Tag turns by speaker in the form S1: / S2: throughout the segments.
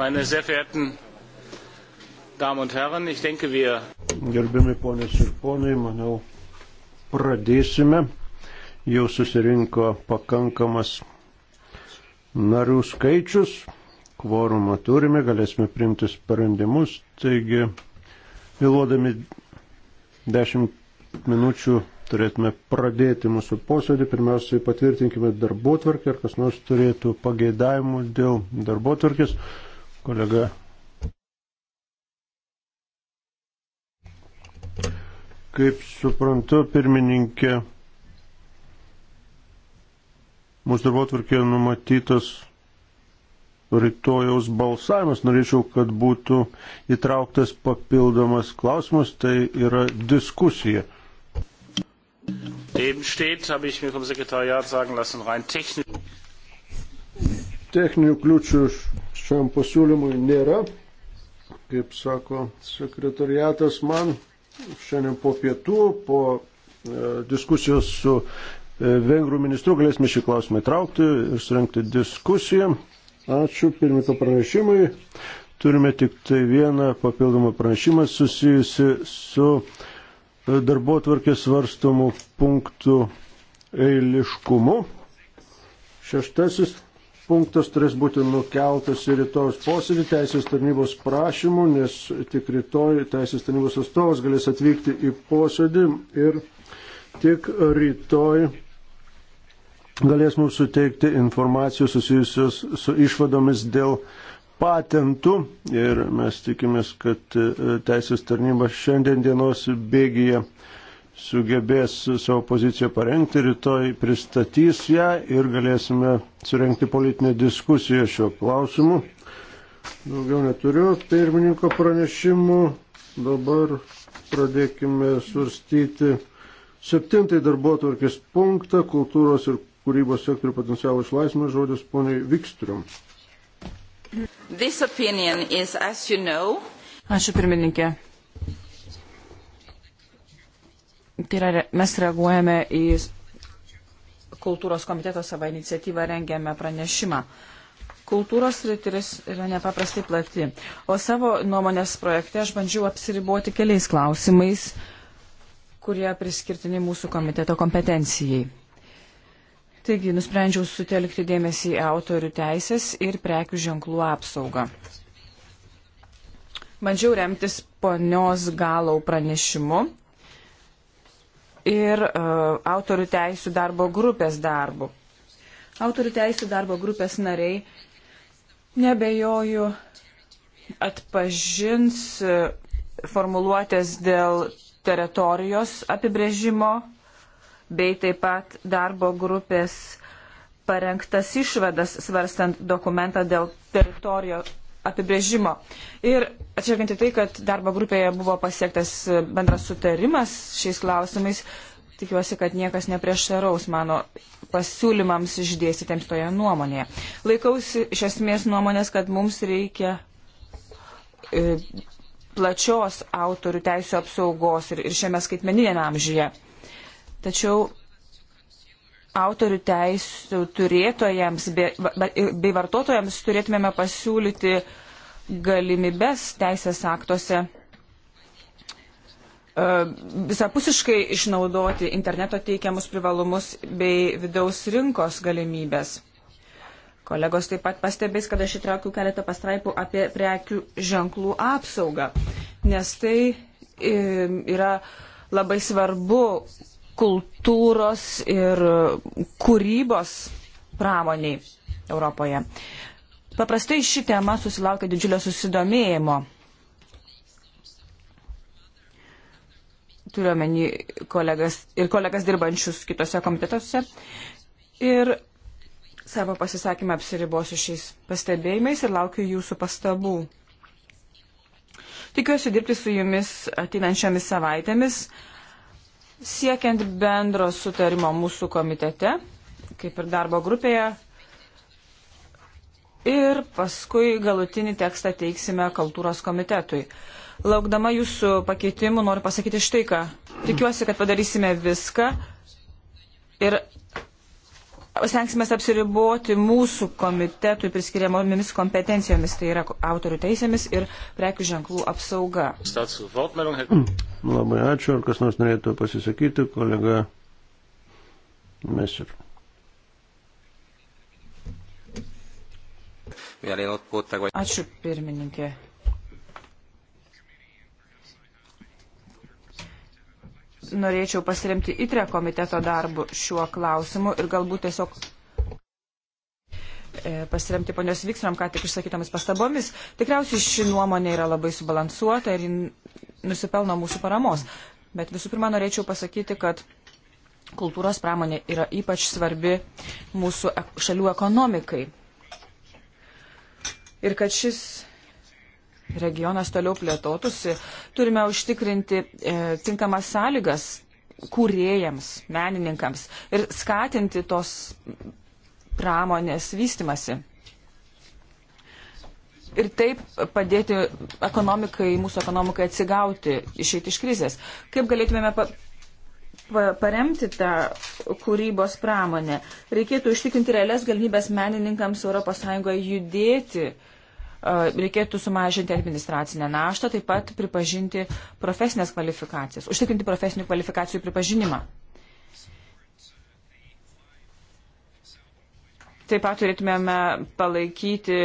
S1: meine sehr verehrten Damen und Herren, ich denke, wir.
S2: Gerbiami ponės ir ponai, manau, pradėsime. Jau susirinko pakankamas narių skaičius, kvorumą turime, galėsime priimti sprendimus. Taigi, vėluodami 10 minučių turėtume pradėti mūsų posėdį. Pirmiausiai patvirtinkime darbo tvarkę, ar kas nors turėtų pageidavimų dėl darbo tvarkės. Kolega. Kaip suprantu, pirmininkė, mūsų darbo atvarkėje numatytas rytojaus balsavimas. Norėčiau, kad būtų įtrauktas papildomas klausimas, tai yra diskusija.
S1: Eben steht, habe ich mir vom Sekretariat sagen lassen, rein technisch.
S2: Techninių kliūčių šiam pasiūlymui nėra. Kaip sako sekretariatas man, šiandien po pietų, po e, diskusijos su e, vengrų ministru galėsime šį klausimą įtraukti ir surenkti diskusiją. Ačiū pirmito pranešimui. Turime tik tai vieną papildomą pranešimą susijusi su e, darbo tvarkės svarstomų punktų eiliškumu. Šeštasis punktas turės būti nukeltas į rytojus posėdį teisės tarnybos prašymų, nes tik rytoj teisės tarnybos atstovas galės atvykti į posėdį ir tik rytoj galės mums suteikti informacijos susijusios su išvadomis dėl patentų ir mes tikimės, kad e, teisės tarnyba šiandien dienos bėgyje sugebės savo poziciją parengti, rytoj pristatys ją ir galėsime surenkti politinę diskusiją šiuo klausimu. Daugiau neturiu pirmininko pranešimų. Dabar pradėkime svarstyti septintąjį darbo tvarkės punktą - kultūros ir kūrybos sektorių potencialų išlaisvimą žodis poniai Vikstrium.
S3: Ačiū pirmininkė. Tai yra, mes reaguojame į kultūros komiteto savo iniciatyvą rengiame pranešimą. Kultūros rytis yra nepaprastai plati, o savo nuomonės projekte aš bandžiau apsiriboti keliais klausimais, kurie priskirtini mūsų komiteto kompetencijai. Taigi, nusprendžiau sutelkti dėmesį į autorių teisės ir prekių ženklų apsaugą. Bandžiau remtis ponios galau pranešimu ir uh, autorių teisų darbo grupės darbu. Autorių teisų darbo grupės nariai, nebejoju, atpažins e, formuluotės dėl teritorijos apibrėžimo bei taip pat darbo grupės parengtas išvadas svarstant dokumentą dėl teritorijos apibrėžimo. Ir atsižvelgiant į tai, kad darbo grupėje buvo pasiektas bendras sutarimas šiais klausimais, tikiuosi, kad niekas neprieštaraus mano pasiūlymams išdėstytiems toje nuomonėje. Laikausi iš esmės nuomonės, kad mums reikia e, plačios autorių teisų apsaugos ir, ir šiame skaitmeninėme amžiuje. Tačiau autorių teisų turėtojams bei vartotojams turėtumėme pasiūlyti galimybės teisės aktuose e, visapusiškai išnaudoti interneto teikiamus privalumus bei vidaus rinkos galimybės. Kolegos taip pat pastebės, kad aš įtraukiu keletą pastraipų apie prekių ženklų apsaugą, nes tai e, yra labai svarbu kultūros ir kūrybos pramoniai Europoje. Paprastai ši tema susilaukia didžiulio susidomėjimo. Turiuomenį kolegas ir kolegas dirbančius kitose komitetuose. Ir savo pasisakymą apsiribosiu šiais pastebėjimais ir laukiu jūsų pastabų. Tikiuosi dirbti su jumis ateinančiomis savaitėmis. Siekiant bendro sutarimo mūsų komitete, kaip ir darbo grupėje, ir paskui galutinį tekstą teiksime kultūros komitetui. Laukdama jūsų pakeitimų noriu pasakyti štai ką. Tikiuosi, kad padarysime viską ir stengsime apsiriboti mūsų komitetui priskiriamomis kompetencijomis, tai yra autorių teisėmis ir prekių ženklų apsauga.
S1: Hmm.
S2: Labai ačiū, ar kas nors norėtų pasisakyti, kolega Mesir.
S4: Nu,
S3: ačiū pirmininkė. norėčiau pasiremti ITRE komiteto darbu šiuo klausimu ir galbūt tiesiog e, pasiremti ponios Vikstrom ką tik išsakytomis pastabomis. Tikriausiai ši nuomonė yra labai subalansuota ir nusipelno mūsų paramos. Bet visų pirma, norėčiau pasakyti, kad kultūros pramonė yra ypač svarbi mūsų e, šalių ekonomikai. Ir kad šis regionas toliau plėtotųsi, turime užtikrinti e, tinkamas sąlygas kūrėjams, menininkams ir skatinti tos pramonės vystimasi. Ir taip padėti ekonomikai, mūsų ekonomikai atsigauti, išeiti iš krizės. Kaip galėtumėme pa, pa, paremti tą kūrybos pramonę? Reikėtų užtikrinti realias galimybės menininkams ES judėti uh, reikėtų sumažinti administracinę naštą, taip pat pripažinti profesinės kvalifikacijas, užtikrinti profesinių kvalifikacijų pripažinimą. Taip pat turėtumėme palaikyti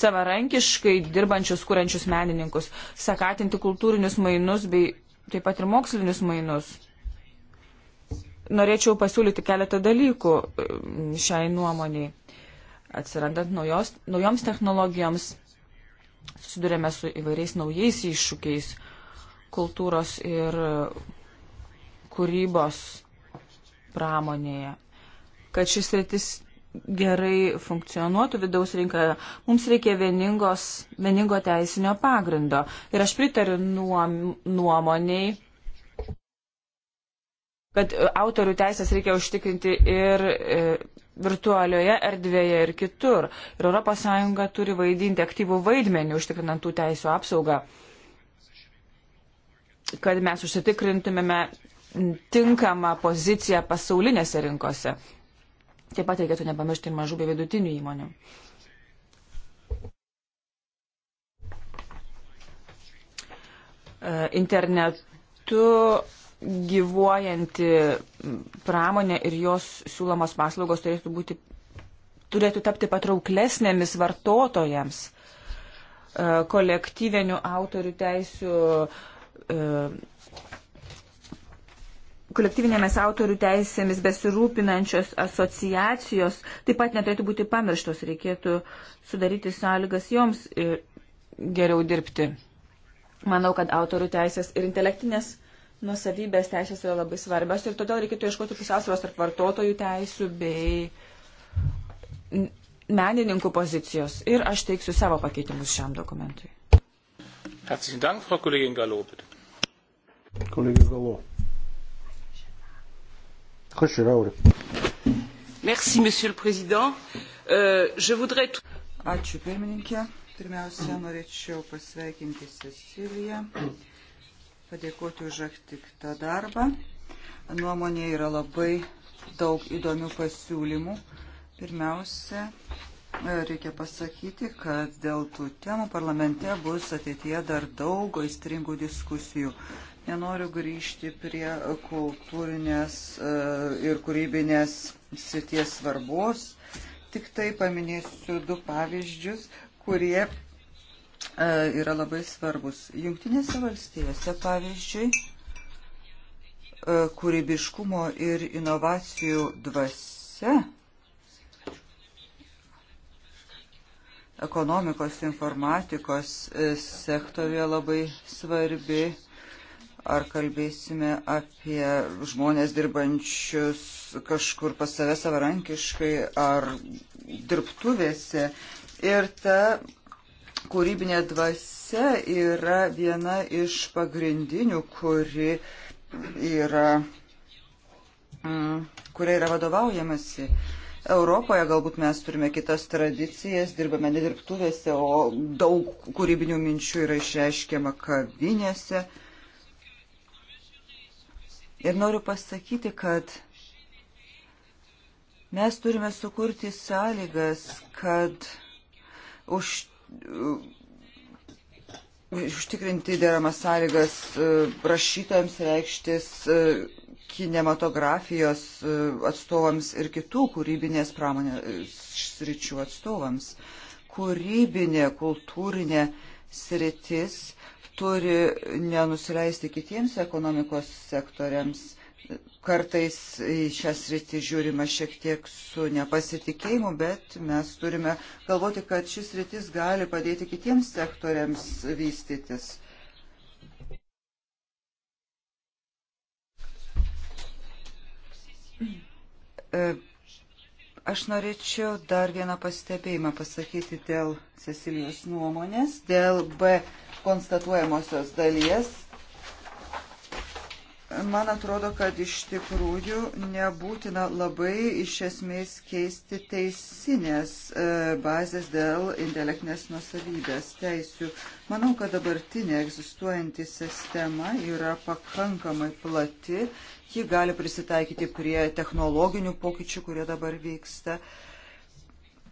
S3: savarankiškai dirbančius, kūrančius menininkus, sakatinti kultūrinius mainus bei taip pat ir mokslinius mainus. Norėčiau pasiūlyti keletą dalykų e, šiai nuomoniai. Atsirandant naujos, naujoms technologijoms, susidurėme su įvairiais naujais iššūkiais kultūros ir kūrybos pramonėje. Kad šis rytis gerai funkcionuotų vidaus rinkoje, mums reikia vieningos, vieningo teisinio pagrindo. Ir aš pritariu nuom, nuomoniai, kad autorių teisės reikia užtikrinti ir e, virtualioje erdvėje ir kitur. Ir ES turi vaidinti aktyvų vaidmenį užtikrinant tų teisų apsaugą, kad mes užsitikrintumėme tinkamą poziciją pasaulinėse rinkose. Taip pat reikėtų nepamiršti ir mažų bei vidutinių įmonių. E, internetu gyvuojanti pramonė ir jos siūlomos paslaugos turėtų, būti, turėtų tapti patrauklesnėmis vartotojams. E, kolektyvinių autorių teisių e, kolektyvinėmis autorių teisėmis besirūpinančios asociacijos taip pat neturėtų būti pamirštos, reikėtų sudaryti sąlygas joms e, geriau dirbti. Manau, kad autorių teisės ir intelektinės nusavybės teisės yra labai svarbios ir todėl reikėtų ieškoti pusiausvėros tarp vartotojų teisų bei menininkų pozicijos. Ir aš teiksiu savo pakeitimus šiam dokumentui.
S1: Herzlichen Dank, Frau Kollegin Gallo, bitte.
S3: Kollege
S2: Gallo. Kuschel, Raul.
S4: Merci, Monsieur le Président. Euh, je voudrais... Ačiū, pirmininkė. Pirmiausia, norėčiau pasveikinti Ceciliją padėkoti už aktiktą darbą. Nuomonė yra labai daug įdomių pasiūlymų. Pirmiausia, reikia pasakyti, kad dėl tų temų parlamente bus ateityje dar daug aistringų diskusijų. Nenoriu grįžti prie kultūrinės e, ir kūrybinės srities svarbos. Tik tai paminėsiu du pavyzdžius, kurie E, yra labai svarbus. Jungtinėse valstijose, pavyzdžiui, e, kūrybiškumo ir inovacijų dvasia ekonomikos informatikos e, sektorija labai svarbi. Ar kalbėsime apie žmonės dirbančius kažkur pas save savarankiškai ar dirbtuvėse. Ir ta kūrybinė dvasia yra viena iš pagrindinių, kuri yra, mm, kuria yra vadovaujamasi. Europoje galbūt mes turime kitas tradicijas, dirbame ne dirbtuvėse, o daug kūrybinių minčių yra išreiškiama kavinėse. Ir noriu pasakyti, kad mes turime sukurti sąlygas, kad už užtikrinti deramas sąlygas e, rašytojams reikštis e, kinematografijos e, atstovams ir kitų kūrybinės pramonės sričių atstovams. Kūrybinė, kultūrinė sritis turi nenusileisti kitiems ekonomikos sektoriams Kartais į šią sritį žiūrima šiek tiek su nepasitikėjimu, bet mes turime galvoti, kad šis sritis gali padėti kitiems sektoriams vystytis. E, aš norėčiau dar vieną pastebėjimą pasakyti dėl Cecilijos nuomonės, dėl B konstatuojamosios dalies Man atrodo, kad iš tikrųjų nebūtina labai iš esmės keisti teisinės e, bazės dėl intelektinės nusavybės teisių. Manau, kad dabartinė egzistuojanti sistema yra pakankamai plati, ji gali prisitaikyti prie technologinių pokyčių, kurie dabar vyksta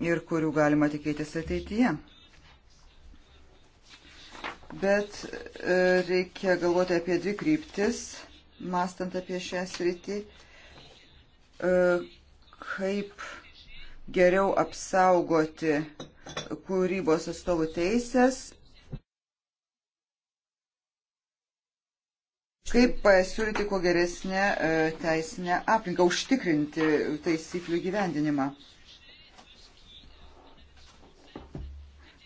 S4: ir kurių galima tikėtis ateityje. Bet e, reikia galvoti apie dvi kryptis mastant apie šią sritį, e, kaip geriau apsaugoti kūrybos atstovų teisės, kaip pasiūlyti kuo geresnę e, teisinę aplinką, užtikrinti taisyklių gyvendinimą.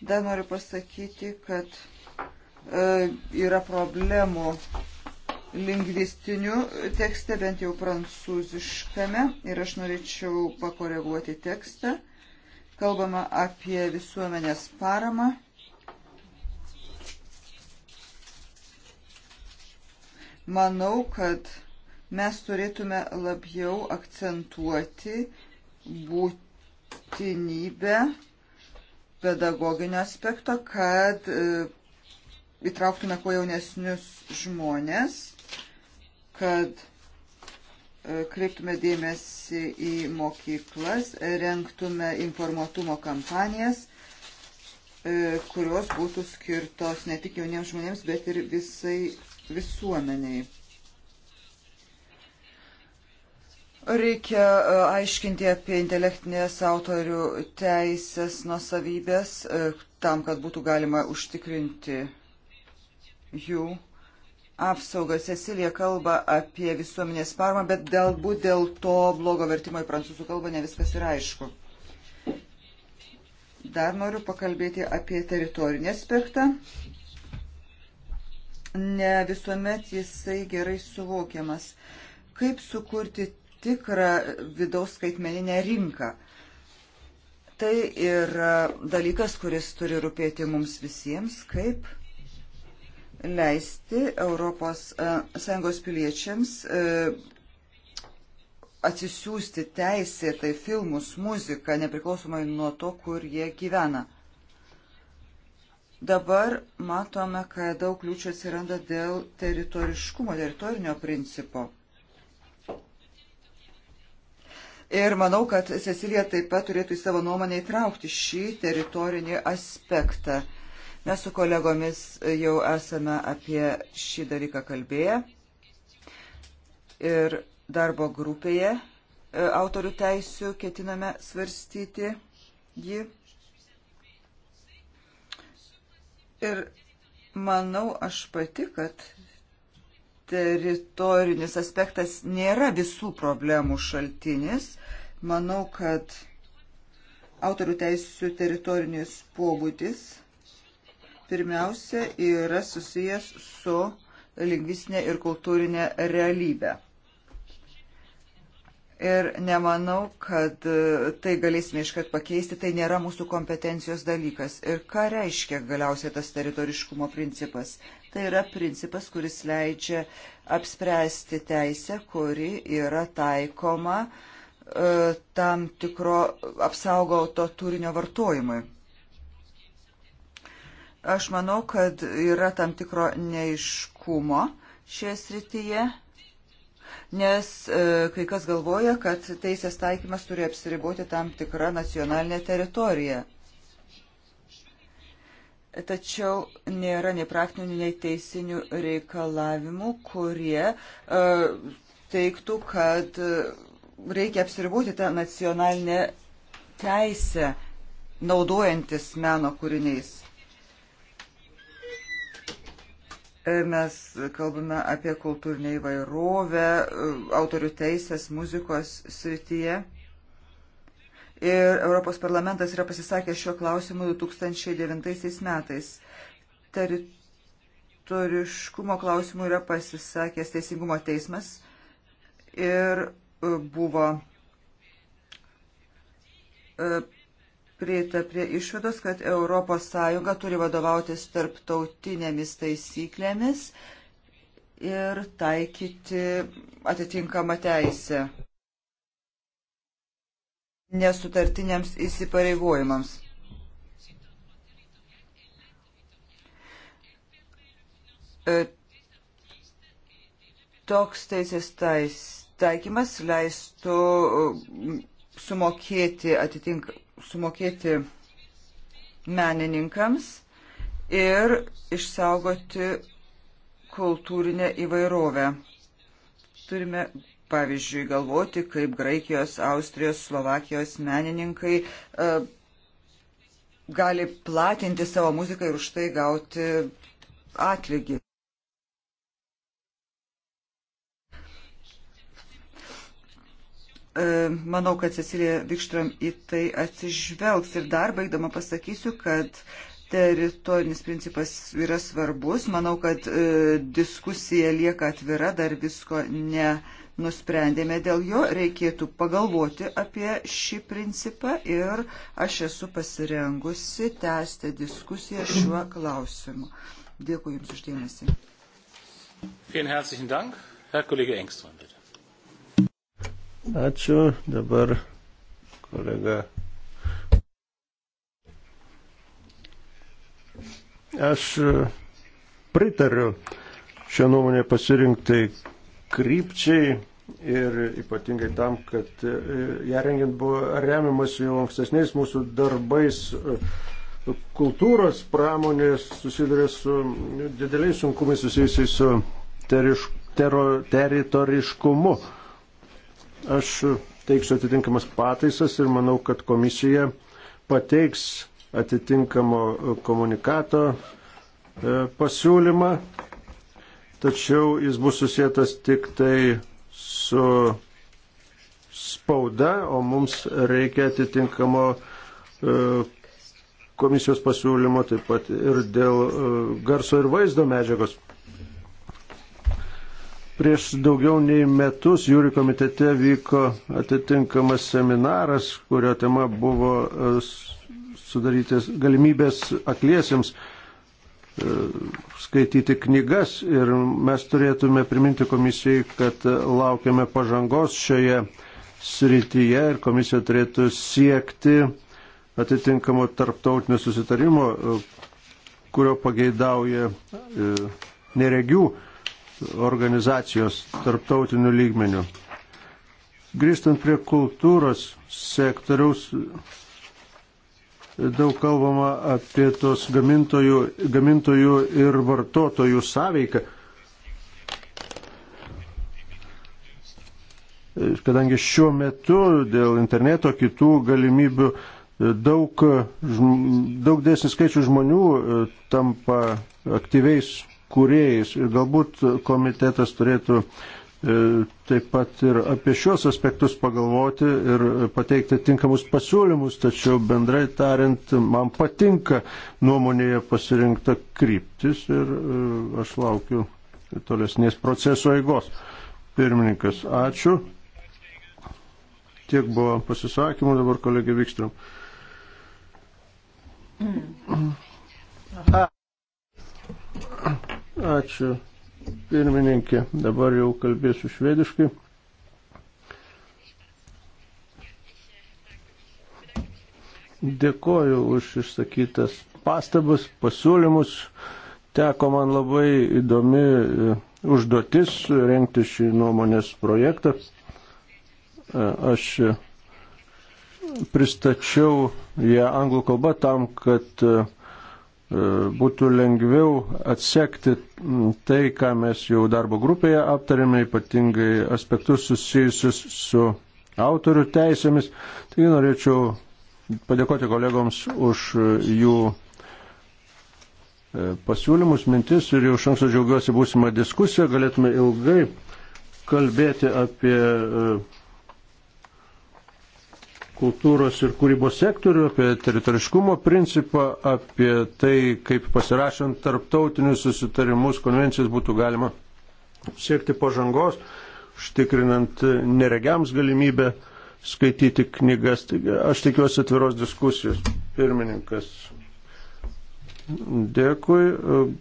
S4: Dar noriu pasakyti, kad e, yra problemų lingvistiniu tekste, bent jau prancūziškame, ir aš norėčiau pakoreguoti tekstą. Kalbama apie visuomenės paramą. Manau, kad mes turėtume labiau akcentuoti būtinybę pedagoginio aspekto, kad e, įtrauktume kuo jaunesnius žmonės kad e, kreiptume dėmesį į mokyklas, renktume informuotumo kampanijas, e, kurios būtų skirtos ne tik jauniems žmonėms, bet ir visai visuomeniai. Reikia e, aiškinti apie intelektinės autorių teisės nusavybės, tam, kad būtų galima užtikrinti jų apsaugą. Cecilija kalba apie visuomenės parmą, bet galbūt dėl to blogo vertimo į prancūzų kalbą ne viskas yra aišku. Dar noriu pakalbėti apie teritorinį aspektą. Ne visuomet jisai gerai suvokiamas. Kaip sukurti tikrą vidaus skaitmeninę rinką? Tai yra dalykas, kuris turi rūpėti mums visiems, kaip leisti ES e, piliečiams e, atsisiųsti teisėtai filmus, muziką, nepriklausomai nuo to, kur jie gyvena. Dabar matome, kad daug kliūčių atsiranda dėl teritoriškumo, teritorinio principo. Ir manau, kad Cecilija taip pat turėtų į savo nuomonę įtraukti šį teritorinį aspektą. Mes su kolegomis jau esame apie šį dalyką kalbėję ir darbo grupėje e, autorių teisių ketiname svarstyti jį. Ir manau aš pati, kad teritorinis aspektas nėra visų problemų šaltinis. Manau, kad autorių teisų teritorinis pobūdis pirmiausia yra susijęs su lingvistinė ir kultūrinė realybė. Ir nemanau, kad e, tai galėsime iškart pakeisti, tai nėra mūsų kompetencijos dalykas. Ir ką reiškia galiausiai tas teritoriškumo principas? Tai yra principas, kuris leidžia apspręsti teisę, kuri yra taikoma e, tam tikro apsaugoto turinio vartojimui. Aš manau, kad yra tam tikro neiškumo šioje srityje, nes e, kai kas galvoja, kad teisės taikymas turi apsiriboti tam tikrą nacionalinę teritoriją. Tačiau nėra nei praktinių, nei teisinių reikalavimų, kurie e, teiktų, kad e, reikia apsiriboti tą nacionalinę teisę naudojantis meno kūriniais. E, mes kalbame apie kultūrinę įvairovę, e, autorių teisės muzikos srityje. Ir Europos parlamentas yra pasisakęs šiuo klausimu 2009 metais. Teritoriškumo klausimu yra pasisakęs Teisingumo teismas ir e, buvo prieita prie išvados, kad ES turi vadovautis tarptautinėmis taisyklėmis ir taikyti atitinkamą teisę nesutartiniams įsipareigojimams. E, toks teisės tais, taikymas leistų e, sumokėti atitink, sumokėti menininkams ir išsaugoti kultūrinę įvairovę. Turime, pavyzdžiui, galvoti, kaip Graikijos, Austrijos, Slovakijos menininkai e, gali platinti savo muziką ir už tai gauti atlygį. E, manau, kad Cecilija Vikštram į tai atsižvelgs. Ir dar baigdama pasakysiu, kad teritorinis principas yra svarbus. Manau, kad e, diskusija lieka atvira, dar visko nenusprendėme dėl jo. Reikėtų pagalvoti apie šį principą ir aš esu pasirengusi tęsti diskusiją šiuo klausimu. Dėkui Jums uždėmesi.
S1: Vielen herzlichen Dank, Herr Kollege Engström.
S2: Ačiū. Dabar kolega. Aš e, pritariu šią nuomonę pasirinktai krypčiai ir ypatingai tam, kad e, ją rengiant buvo remiamas jau ankstesniais mūsų darbais e, kultūros pramonės susiduria su dideliais sunkumais susijusiais su teriš, tero, teritoriškumu. Aš teiksiu atitinkamas pataisas ir manau, kad komisija pateiks atitinkamo komunikato e, pasiūlymą, tačiau jis bus susijęs tik tai su spauda, o mums reikia atitinkamo e, komisijos pasiūlymo taip pat ir dėl e, garso ir vaizdo medžiagos. Prieš daugiau nei metus jūrių komitete vyko atitinkamas seminaras, kurio tema buvo e, sudarytis galimybės akliesiems e, skaityti knygas ir mes turėtume priminti komisijai, kad laukiame pažangos šioje srityje ir komisija turėtų siekti atitinkamo tarptautinio susitarimo, e, kurio pageidauja neregių organizacijos tarptautiniu lygmeniu. Grįžtant prie kultūros sektoriaus, daug kalbama apie tos gamintojų, gamintojų ir vartotojų sąveiką. Kadangi šiuo metu dėl interneto kitų galimybių daug, daug desnis skaičių žmonių e, tampa aktyviais kūrėjais. Ir galbūt komitetas turėtų e, taip pat ir apie šios aspektus pagalvoti ir pateikti tinkamus pasiūlymus, tačiau bendrai tariant, man patinka nuomonėje pasirinkta kryptis ir e, aš laukiu tolesnės proceso eigos. Pirmininkas, ačiū. Tiek buvo pasisakymų dabar kolegė Vikstrom. Mm. Aha. Ačiū, pirmininkė. Dabar jau kalbėsiu švediškai. Dėkoju už išsakytas pastabas, pasiūlymus. Teko man labai įdomi e, užduotis renkti šį nuomonės projektą. E, aš e, pristačiau ją anglų kalbą tam, kad E, būtų lengviau atsekti tai, ką mes jau darbo grupėje aptarėme, ypatingai aspektus susijusius su autorių teisėmis. Taigi norėčiau padėkoti kolegoms už jų e, pasiūlymus, mintis ir jau šanksų džiaugiuosi būsimą diskusiją. Galėtume ilgai kalbėti apie e, kultūros ir kūrybos sektorių, apie teritoriškumo principą, apie tai, kaip pasirašant tarptautinius susitarimus, konvencijas būtų galima siekti pažangos, užtikrinant neregiams galimybę skaityti knygas. Taigi, aš tikiuosi atviros diskusijos. Pirmininkas. Dėkui.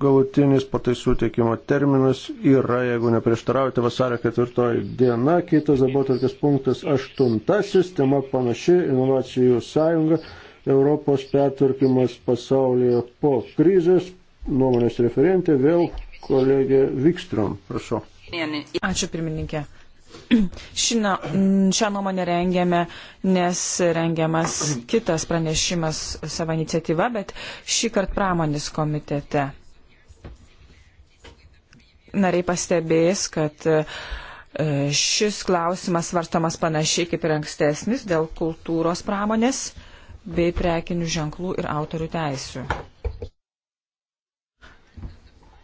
S2: Galutinis pataisų teikimo terminas yra, jeigu neprieštaraujate, vasario ketvirtoji diena. Kitas darbotvarkės punktas aštuntasis, tema panaši, inovacijų sąjunga, Europos pertvarkymas pasaulyje po krizės. Nuomonės referentė vėl kolegė Vikstrom. Prašau.
S3: Ačiū pirmininkė. Šina, mm, šią nuomonę rengėme, nes rengiamas kitas pranešimas savo iniciatyva, bet šį kartą pramonės komitete. Nariai pastebės, kad e, šis klausimas svarstamas panašiai kaip ir ankstesnis dėl kultūros pramonės bei prekinių ženklų ir autorių teisių.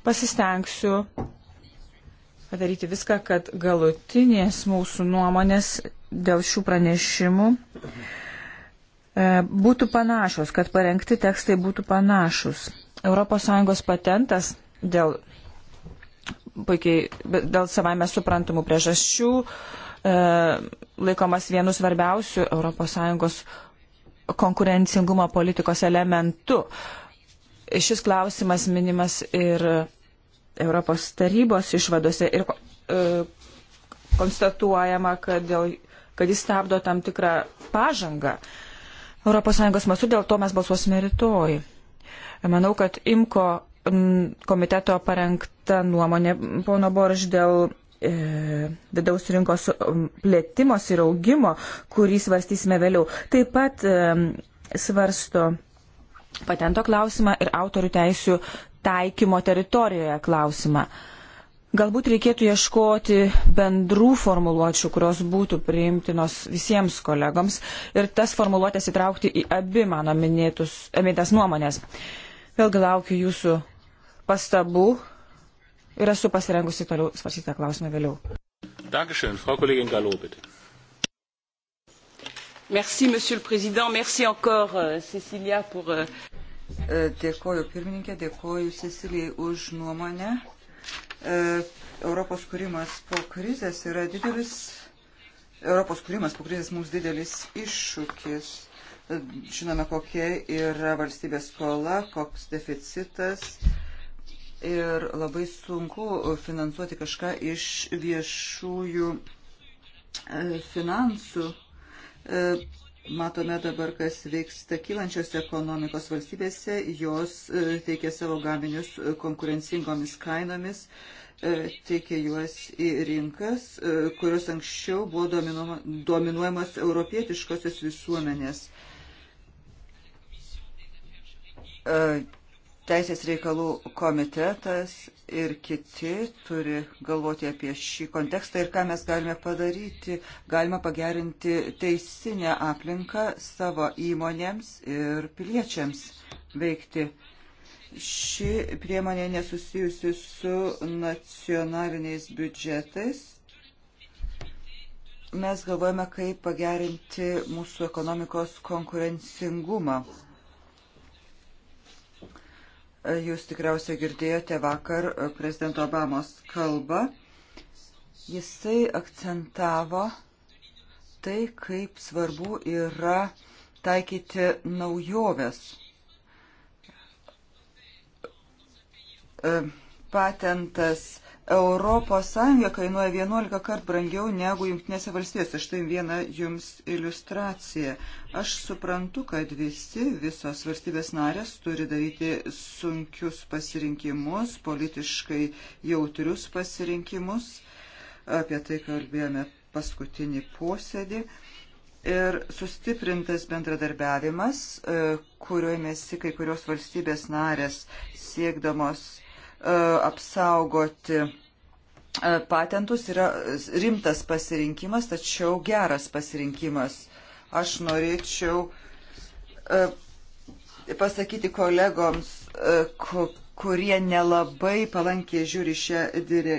S3: Pasistengsiu padaryti viską, kad galutinės mūsų nuomonės dėl šių pranešimų e, būtų panašus, kad parengti tekstai būtų panašus. ES patentas dėl, puikiai, dėl savaime suprantamų priežasčių e, laikomas vienu svarbiausių ES konkurencingumo politikos elementu. Šis klausimas minimas ir Europos tarybos išvadose ir e, konstatuojama, kad, dėl, kad jis stabdo tam tikrą pažangą. ES masu dėl to mes balsuosime rytoj. Manau, kad IMKO komiteto parengta nuomonė pono Borž dėl e, vidaus rinkos plėtimos ir augimo, kurį svarstysime vėliau. Taip pat e, svarsto patento klausimą ir autorių teisių taikymo teritorijoje klausimą. Galbūt reikėtų ieškoti bendrų formuluočių, kurios būtų priimtinos visiems kolegoms ir tas formuluotės įtraukti į abi mano minėtus, minėtas nuomonės. Vėlgi laukiu jūsų pastabų ir esu pasirengusi toliau svarstyti tą klausimą vėliau.
S1: Dankeschön, Frau Kollegin Galo, bitte.
S3: Merci, Monsieur le Président.
S4: Merci encore, euh, Cecilia, pour. Euh... E, dėkoju pirmininkė, dėkoju Cecilijai už nuomonę. E, Europos kūrimas po krizės yra didelis, Europos kūrimas po krizės mums didelis iššūkis. E, žinome, kokia yra valstybės skola, koks deficitas ir labai sunku finansuoti kažką iš viešųjų finansų Matome dabar, kas vyksta kylančios ekonomikos valstybėse, jos e, teikia savo gaminius e, konkurencingomis kainomis, e, teikia juos į rinkas, kurios anksčiau buvo dominuojamos europietiškosios visuomenės Teisės reikalų komitetas ir kiti turi galvoti apie šį kontekstą ir ką mes galime padaryti. Galima pagerinti teisinę aplinką savo įmonėms ir piliečiams veikti. Ši priemonė nesusijusi su nacionaliniais biudžetais. Mes galvojame, kaip pagerinti mūsų ekonomikos konkurencingumą. Jūs tikriausiai girdėjote vakar prezidento Obamos kalbą. Jisai akcentavo tai, kaip svarbu yra taikyti naujoves. E, patentas Europos Sąjunga kainuoja 11 kart brangiau negu Junktinėse valstijose. Štai viena jums iliustracija. Aš suprantu, kad visi, visos valstybės narės turi daryti sunkius pasirinkimus, politiškai jautrius pasirinkimus. Apie tai kalbėjome paskutinį posėdį. Ir sustiprintas bendradarbiavimas, e, kuriuo mėsi kai kurios valstybės narės siekdamos E, apsaugoti e, patentus yra rimtas pasirinkimas, tačiau geras pasirinkimas. Aš norėčiau e, pasakyti kolegoms, kurie nelabai palankiai žiūri šią dirį,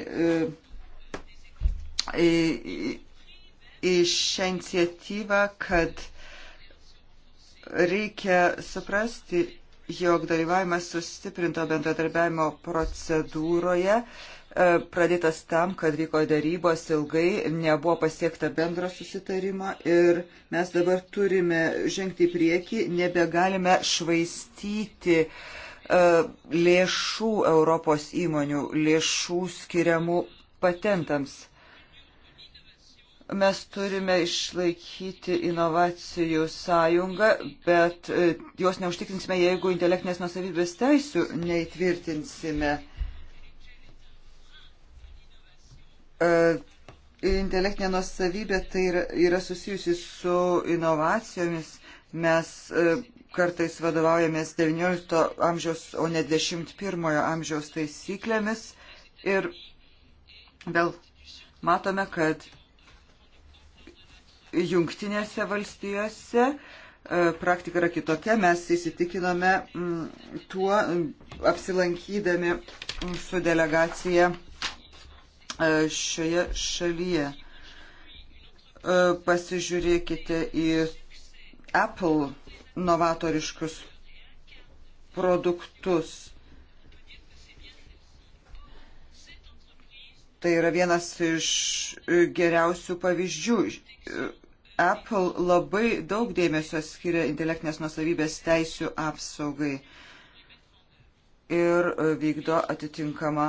S4: į, į šią iniciatyvą, kad reikia suprasti, jog dalyvavimas sustiprinto bendradarbiavimo procedūroje e, pradėtas tam, kad vyko darybos ilgai, nebuvo pasiekta bendro susitarimo ir mes dabar turime žengti į priekį, nebegalime švaistyti e, lėšų Europos įmonių, lėšų skiriamų patentams mes turime išlaikyti inovacijų sąjungą, bet e, jos neužtikrinsime, jeigu intelektinės nusavybės teisų neįtvirtinsime. E, intelektinė nusavybė tai yra, yra susijusi su inovacijomis. Mes e, kartais vadovaujamės XIX amžiaus, o ne XXI amžiaus taisyklėmis ir vėl matome, kad Jungtinėse valstijose e, praktika yra kitokia. Mes įsitikinome mm, tuo mm, apsilankydami su delegacija e, šioje šalyje. E, pasižiūrėkite į Apple novatoriškus produktus. Tai yra vienas iš geriausių pavyzdžių Apple labai daug dėmesio skiria intelektinės nusavybės teisių apsaugai ir e, vykdo atitinkamą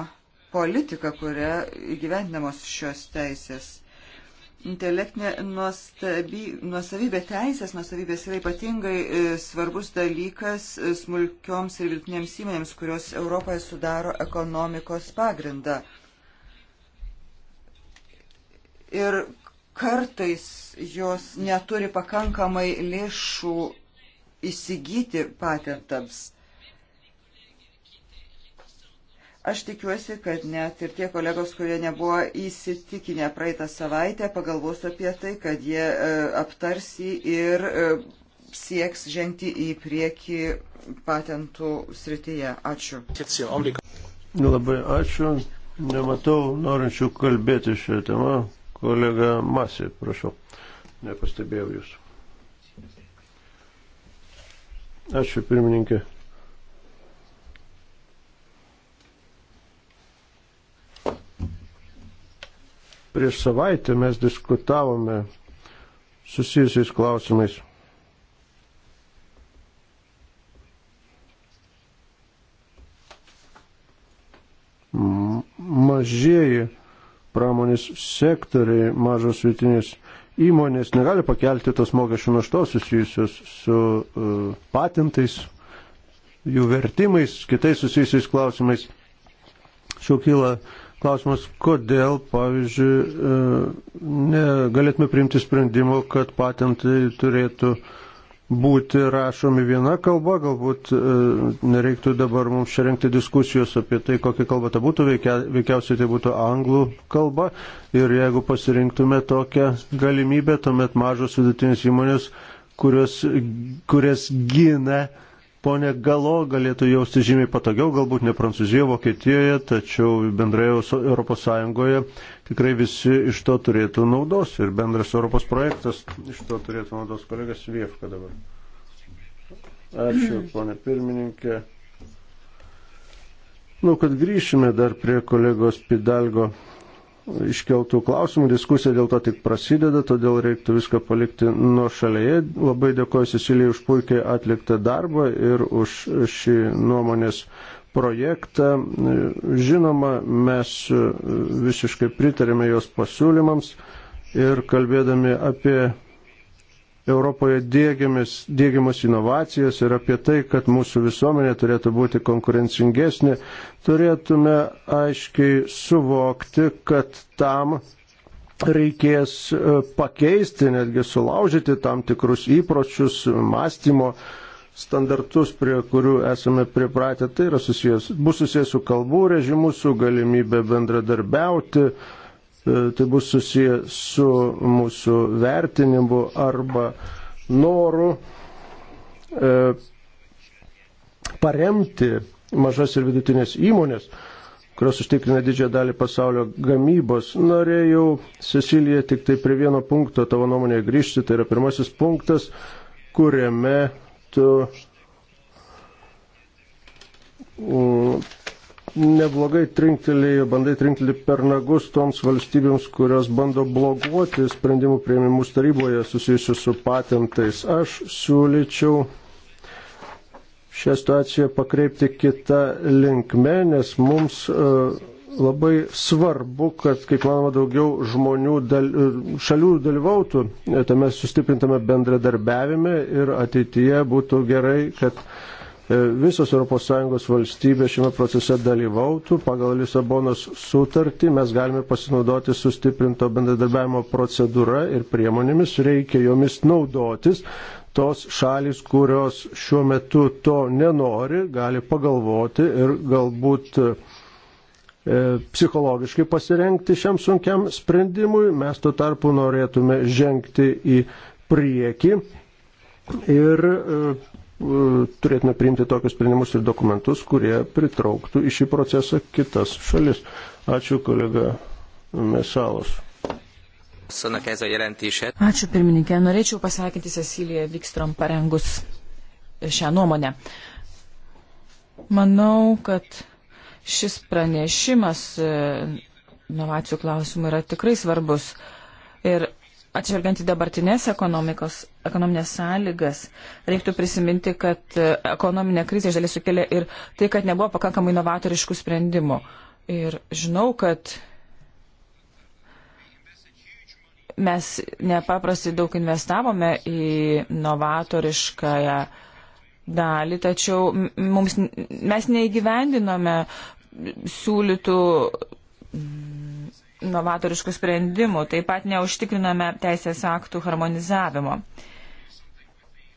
S4: politiką, kuria įgyvendinamos šios teisės. Intelektinė nuosavybė teisės, nuosavybės yra ypatingai e, svarbus dalykas e, smulkioms ir vidutinėms įmonėms, kurios Europoje sudaro ekonomikos pagrindą. Ir kartais jos neturi pakankamai lėšų įsigyti patentams. Aš tikiuosi, kad net ir tie kolegos, kurie nebuvo įsitikinę praeitą savaitę, pagalvos apie tai, kad jie e, aptars jį ir e, sieks žengti į priekį patentų srityje. Ačiū.
S2: Nu, labai ačiū. Nematau norinčių kalbėti šią temą. Kolega Masė, prašau, nepastebėjau jūs. Ačiū pirmininkė. Prieš savaitę mes diskutavome susijusiais klausimais. Mažieji pramonės sektoriai, mažos vietinės įmonės negali pakelti tos mokesčių naštos susijusios su uh, patentais, jų vertimais, kitais susijusiais klausimais. Šiau kyla klausimas, kodėl, pavyzdžiui, uh, negalėtume priimti sprendimo, kad patentai turėtų uh, būti rašomi viena kalba, galbūt e, nereiktų dabar mums čia renkti diskusijos apie tai, kokia kalba ta būtų, veikia, veikiausiai tai būtų anglų kalba ir jeigu pasirinktume tokią galimybę, tuomet mažos vidutinės įmonės, kurios, kurias gina ponė Galo, galėtų jausti žymiai patogiau, galbūt ne Prancūzijoje, Vokietijoje, tačiau bendrai Europos Sąjungoje tikrai visi iš to turėtų naudos ir bendras Europos projektas iš to turėtų naudos kolegas Vievka dabar. Ačiū, ponė pirmininkė. Nu, kad grįšime dar prie kolegos Pidalgo iškeltų klausimų. Diskusija dėl to tik prasideda, todėl reiktų viską palikti nuo šalyje. Labai dėkoju Sisilijai už puikiai atliktą darbą ir už šį nuomonės projektą. Žinoma, mes visiškai pritarėme jos pasiūlymams ir kalbėdami apie Europoje dėgiamas, dėgiamas inovacijas ir apie tai, kad mūsų visuomenė turėtų būti konkurencingesnė, turėtume aiškiai suvokti, kad tam reikės e, pakeisti, netgi sulaužyti tam tikrus įpročius, mąstymo standartus, prie kurių esame pripratę, tai yra susijęs, bus susijęs su kalbų režimu, su galimybė bendradarbiauti, e, tai bus susijęs su mūsų vertinimu arba noru e, paremti mažas ir vidutinės įmonės, kurios užtikrina didžiąją dalį pasaulio gamybos. Norėjau, Cecilija, tik tai prie vieno punkto tavo nuomonėje grįžti, tai yra pirmasis punktas, kuriame metu neblogai trinktelėjo, bandai trinktelį per nagus toms valstybėms, kurios bando bloguoti sprendimų prieimimus taryboje susijusius su patentais. Aš siūlyčiau šią situaciją pakreipti kitą linkmę, nes mums uh, labai svarbu, kad kaip manoma daugiau žmonių dal, šalių dalyvautų tame sustiprintame bendradarbiavime ir ateityje būtų gerai, kad e, visos ES valstybės šiame procese dalyvautų. Pagal Lisabonos sutartį mes galime pasinaudoti sustiprinto bendradarbiavimo procedūra ir priemonėmis, reikia jomis naudotis. Tos šalis, kurios šiuo metu to nenori, gali pagalvoti ir galbūt uh, E, psichologiškai pasirengti šiam sunkiam sprendimui, mes tuo tarpu norėtume žengti į priekį ir e, e, turėtume priimti tokius sprendimus ir dokumentus, kurie pritrauktų į šį procesą kitas šalis. Ačiū kolega Mesalos.
S4: Ačiū
S3: pirmininkė. Norėčiau pasakyti Ceciliją Vikstrom parengus šią nuomonę. Manau, kad Šis pranešimas e, inovacijų klausimų yra tikrai svarbus. Ir atšvelgiant į dabartinės ekonomikos, ekonominės sąlygas, reiktų prisiminti, kad e, ekonominė krizė iš dalies sukėlė ir tai, kad nebuvo pakankamai inovatoriškų sprendimų. Ir žinau, kad mes nepaprastai daug investavome į novatoriškąją dalį, tačiau mums, mes neįgyvendinome siūlytų mm, novatoriškų sprendimų, taip pat neužtikrinome teisės aktų harmonizavimo.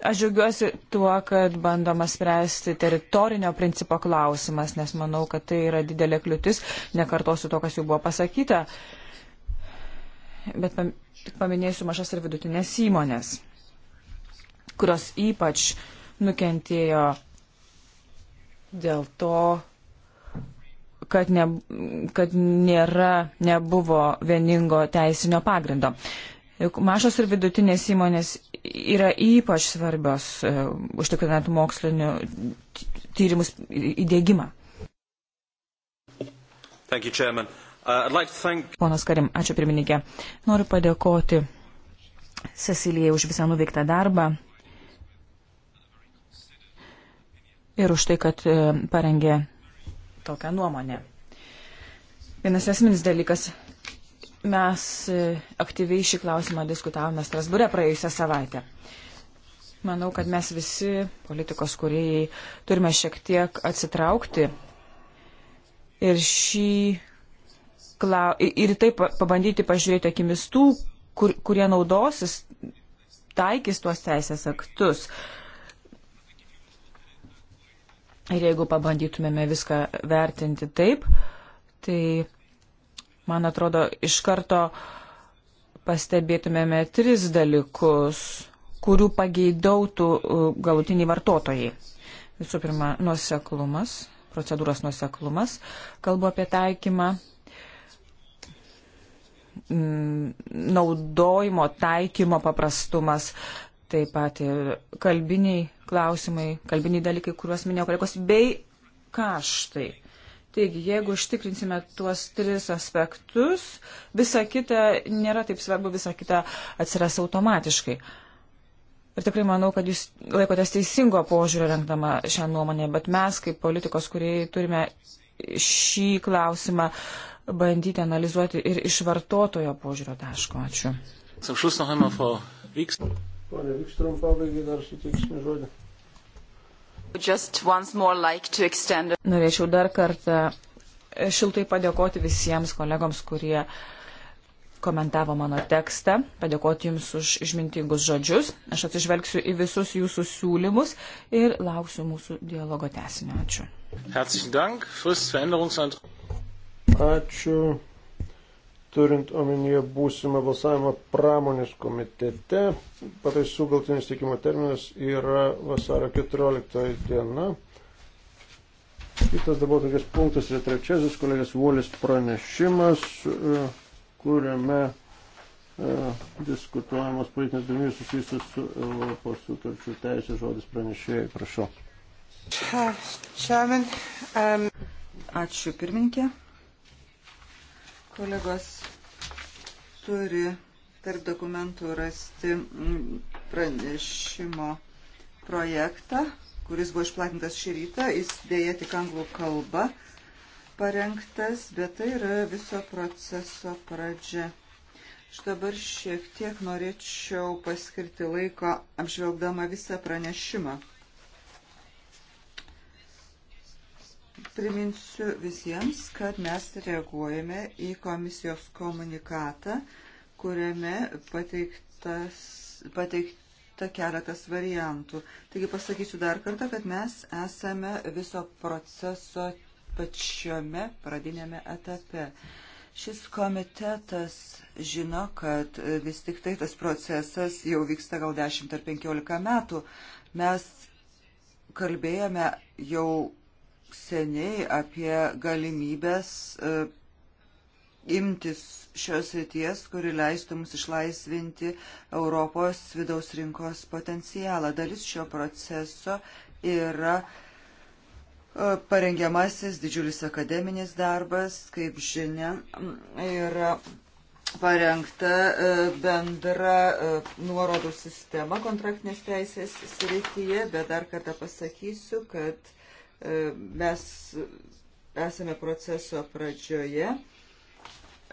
S3: Aš džiaugiuosi tuo, kad bandoma spręsti teritorinio principo klausimas, nes manau, kad tai yra didelė kliūtis, nekartosiu to, kas jau buvo pasakyta, bet paminėsiu mažas ir vidutinės įmonės, kurios ypač uh, nukentėjo dėl to, kad, ne, kad nėra, nebuvo vieningo teisinio pagrindo. Juk mažos ir vidutinės įmonės yra ypač svarbios uh, užtikrinant mokslinių tyrimus įdėgymą.
S2: You, uh, like thank...
S3: Ponas Karim, ačiū pirmininkė. Noriu padėkoti Cecilijai už visą nuveiktą darbą. ir už tai, kad e, parengė tokią nuomonę. Vienas esminis dalykas. Mes e, aktyviai šį klausimą diskutavome Strasbūre praėjusią savaitę. Manau, kad mes visi, politikos kuriejai, turime šiek tiek atsitraukti ir šį klau... ir taip pabandyti pažiūrėti akimis tų, kur, kurie naudosis, taikys tuos teisės aktus. Uh, Ir jeigu pabandytumėme viską vertinti taip, tai, man atrodo, iš karto pastebėtumėme tris dalykus, kurių pageidautų uh, galutiniai vartotojai. Visų pirma, nuoseklumas, procedūros nuoseklumas, kalbu apie taikymą, mm, naudojimo taikymo paprastumas, taip pat ir kalbiniai klausimai, kalbiniai dalykai, kuriuos minėjo kolegos, bei kaštai. Taigi, jeigu užtikrinsime tuos tris aspektus, visa kita nėra taip svarbu, visa kita atsiras automatiškai. Ir tikrai manau, kad jūs laikotės teisingo požiūrio renkdama šią nuomonę, bet mes kaip politikos, kurie turime šį klausimą bandyti analizuoti ir iš vartotojo požiūrio taško. Ačiū.
S1: Pone Vikstrom, pabaigai dar suteiksime žodį.
S3: Like extend... Norėčiau dar kartą šiltai padėkoti visiems kolegoms, kurie komentavo mano tekstą, padėkoti Jums už išmintingus žodžius. Aš atsižvelgsiu į visus Jūsų siūlymus ir lauksiu mūsų dialogo tesinio. Ačiū.
S2: Ačiū turint omenyje būsimą balsavimą pramonės komitete, pataisų galtinis teikimo terminas yra vasario 14 diena. Kitas dabar tokias punktas yra trečiasis kolegės Volis pranešimas, e, kuriame e, diskutuojamos politinės galimybės susijusios su Europos sutarčių teisė žodis pranešėjai. Prašau.
S4: Um, Ačiū pirmininkė. Kolegos turi tarp dokumentų rasti mm, pranešimo projektą, kuris buvo išplatintas šį rytą. Jis dėja tik anglų kalba parengtas, bet tai yra viso proceso pradžia. Aš dabar šiek tiek norėčiau paskirti laiko apžvelgdama visą pranešimą. Priminsiu visiems, kad mes reaguojame į komisijos komunikatą, kuriame pateikta keletas variantų. Taigi pasakysiu dar kartą, kad mes esame viso proceso pačiame pradinėme etape. Šis komitetas žino, kad vis tik tai tas procesas jau vyksta gal 10 ar 15 metų. Mes kalbėjome jau seniai apie galimybės e, imtis šios ryties, kuri leistų mums išlaisvinti Europos vidaus rinkos potencialą. Dalis šio proceso yra e, parengiamasis didžiulis akademinis darbas, kaip žinia, yra parengta e, bendra nuorodų sistema kontraktinės teisės srityje, bet dar kartą pasakysiu, kad E, mes esame proceso pradžioje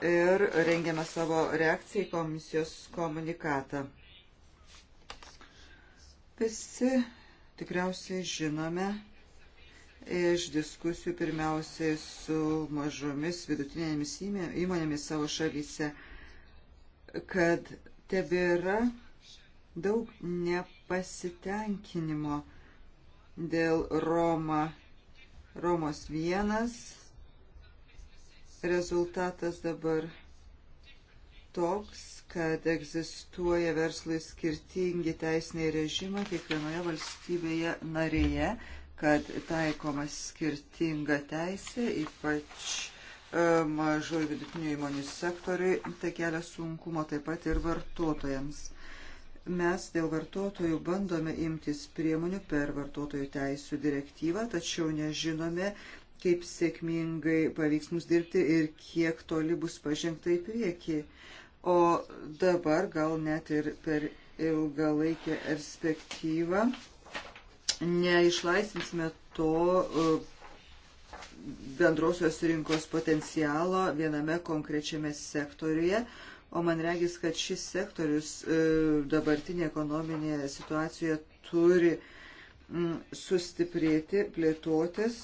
S4: ir rengiame savo reakciją į komisijos komunikatą. Visi tikriausiai žinome iš diskusijų pirmiausiai su mažomis vidutinėmis įmonėmis savo šalyse, kad tebėra daug nepasitenkinimo dėl Roma Romos vienas. Rezultatas dabar toks, kad egzistuoja verslui skirtingi teisiniai režimai kiekvienoje valstybėje narėje, kad taikoma skirtinga teisė, ypač e, mažo ir vidutinių įmonių sektoriui, tai kelia sunkumo taip pat ir vartotojams. Mes dėl vartotojų bandome imtis priemonių per vartotojų teisų direktyvą, tačiau nežinome, kaip sėkmingai pavyks mums dirbti ir kiek toli bus pažengta į priekį. O dabar gal net ir per ilgalaikę perspektyvą neišlaisinsime to e, bendrosios rinkos potencialo viename konkrečiame sektoriuje, O man regis, kad šis sektorius e, dabartinė ekonominė situacija turi mm, sustiprėti, plėtotis.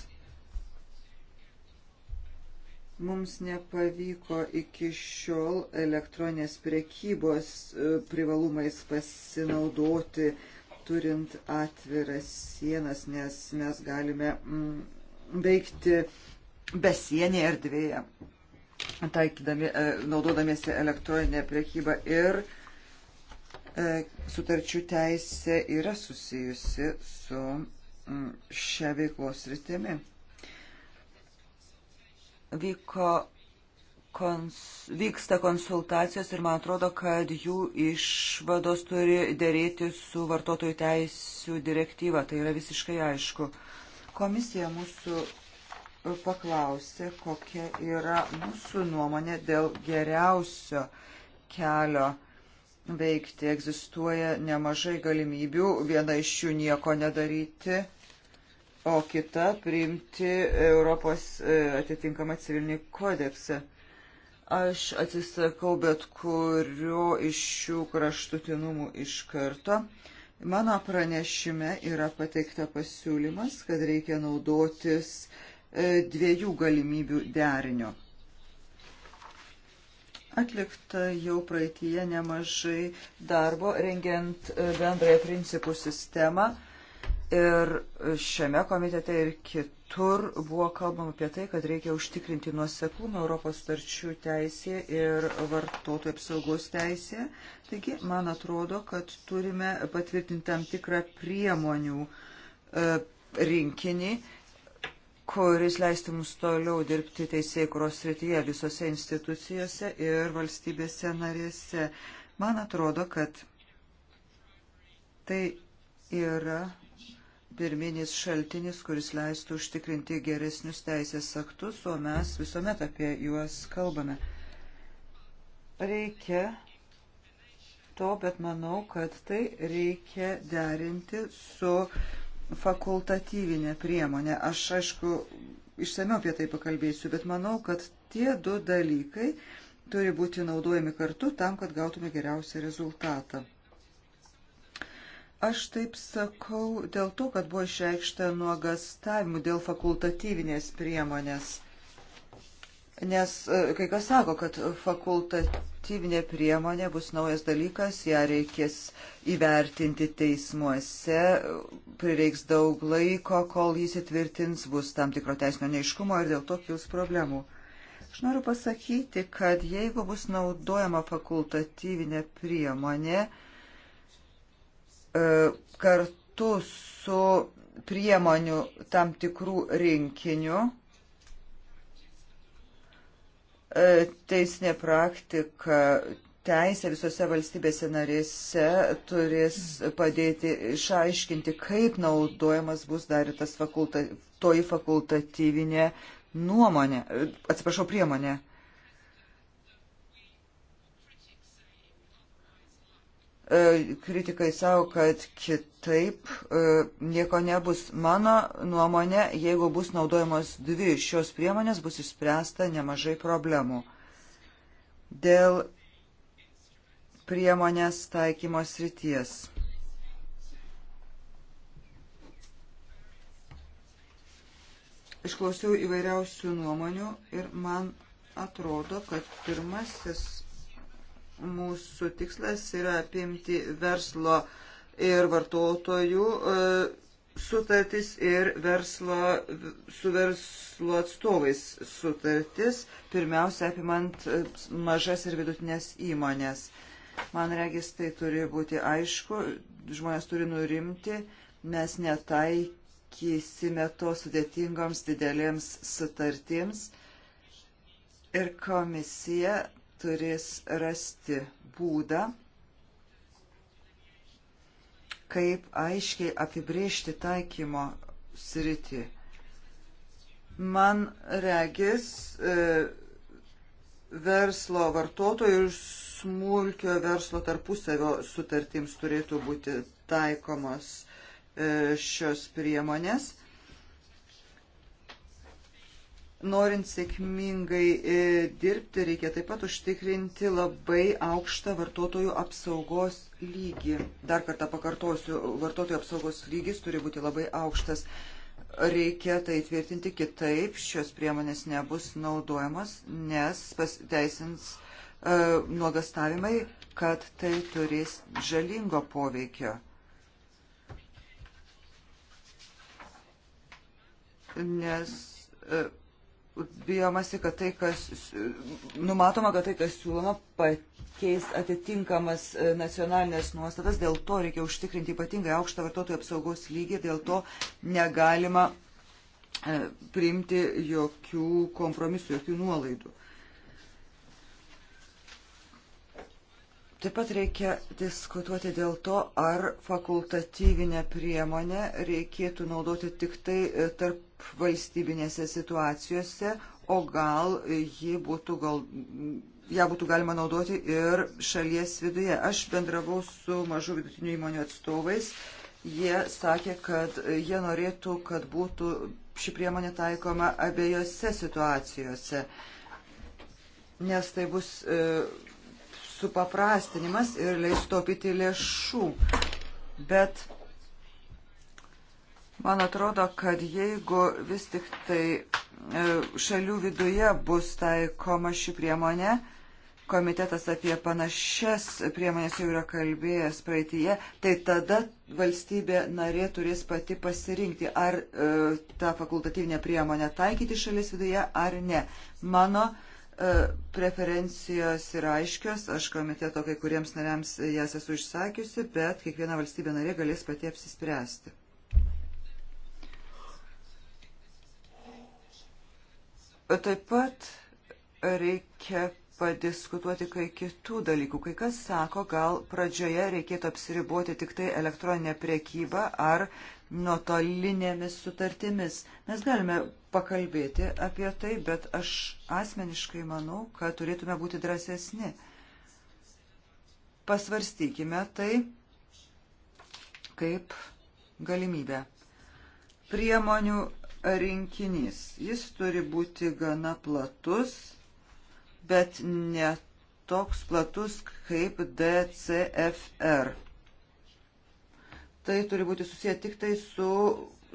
S4: Mums nepavyko iki šiol elektroninės priekybos e, privalumais pasinaudoti, turint atviras sienas, nes mes galime mm, veikti besienėje erdvėje taikydami, e, naudodamiesi elektroninę priekybą ir e, sutarčių teisė yra susijusi su šia veiklos rytimi. Vyko, kons, vyksta konsultacijos ir man atrodo, kad jų išvados turi dėrėti su vartotojų teisų direktyva. Tai yra visiškai aišku. Komisija mūsų paklausė, kokia yra mūsų nuomonė dėl geriausio kelio veikti. Egzistuoja nemažai galimybių, viena iš jų nieko nedaryti, o kita priimti Europos e, atitinkamą civilinį kodeksą. Aš atsisakau bet kurio iš šių kraštutinumų iš karto. Mano pranešime yra pateikta pasiūlymas, kad reikia naudotis E, dviejų galimybių derinio. Atlikta jau praeitie nemažai darbo rengiant e, bendrąją principų sistemą ir šiame komitete ir kitur buvo kalbama apie tai, kad reikia užtikrinti nuoseklumą Europos starčių teisėje ir vartotojų apsaugos teisėje. Taigi, man atrodo, kad turime patvirtinti tam tikrą priemonių e, rinkinį, kuris leistų mums toliau dirbti teisėkuros srityje visose institucijose ir valstybėse narėse. Man atrodo, kad tai yra pirminis šaltinis, kuris leistų užtikrinti geresnius teisės aktus, o mes visuomet apie juos kalbame. Reikia to, bet manau, kad tai reikia derinti su fakultatyvinė priemonė. Aš, aišku, išsameu apie tai pakalbėsiu, bet manau, kad tie du dalykai turi būti naudojami kartu tam, kad gautume geriausią rezultatą. Aš taip sakau dėl to, kad buvo išreikšta nuogastavimų dėl fakultatyvinės priemonės. Nes e, kai kas sako, kad fakultatyvinė priemonė bus naujas dalykas, ją reikės įvertinti teismuose, prireiks daug laiko, kol jis įtvirtins, bus tam tikro teisinio neiškumo ir dėl to kils problemų. Aš noriu pasakyti, kad jeigu bus naudojama fakultatyvinė priemonė e, kartu su priemonių tam tikrų rinkiniu, E, teisinė praktika, teisė visose valstybėse narėse turės padėti išaiškinti, kaip naudojamas bus dar tas fakulta, toji fakultatyvinė nuomonė, e, atsiprašau, priemonė. E, kritikai savo, kad kitaip e, nieko nebus. Mano nuomonė, jeigu bus naudojamos dvi šios priemonės, bus išspręsta nemažai problemų. Dėl priemonės taikymo srities. Išklausiau įvairiausių nuomonių ir man atrodo, kad pirmasis Mūsų tikslas yra apimti verslo ir vartotojų e, sutartis ir verslo, su verslo atstovais sutartis, pirmiausia apimant e, mažas ir vidutinės įmonės. Man regis, tai turi būti aišku, žmonės turi nurimti, mes netaikysime to sudėtingoms didelėms sutartims. Ir komisija turės rasti būdą, kaip aiškiai apibriežti taikymo sritį. Man regis e, verslo vartotojų ir smulkio verslo tarpusavio sutartims turėtų būti taikomos e, šios priemonės norint sėkmingai e, dirbti, reikia taip pat užtikrinti labai aukštą vartotojų apsaugos lygį. Dar kartą pakartosiu, vartotojų apsaugos lygis turi būti labai aukštas. Reikia tai tvirtinti kitaip, šios priemonės nebus naudojamos, nes pasiteisins e, nuogastavimai, kad tai turės žalingo poveikio. Nes e, bijomasi, kad tai, kas numatoma, kad tai, kas siūloma, pakeis atitinkamas e, nacionalinės nuostatas, dėl to reikia užtikrinti ypatingai aukštą vartotojų apsaugos lygį, dėl to negalima e, priimti jokių kompromisų, jokių nuolaidų. Taip pat reikia diskutuoti dėl to, ar fakultatyvinę priemonę reikėtų naudoti tik tai e, tarp tarp valstybinėse situacijose, o gal ji būtų, gal, ją būtų galima naudoti ir šalies viduje. Aš bendravau su mažų vidutinių įmonių atstovais. Jie sakė, kad jie norėtų, kad būtų ši priemonė taikoma abiejose situacijose, nes tai bus e, supaprastinimas ir leis taupyti lėšų. Bet Man atrodo, kad jeigu vis tik tai e, šalių viduje bus taikoma ši priemonė, komitetas apie panašias priemonės jau yra kalbėjęs praeitie, tai tada valstybė narė turės pati pasirinkti, ar e, tą fakultatyvinę priemonę taikyti šalies viduje ar ne. Mano e, preferencijos yra aiškios, aš komiteto kai kuriems nariams jas esu išsakiusi, bet kiekviena valstybė narė galės pati apsispręsti. Taip pat reikia padiskutuoti kai kitų dalykų. Kai kas sako, gal pradžioje reikėtų apsiriboti tik tai elektroninę priekybą ar nuotolinėmis sutartimis. Mes galime pakalbėti apie tai, bet aš asmeniškai manau, kad turėtume būti drąsesni. Pasvarstykime tai kaip galimybę. Priemonių rinkinys. Jis turi būti gana platus, bet ne toks platus kaip DCFR. Tai turi būti susiję tik tai su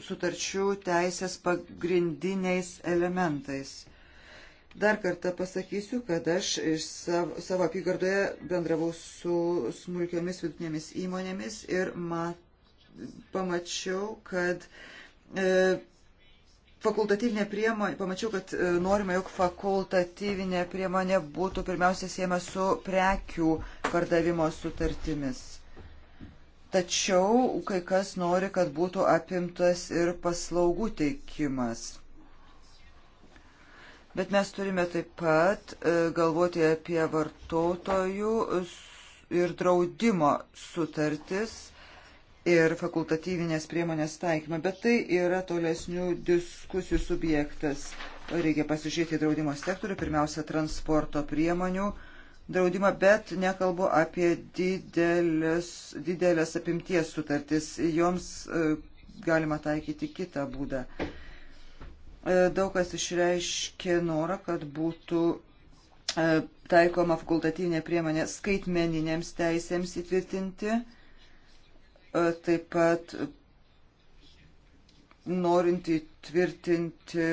S4: sutarčių teisės pagrindiniais elementais. Dar kartą pasakysiu, kad aš iš savo, savo apygardoje bendravau su smulkiomis vidutinėmis įmonėmis ir ma, pamačiau, kad e, fakultatyvinė priemonė, pamačiau, kad e, norima, jog fakultatyvinė priemonė būtų pirmiausia siejama su prekių pardavimo sutartimis. Tačiau kai kas nori, kad būtų apimtas ir paslaugų teikimas. Bet mes turime taip pat e, galvoti apie vartotojų ir draudimo sutartis ir fakultatyvinės priemonės taikymą, bet tai yra tolesnių diskusijų subjektas. Reikia pasižiūrėti draudimo sektorių, pirmiausia, transporto priemonių draudimą, bet nekalbu apie didelės, didelės apimties sutartis. Joms e, galima taikyti kitą būdą. E, daug kas išreiškė norą, kad būtų e, taikoma fakultatyvinė priemonė skaitmeninėms teisėms įtvirtinti E, taip pat norint įtvirtinti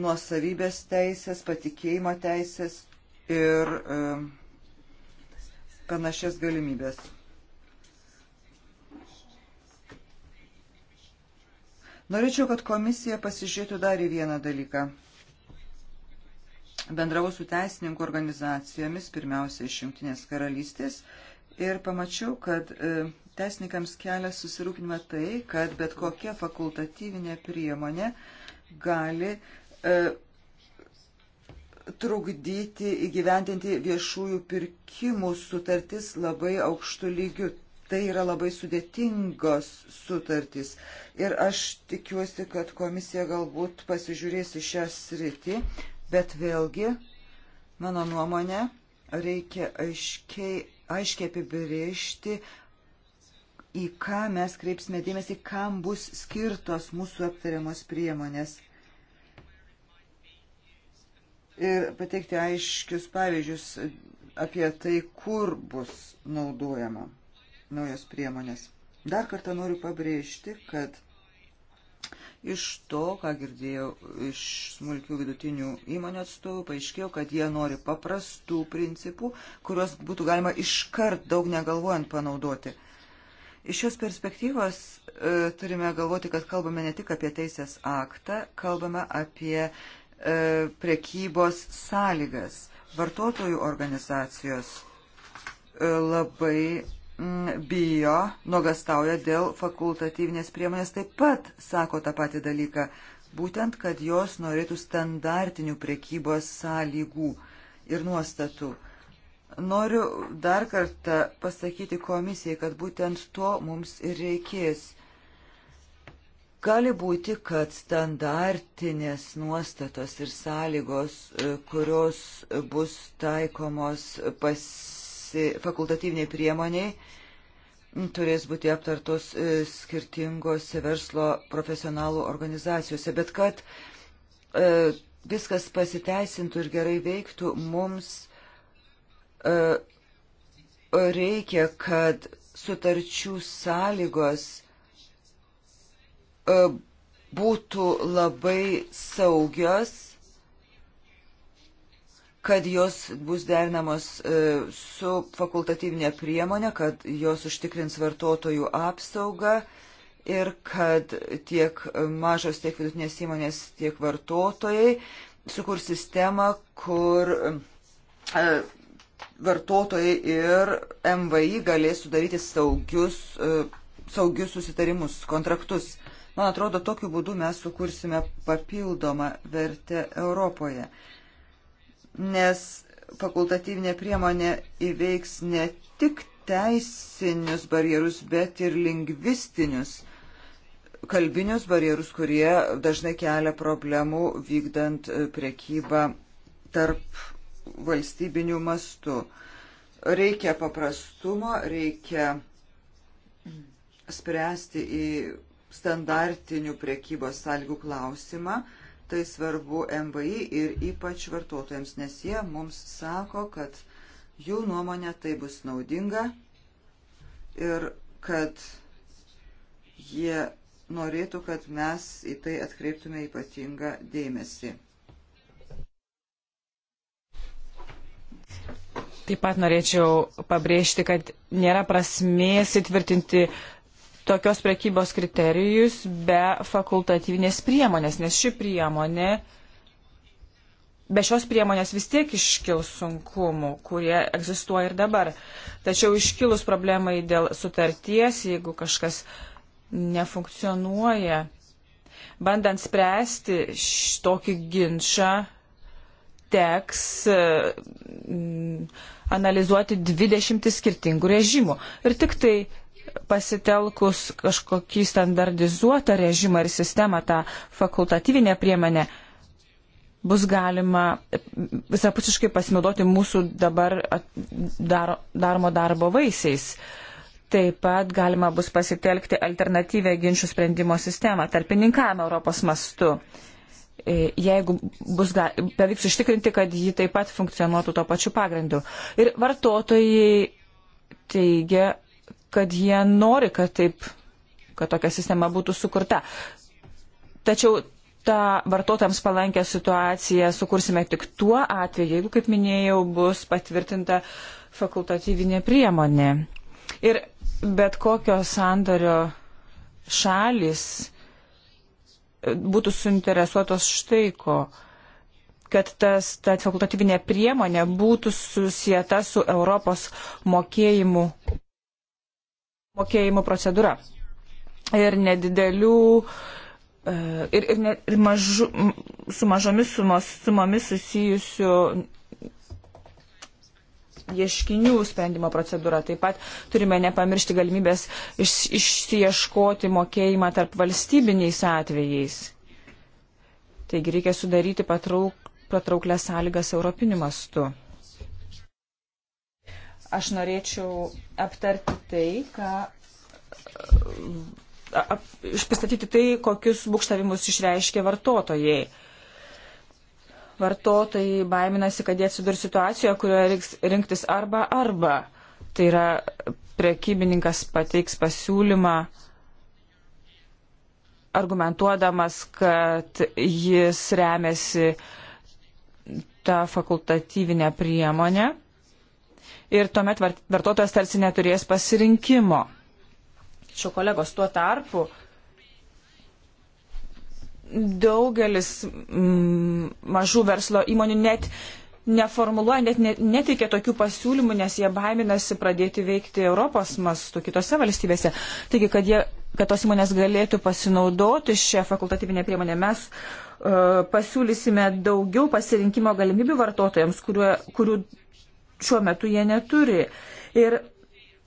S4: nuosavybės teisės, patikėjimo teisės ir e, panašias galimybės. Norėčiau, kad komisija pasižiūrėtų dar į vieną dalyką. Bendravau su teisininkų organizacijomis, pirmiausia iš Junktinės karalystės, ir pamačiau, kad e, Teisininkams kelia susirūpinimą tai, kad bet kokia fakultatyvinė priemonė gali e, trukdyti įgyventinti viešųjų pirkimų sutartis labai aukštų lygių. Tai yra labai sudėtingos sutartys. Ir aš tikiuosi, kad komisija galbūt pasižiūrės į šią sritį, bet vėlgi, mano nuomonė, reikia aiškiai, aiškiai apibriežti į ką mes kreipsime dėmesį, kam bus skirtos mūsų aptariamos priemonės. Ir pateikti aiškius pavyzdžius apie tai, kur bus naudojama naujos priemonės. Dar kartą noriu pabrėžti, kad iš to, ką girdėjau iš smulkių vidutinių įmonių atstovų, paaiškėjo, kad jie nori paprastų principų, kuriuos būtų galima iškart daug negalvojant panaudoti. Iš šios perspektyvos e, turime galvoti, kad kalbame ne tik apie teisės aktą, kalbame apie e, prekybos sąlygas. Vartotojų organizacijos e, labai m, bijo, nuogastauja dėl fakultatyvinės priemonės, taip pat sako tą patį dalyką, būtent, kad jos norėtų standartinių prekybos sąlygų ir nuostatų. E, Noriu dar kartą pasakyti komisijai, kad būtent to mums ir reikės. Gali būti, kad standartinės nuostatos ir sąlygos, e, kurios bus taikomos pasi, fakultatyviniai priemoniai, turės būti aptartos e, skirtingose verslo profesionalų organizacijose. Bet kad e, viskas pasiteisintų ir gerai veiktų, mums E, reikia, kad sutarčių sąlygos e, būtų labai saugios, kad jos bus derinamos e, su fakultatyvinė priemonė, kad jos užtikrins vartotojų apsaugą ir kad tiek mažos, tiek vidutinės įmonės, tiek vartotojai sukurs sistemą, kur vartotojai ir MVI galės sudaryti saugius, e, saugius susitarimus, kontraktus. Man atrodo, tokiu būdu mes sukursime papildomą vertę Europoje, nes fakultatyvinė priemonė įveiks ne tik teisinius barjerus, bet ir lingvistinius kalbinius barjerus, kurie dažnai kelia problemų vykdant e, prekybą tarp valstybinių mastų. Reikia paprastumo, reikia spręsti į standartinių priekybos sąlygų klausimą. Tai svarbu MVI ir ypač vartotojams, nes jie mums sako, kad jų nuomonė tai bus naudinga ir kad jie norėtų, kad mes į tai atkreiptume ypatingą dėmesį.
S3: Taip pat norėčiau pabrėžti, kad nėra prasmės įtvirtinti tokios prekybos kriterijus be fakultatyvinės priemonės, nes ši priemonė, be šios priemonės vis tiek iškils sunkumų, kurie egzistuoja ir dabar. Tačiau iškilus problemai dėl sutarties, jeigu kažkas nefunkcionuoja, bandant spręsti tokį ginčą, teks. Mm, analizuoti 20 skirtingų režimų. Ir tik tai pasitelkus kažkokį standardizuotą režimą ir sistemą, tą fakultatyvinę priemonę, bus galima visapusiškai pasinaudoti mūsų dabar daro, daromo darbo vaisiais. Taip pat galima bus pasitelkti alternatyvę ginčių sprendimo sistemą, tarpininkavimą Europos mastu. Uh, E, jeigu bus ga, pavyks užtikrinti, kad ji taip pat funkcionuotų to pačiu pagrindu. Ir vartotojai teigia, kad jie nori, kad taip, kad tokia sistema būtų sukurta. Tačiau tą vartotojams palankę situaciją sukursime tik tuo atveju, jeigu, kaip minėjau, bus patvirtinta fakultatyvinė priemonė. Ir bet kokio sandario šalis būtų suinteresuotos štai ko kad tas, ta fakultatyvinė priemonė būtų susijęta su Europos mokėjimų, mokėjimų procedūra. Ir nedidelių, e, ir, ir, ne, ir mažu, su mažomis sumos, sumomis susijusių ieškinių sprendimo procedūra. Taip pat turime nepamiršti galimybės iš, išsieškoti mokėjimą tarp valstybiniais atvejais. Taigi reikia sudaryti patrauk, patrauklės sąlygas europiniu mastu. Aš norėčiau aptarti tai, ką ap, pristatyti tai, kokius būkštavimus išreiškia vartotojai vartotojai baiminasi, kad jie atsidurs situacijoje, kurioje reiks rinktis arba arba. Tai yra prekybininkas pateiks pasiūlymą argumentuodamas, kad jis remiasi tą fakultatyvinę priemonę ir tuomet vartotojas tarsi neturės pasirinkimo. Šio kolegos tuo tarpu daugelis mm, mažų verslo įmonių net neformuluoja, net ne, neteikia tokių pasiūlymų, nes jie baiminasi pradėti veikti Europos mastu kitose valstybėse. Taigi, kad, jie, kad tos įmonės galėtų pasinaudoti šią fakultatyvinę priemonę, mes uh, pasiūlysime daugiau pasirinkimo galimybių vartotojams, kuriuo, kurių šiuo metu jie neturi. Ir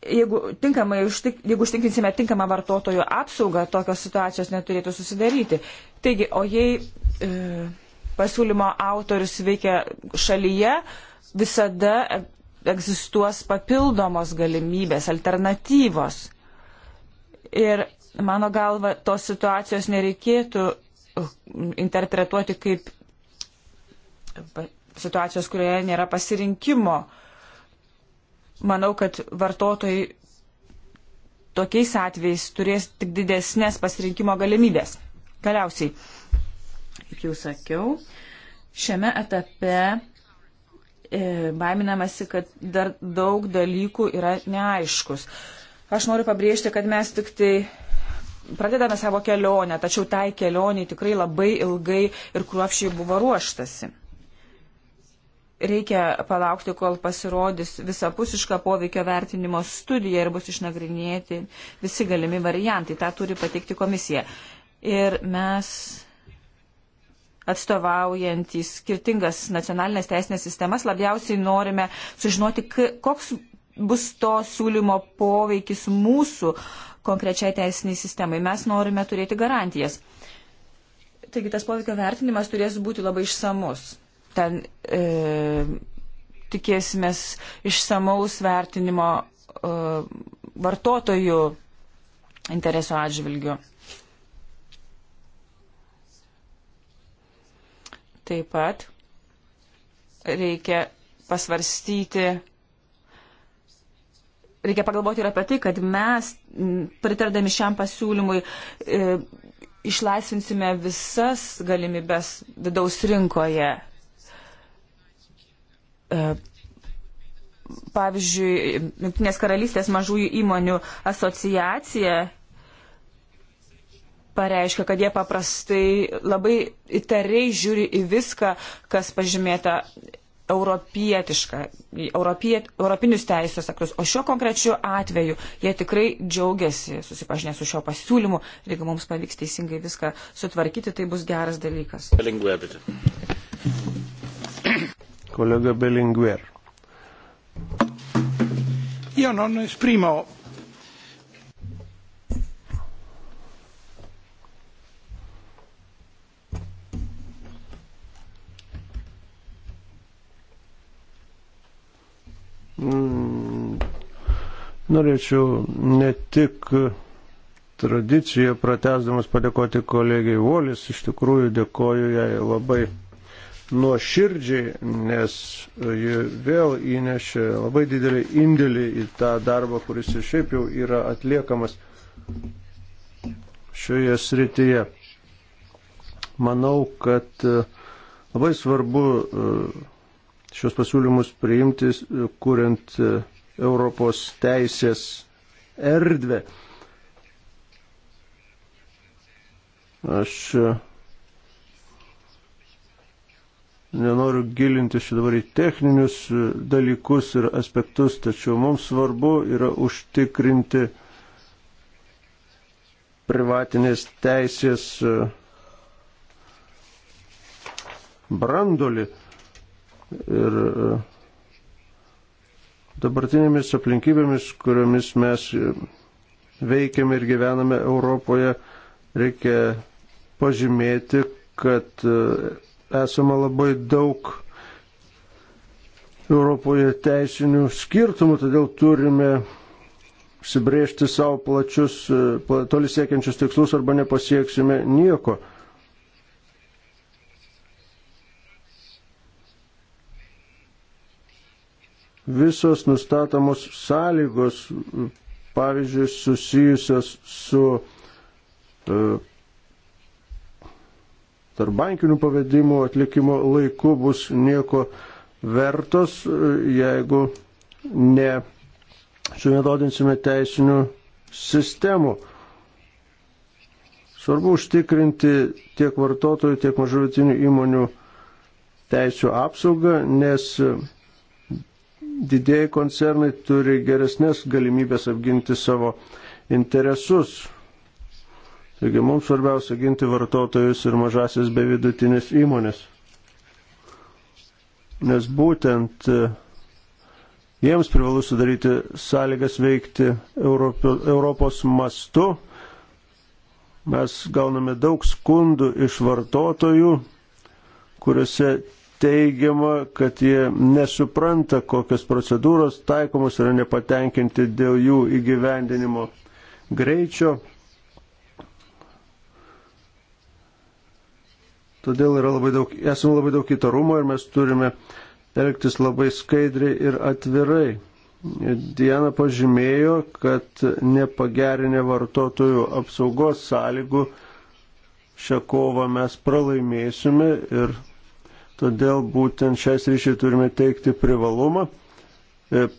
S3: jeigu, tinkamai, jeigu užtikrinsime tinkamą vartotojų apsaugą, tokios situacijos neturėtų susidaryti. Taigi, o jei e, pasiūlymo autorius veikia šalyje, visada e, egzistuos papildomos galimybės, alternatyvos. Ir mano galva, tos situacijos nereikėtų e, interpretuoti kaip e, situacijos, kurioje nėra pasirinkimo. E, manau, kad vartotojai tokiais atvejais turės tik didesnės pasirinkimo galimybės. Galiausiai, kaip jau sakiau, šiame etape e, baiminamasi, kad dar daug dalykų yra neaiškus. Aš noriu pabrėžti, kad mes tik tai pradedame savo kelionę, tačiau tai kelioniai tikrai labai ilgai ir kruopšiai buvo ruoštasi reikia palaukti, kol pasirodys visapusiška poveikio vertinimo studija ir bus išnagrinėti visi galimi variantai. Ta turi pateikti komisija. Ir mes atstovaujantys skirtingas nacionalinės teisinės sistemas labiausiai norime sužinoti, koks bus to siūlymo poveikis mūsų konkrečiai teisiniai sistemai. Mes norime turėti garantijas. Taigi tas poveikio vertinimas turės būti labai išsamus ten e, tikėsimės išsamaus vertinimo e, vartotojų interesų atžvilgių. Taip pat reikia pasvarstyti reikia pagalvoti ir apie tai, kad mes, pritardami šiam pasiūlymui, e, išlaisvinsime visas galimybes vidaus rinkoje. E, pavyzdžiui, Junktinės karalystės mažųjų įmonių asociacija pareiškia, kad jie paprastai labai įtariai žiūri į viską, kas pažymėta europietišką, europiet, europinius teisės aktus. O šiuo konkrečiu atveju jie tikrai džiaugiasi susipažinę su šio pasiūlymu ir jeigu mums pavyks teisingai viską sutvarkyti, tai bus geras dalykas.
S2: Kolega Belinguer.
S1: Io non esprimo.
S2: Mm, norėčiau ne tik tradiciją pratesdamas padėkoti kolegijai Volis, iš tikrųjų dėkoju jai labai nuoširdžiai, nes ji vėl įnešė labai didelį indėlį į tą darbą, kuris ir šiaip jau yra atliekamas šioje srityje. Manau, kad e, labai svarbu e, šios pasiūlymus priimti, e, kuriant Europos teisės erdvę. Aš Nenoriu gilintis čia dabar į techninius e, dalykus ir aspektus, tačiau mums svarbu yra užtikrinti privatinės teisės e, brandolį ir e, dabartinėmis aplinkybėmis, kuriomis mes veikiame ir gyvename Europoje, reikia pažymėti, kad esama labai daug Europoje teisinių skirtumų, todėl turime sibrėžti savo plačius, e, toli siekiančius tikslus arba nepasieksime nieko. Visos nustatomos sąlygos, pavyzdžiui, susijusios su e, tarp bankinių pavedimų atlikimo laiku bus nieko vertos, jeigu ne suvienodinsime teisinių sistemų. Svarbu užtikrinti tiek vartotojų, tiek mažuritinių įmonių teisų apsaugą, nes didėjai koncernai turi geresnės galimybės apginti savo interesus. Taigi mums svarbiausia ginti vartotojus ir mažasis bei vidutinės įmonės. Nes būtent e, jiems privalu sudaryti sąlygas veikti Europo, Europos mastu. Mes gauname daug skundų iš vartotojų, kuriuose teigiama, kad jie nesupranta, kokios procedūros taikomos yra nepatenkinti dėl jų įgyvendinimo greičio. Todėl yra labai daug, esame labai daug įtarumo ir mes turime elgtis labai skaidriai ir atvirai. Diena pažymėjo, kad nepagerinę vartotojų apsaugos sąlygų šią kovą mes pralaimėsime ir todėl būtent šiais ryšiai turime teikti privalumą. E,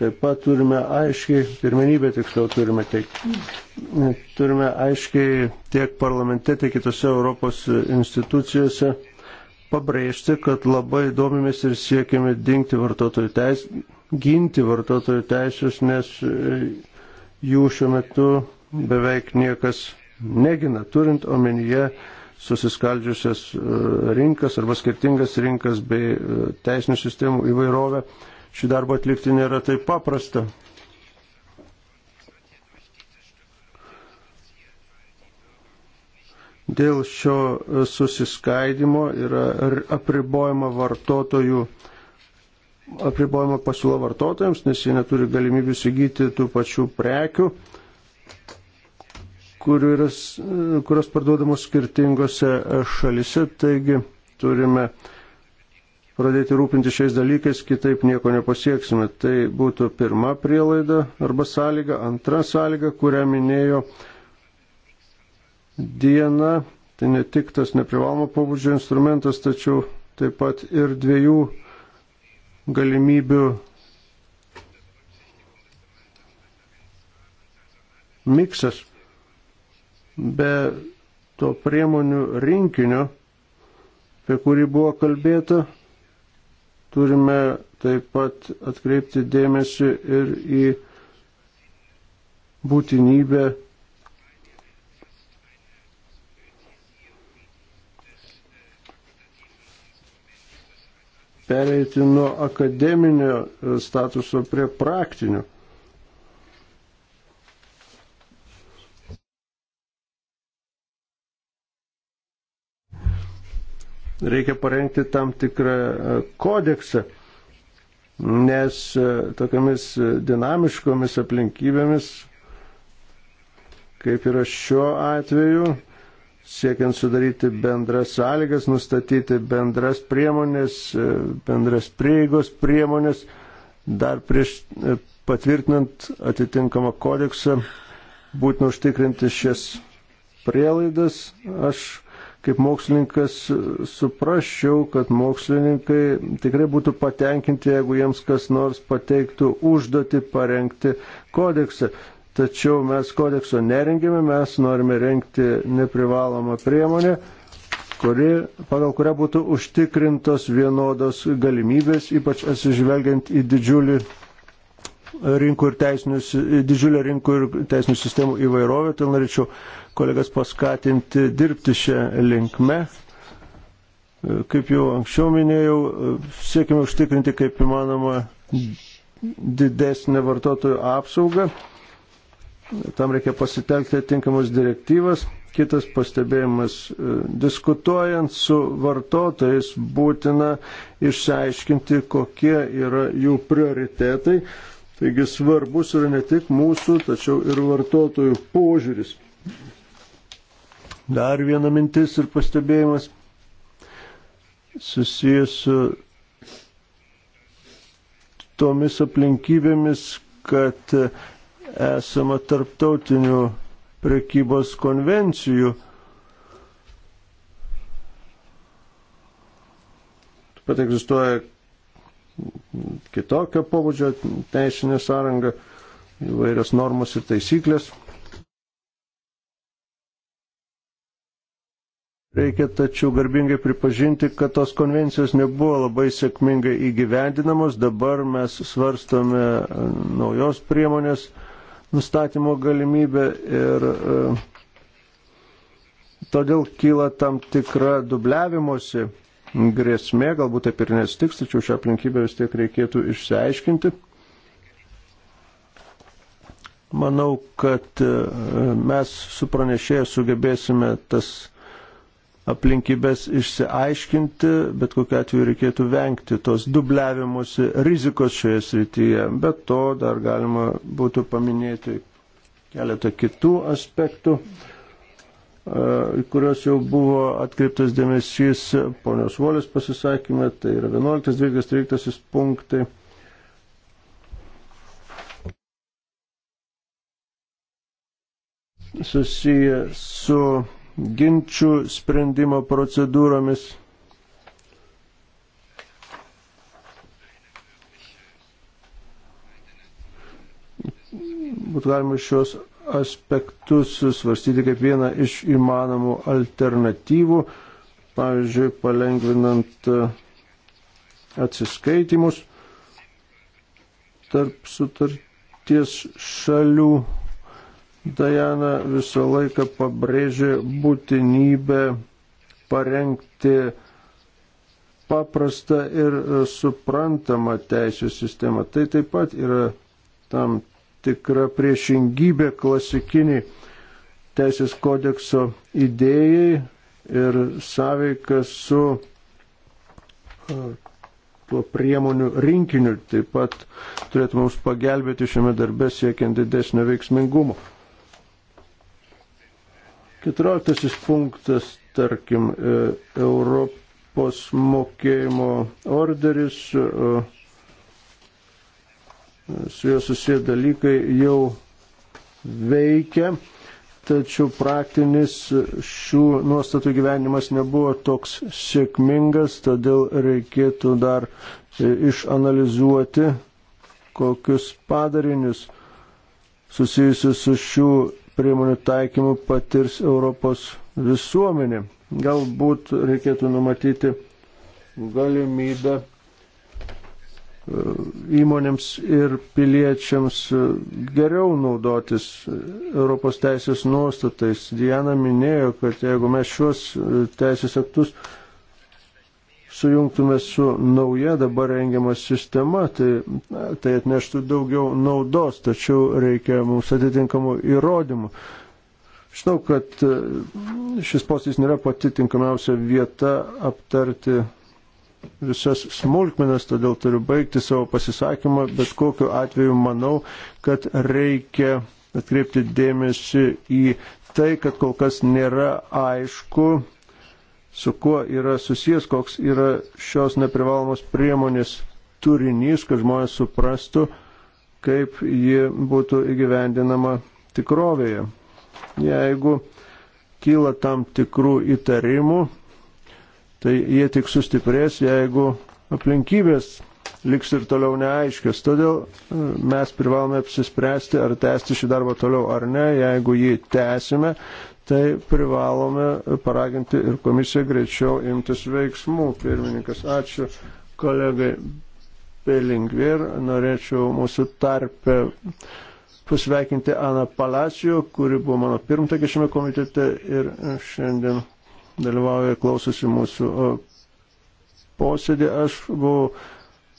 S2: Taip pat turime aiškiai, pirmenybę tiksliau turime teikti, turime aiškiai tiek parlamente, tiek kitose Europos institucijose pabrėžti, kad labai domimės ir siekiame dingti vartotojų teisės, ginti vartotojų teisės, nes e, jų šiuo metu beveik niekas negina, turint omenyje susiskaldžiusias e, rinkas arba skirtingas rinkas bei e, teisinių sistemų įvairovę šį darbą atlikti nėra taip paprasta. Dėl šio susiskaidimo yra apribojama vartotojų, apribojama pasiūla vartotojams, nes jie neturi galimybių įsigyti tų pačių prekių, kurios, kurios parduodamos skirtingose šalise. Taigi turime uh, pradėti rūpinti šiais dalykais, kitaip nieko nepasieksime. Tai būtų pirma prielaida arba sąlyga. Antra sąlyga, kurią minėjo diena, tai ne tik tas neprivalomo pobūdžio instrumentas, tačiau taip pat ir dviejų galimybių miksas. Be to priemonių rinkinio, apie kurį buvo kalbėta, Turime taip pat atkreipti dėmesį ir į būtinybę pereiti nuo akademinio statuso prie praktinio. reikia parengti tam tikrą e, kodeksą, nes e, tokiamis e, dinamiškomis aplinkybėmis, kaip yra šiuo atveju, siekiant sudaryti bendras sąlygas, nustatyti bendras priemonės, bendras prieigos priemonės, dar prieš patvirtinant atitinkamą kodeksą, būtina užtikrinti šias prielaidas. Aš kaip mokslininkas e, suprasčiau, kad mokslininkai tikrai būtų patenkinti, jeigu jiems kas nors pateiktų užduoti parengti kodeksą. Tačiau mes kodekso nerengėme, mes norime rengti neprivalomą priemonę, kuri, pagal kurią būtų užtikrintos vienodos galimybės, ypač atsižvelgiant į didžiulį rinkų ir teisinius, didžiulę rinkų ir teisinių sistemų įvairovę, tai norėčiau kolegas paskatinti dirbti šią linkmę. Kaip jau anksčiau minėjau, siekime užtikrinti kaip įmanoma didesnę vartotojų apsaugą. Tam reikia pasitelkti atitinkamas direktyvas. Kitas pastebėjimas, diskutuojant su vartotojais būtina išsiaiškinti, kokie yra jų prioritetai, Taigi svarbus yra ne tik mūsų, tačiau ir vartotojų požiūris. Dar viena mintis ir pastebėjimas susijęs su tomis aplinkybėmis, kad esama tarptautinių prekybos konvencijų. Taip pat egzistuoja kitokio pobūdžio teisinė sąranga, įvairios normos ir taisyklės. Reikia tačiau garbingai pripažinti, kad tos konvencijos nebuvo labai sėkmingai įgyvendinamos. Dabar mes svarstome e, naujos priemonės nustatymo galimybę ir e, todėl kyla tam tikra dubliavimuose grėsmė, galbūt taip ir nestiks, tačiau šią aplinkybę vis tiek reikėtų išsiaiškinti. Manau, kad e, mes su pranešėja sugebėsime tas aplinkybės išsiaiškinti, bet kokiu atveju reikėtų vengti tos dubliavimusi rizikos šioje srityje. Be to dar galima būtų paminėti keletą kitų aspektų kurios jau buvo atkreiptas dėmesys ponios Volės pasisakymė, tai yra 11, 12, 13 punktai. susiję su ginčių sprendimo procedūromis. Būtų galima šios aspektus svarstyti kaip vieną iš įmanomų alternatyvų, pavyzdžiui, palengvinant e, atsiskaitimus tarp sutarties šalių. Dajana visą laiką pabrėžė būtinybę parengti paprastą ir suprantamą teisės sistemą. Tai taip pat yra tam tikra priešingybė klasikiniai teisės kodekso idėjai ir sąveika su e, tuo priemonių rinkiniu taip pat turėtų mums pagelbėti šiame darbe siekiant didesnio veiksmingumo. Keturioliktasis punktas, tarkim, e, Europos mokėjimo orderis, e, su juo susiję dalykai jau veikia, tačiau praktinis šių nuostatų gyvenimas nebuvo toks sėkmingas, todėl reikėtų dar e, išanalizuoti, kokius padarinius susijusius su šių priemonių taikymu patirs Europos visuomenė. Galbūt reikėtų numatyti galimybę E, įmonėms ir piliečiams e, geriau naudotis e, Europos teisės nuostatais. Diana minėjo, kad jeigu mes šios teisės aktus sujungtume su nauja dabar rengiama sistema, tai, tai atneštų daugiau naudos, tačiau reikia mums atitinkamų įrodymų. Žinau, kad šis postis nėra pati tinkamiausia vieta aptarti visas smulkmenas, todėl turiu baigti savo pasisakymą, bet kokiu atveju manau, kad reikia atkreipti dėmesį į tai, kad kol kas nėra aišku, su kuo yra susijęs, koks yra šios neprivalomos priemonės turinys, kad žmonės suprastų, kaip ji būtų įgyvendinama tikrovėje. Jeigu kyla tam tikrų įtarimų, tai jie tik sustiprės, jeigu aplinkybės liks ir toliau neaiškios. Todėl e, mes privalome apsispręsti, ar tęsti šį darbą toliau ar ne. Jeigu jį tęsime, tai privalome paraginti ir komisiją greičiau imtis veiksmų. Pirmininkas, ačiū kolegai Pelingvir. Norėčiau mūsų tarpę pasveikinti Aną Palacijų, kuri buvo mano pirmtakė šiame komitete ir šiandien dalyvauja klausosi mūsų e, posėdį. Aš buvau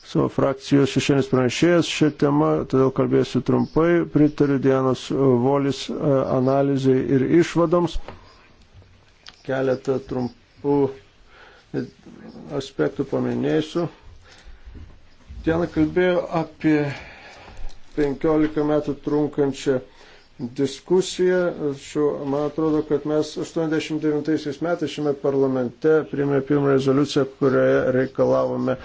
S2: savo frakcijos šešienis pranešėjas šią temą, todėl kalbėsiu trumpai, pritariu Dienos Volis e, analizai ir išvadoms. Keletą trumpų aspektų paminėsiu. Diena kalbėjo apie 15 metų trunkančią diskusiją. Šiuo, man atrodo, kad mes 89 metais šiame parlamente priėmė pirmą rezoliuciją, kurioje reikalavome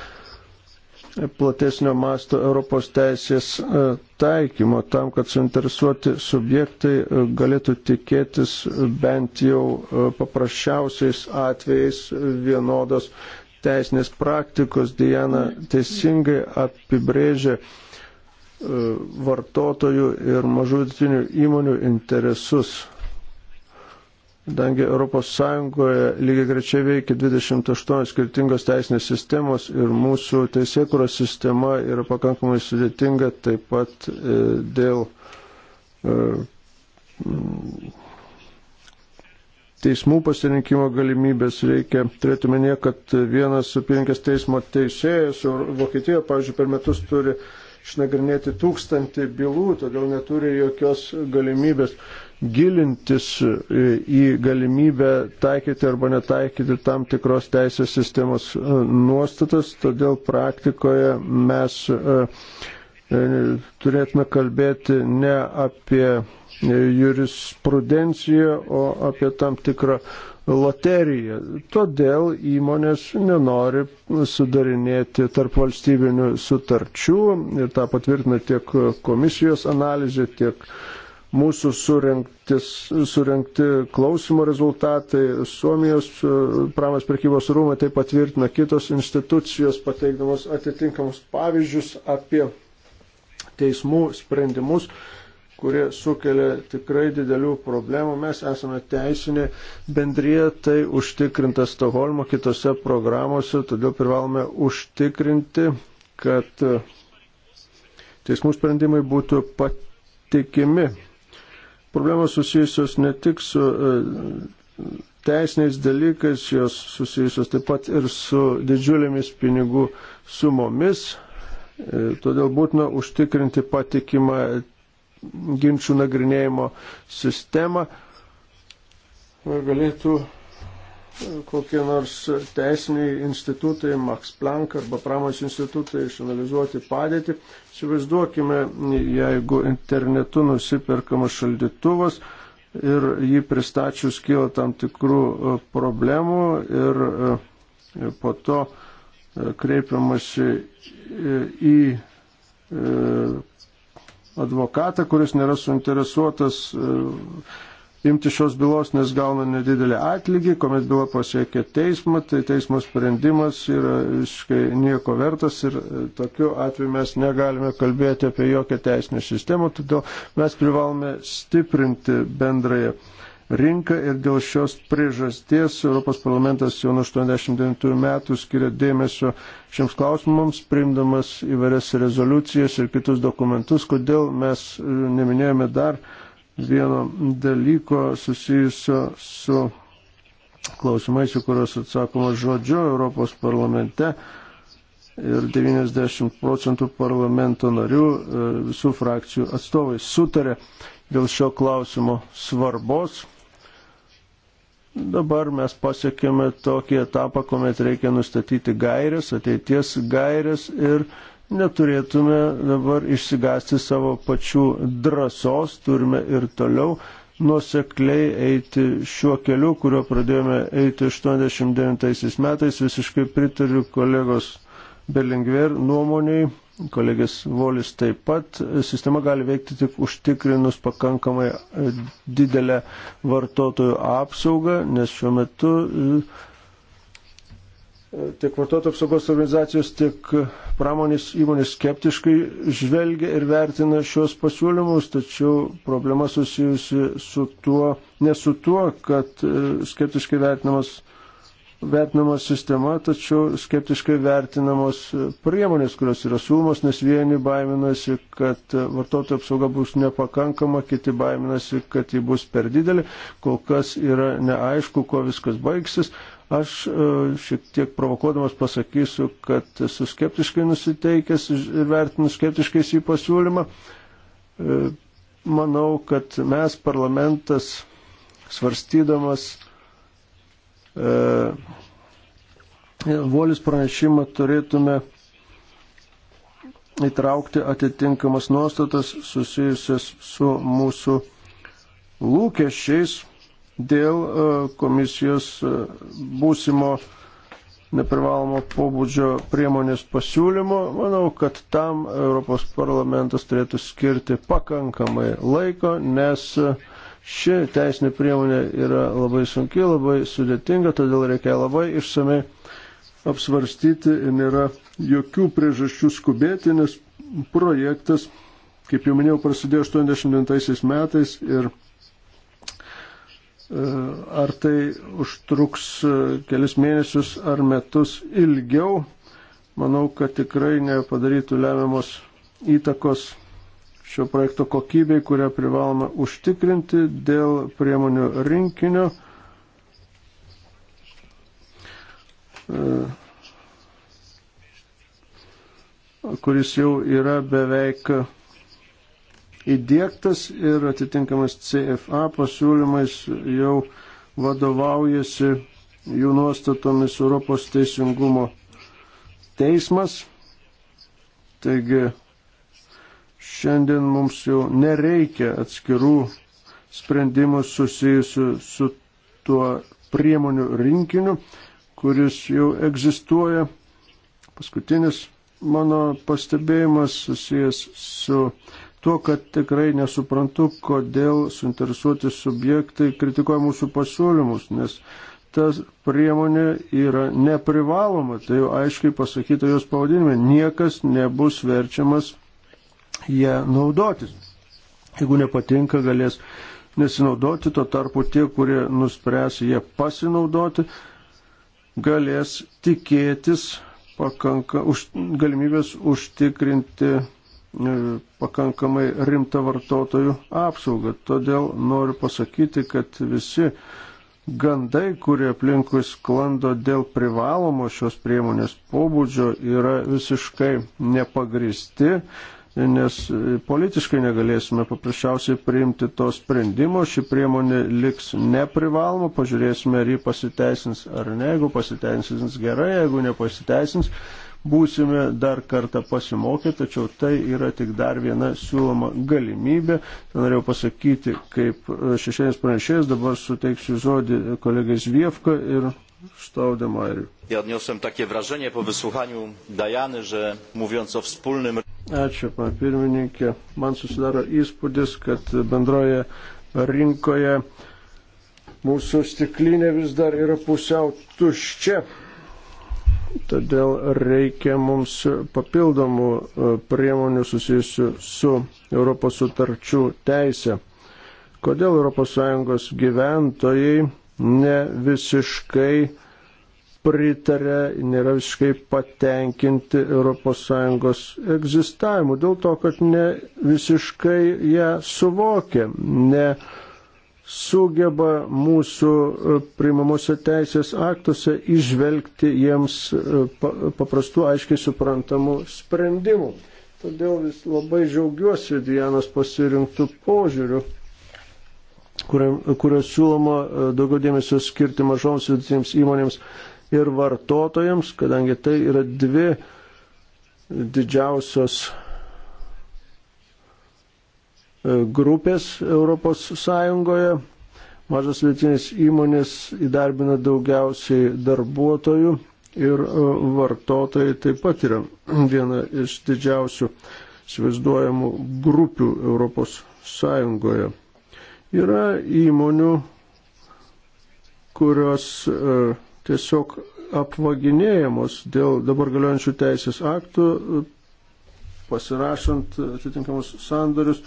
S2: platesnio masto Europos teisės e, taikymo tam, kad suinteresuoti subjektai e, galėtų tikėtis bent jau e, paprasčiausiais atvejais vienodos teisinės praktikos. Diana teisingai apibrėžė E, vartotojų ir mažų vidutinių įmonių interesus. Dangi ES lygiai grečiai veikia 28 skirtingos teisinės sistemos ir mūsų teisėkuros sistema yra pakankamai sudėtinga taip pat e, dėl e, teismų pasirinkimo galimybės reikia turėti minėti, kad vienas apylinkės teismo teisėjas Vokietijoje, pavyzdžiui, per metus turi išnagrinėti tūkstantį bylų, todėl neturi jokios galimybės gilintis į galimybę taikyti arba netaikyti tam tikros teisės sistemos e, nuostatas, todėl praktikoje mes e, e, turėtume kalbėti ne apie jurisprudenciją, o apie tam tikrą loterija. Todėl įmonės nenori sudarinėti tarp valstybinių sutarčių ir tą patvirtina tiek komisijos analizė, tiek mūsų surinkti klausimo rezultatai. Suomijos e, pramas prekybos rūmai tai patvirtina kitos institucijos pateikdamos atitinkamus pavyzdžius apie teismų sprendimus kurie sukelia tikrai didelių problemų. Mes esame teisinė bendryje, tai užtikrinta Stoholmo kitose programuose, todėl privalome užtikrinti, kad teismų sprendimai būtų patikimi. Problemos susijusios ne tik su e, teisiniais dalykais, jos susijusios taip pat ir su didžiulėmis pinigų sumomis. E, todėl būtina užtikrinti patikimą ginčių nagrinėjimo sistemą, galėtų e, kokie nors teisiniai institutai, Max Planck arba pramonės institutai išanalizuoti padėtį. Įsivaizduokime, jeigu internetu nusiperkamas šaldytuvas, ir jį pristačius kyla tam tikrų e, problemų ir e, po to kreipiamasi į advokatą, kuris nėra suinteresuotas e, imti šios bylos, nes gauna nedidelį atlygį, kuomet byla pasiekia teismą, tai teismo sprendimas yra visiškai nieko vertas ir e, tokiu atveju mes negalime kalbėti apie jokią teisinę sistemą, todėl mes privalome stiprinti bendrąją rinką ir dėl šios priežasties Europos parlamentas jau nuo 89 metų skiria dėmesio šiems klausimams, priimdamas įvairias rezoliucijas ir kitus dokumentus, kodėl mes e, neminėjome dar vieno dalyko susijusio su klausimais, į kuriuos atsakoma žodžiu Europos parlamente ir 90 procentų parlamento narių e, visų frakcijų atstovai sutarė dėl šio klausimo svarbos Dabar mes pasiekėme tokį etapą, kuomet reikia nustatyti gairias, ateities gairias ir neturėtume dabar išsigasti savo pačių drąsos, turime ir toliau nusekliai eiti šiuo keliu, kuriuo pradėjome eiti 89 metais. Visiškai pritariu kolegos Belingver nuomoniai kolegės Volis taip pat. Sistema gali veikti tik užtikrinus pakankamai e, didelę vartotojų apsaugą, nes šiuo metu e, e, tiek vartotojų apsaugos organizacijos, tiek pramonės įmonės skeptiškai žvelgia ir vertina šios pasiūlymus, tačiau problema susijusi su tuo, ne su tuo, kad skeptiškai vertinamas vertinama sistema, tačiau skeptiškai vertinamos priemonės, kurios yra siūlomos, nes vieni baiminasi, kad vartotojų apsauga bus nepakankama, kiti baiminasi, kad ji bus per didelė, kol kas yra neaišku, kuo viskas baigsis. Aš e, šiek tiek provokuodamas pasakysiu, kad esu skeptiškai nusiteikęs ir vertinu skeptiškai šį pasiūlymą. E, manau, kad mes parlamentas svarstydamas E, Volis pranešimą turėtume įtraukti atitinkamas nuostatas susijusias su mūsų lūkesčiais dėl e, komisijos e, būsimo neprivalomo pobūdžio priemonės pasiūlymo. Manau, kad tam Europos parlamentas turėtų skirti pakankamai laiko, nes uh, Ši teisinė priemonė yra labai sunki, labai sudėtinga, todėl reikia labai išsamei apsvarstyti ir nėra jokių priežasčių skubėti, nes projektas, kaip jau minėjau, prasidėjo 89 metais ir e, ar tai užtruks e, kelis mėnesius ar metus ilgiau, manau, kad tikrai nepadarytų lemiamos įtakos šio projekto kokybei, kurią privalome užtikrinti dėl priemonių rinkinio. E, kuris jau yra beveik įdėktas ir atitinkamas CFA pasiūlymais jau vadovaujasi jų nuostatomis Europos teisingumo teismas. Taigi Šiandien mums jau nereikia atskirų sprendimų susijusių su tuo priemonių rinkiniu, kuris jau egzistuoja. Paskutinis mano pastebėjimas susijęs su tuo, kad tikrai nesuprantu, kodėl suinteresuoti subjektai kritikuoja mūsų pasiūlymus, nes ta priemonė yra neprivaloma, tai jau aiškiai pasakyta jos pavadinime, niekas nebus verčiamas jie naudotis. Jeigu nepatinka, galės nesinaudoti, to tarpu tie, kurie nuspręs jie pasinaudoti, galės tikėtis pakanka, už, galimybės užtikrinti e, pakankamai rimtą vartotojų apsaugą. Todėl noriu pasakyti, kad visi gandai, kurie aplinkui sklando dėl privalomo šios priemonės pobūdžio, yra visiškai nepagristi nes politiškai negalėsime paprasčiausiai priimti to sprendimo, ši priemonė liks neprivaloma, pažiūrėsime, ar ji pasiteisins ar ne, jeigu pasiteisins gerai, jeigu nepasiteisins, būsime dar kartą pasimokę, tačiau tai yra tik dar viena siūloma galimybė. Tai norėjau pasakyti, kaip šešėlis pranešėjas, dabar suteiksiu žodį kolegai Zviefka ir Staudemariu. Ja odniosłem takie wrażenie po wysłuchaniu Dajany, że mówiąc o wspólnym Ačiū, pana pirmininkė. Man susidaro įspūdis, kad bendroje rinkoje mūsų stiklinė vis dar yra pusiau tuščia. Todėl reikia mums papildomų e, priemonių susijusių su Europos sutarčių teisė. Kodėl ES gyventojai ne visiškai pritarė, nėra visiškai patenkinti ES egzistavimu, dėl to, kad ne visiškai ją suvokia, ne sugeba mūsų e, priimamuose teisės aktuose išvelgti jiems e, paprastų, aiškiai suprantamų sprendimų. Todėl vis labai džiaugiuosi Dianos pasirinktų požiūrių kurio siūloma e, daugiau dėmesio skirti mažoms vidutinėms įmonėms ir vartotojams, kadangi tai yra dvi didžiausios e, grupės Europos Sąjungoje. Mažas vietinės įmonės įdarbina daugiausiai darbuotojų ir e, vartotojai taip pat yra viena iš didžiausių svaizduojamų grupių Europos Sąjungoje. Yra įmonių, kurios uh, tiesiog apvaginėjamos dėl dabar galiojančių teisės aktų, pasirašant atitinkamus sandorius,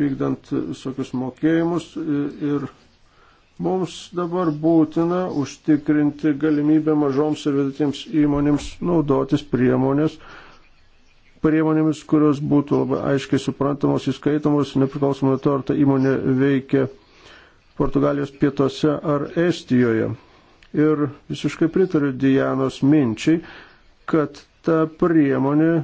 S2: vykdant visokius mokėjimus ir mums dabar būtina užtikrinti galimybę mažoms ir vidutinėms įmonėms naudotis priemonės, priemonėmis, kurios būtų labai aiškiai suprantamos, įskaitomos, nepriklausomai to, ar ta įmonė veikia Portugalijos pietuose ar Estijoje ir visiškai pritariu Dianos minčiai, kad ta priemonė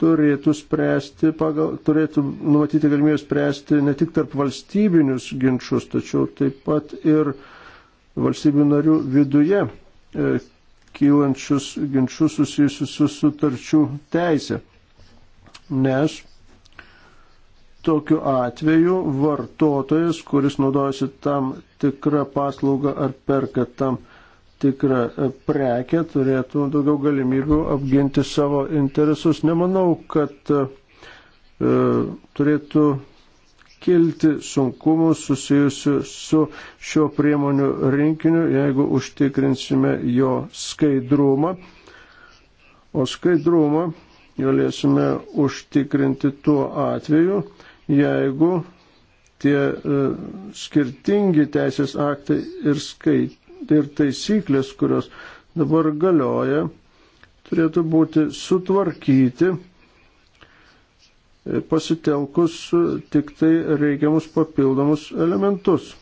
S2: turėtų spręsti, pagal, turėtų numatyti galimybę spręsti ne tik tarp valstybinius ginčius, tačiau taip pat ir valstybių narių viduje e, kylančius ginčius susijusius su sutarčių teisė. Nes Tokiu atveju vartotojas, kuris naudojasi tam tikrą paslaugą ar perka tam tikrą e, prekę, turėtų daugiau galimybių apginti savo interesus. Nemanau, kad e, e, turėtų kilti sunkumų susijusių su šio priemonių rinkiniu, jeigu užtikrinsime jo skaidrumą. O skaidrumą galėsime užtikrinti tuo atveju, jeigu tie e, skirtingi teisės aktai ir, skait, ir taisyklės, kurios dabar galioja, turėtų būti sutvarkyti e, pasitelkus tik tai reikiamus papildomus elementus.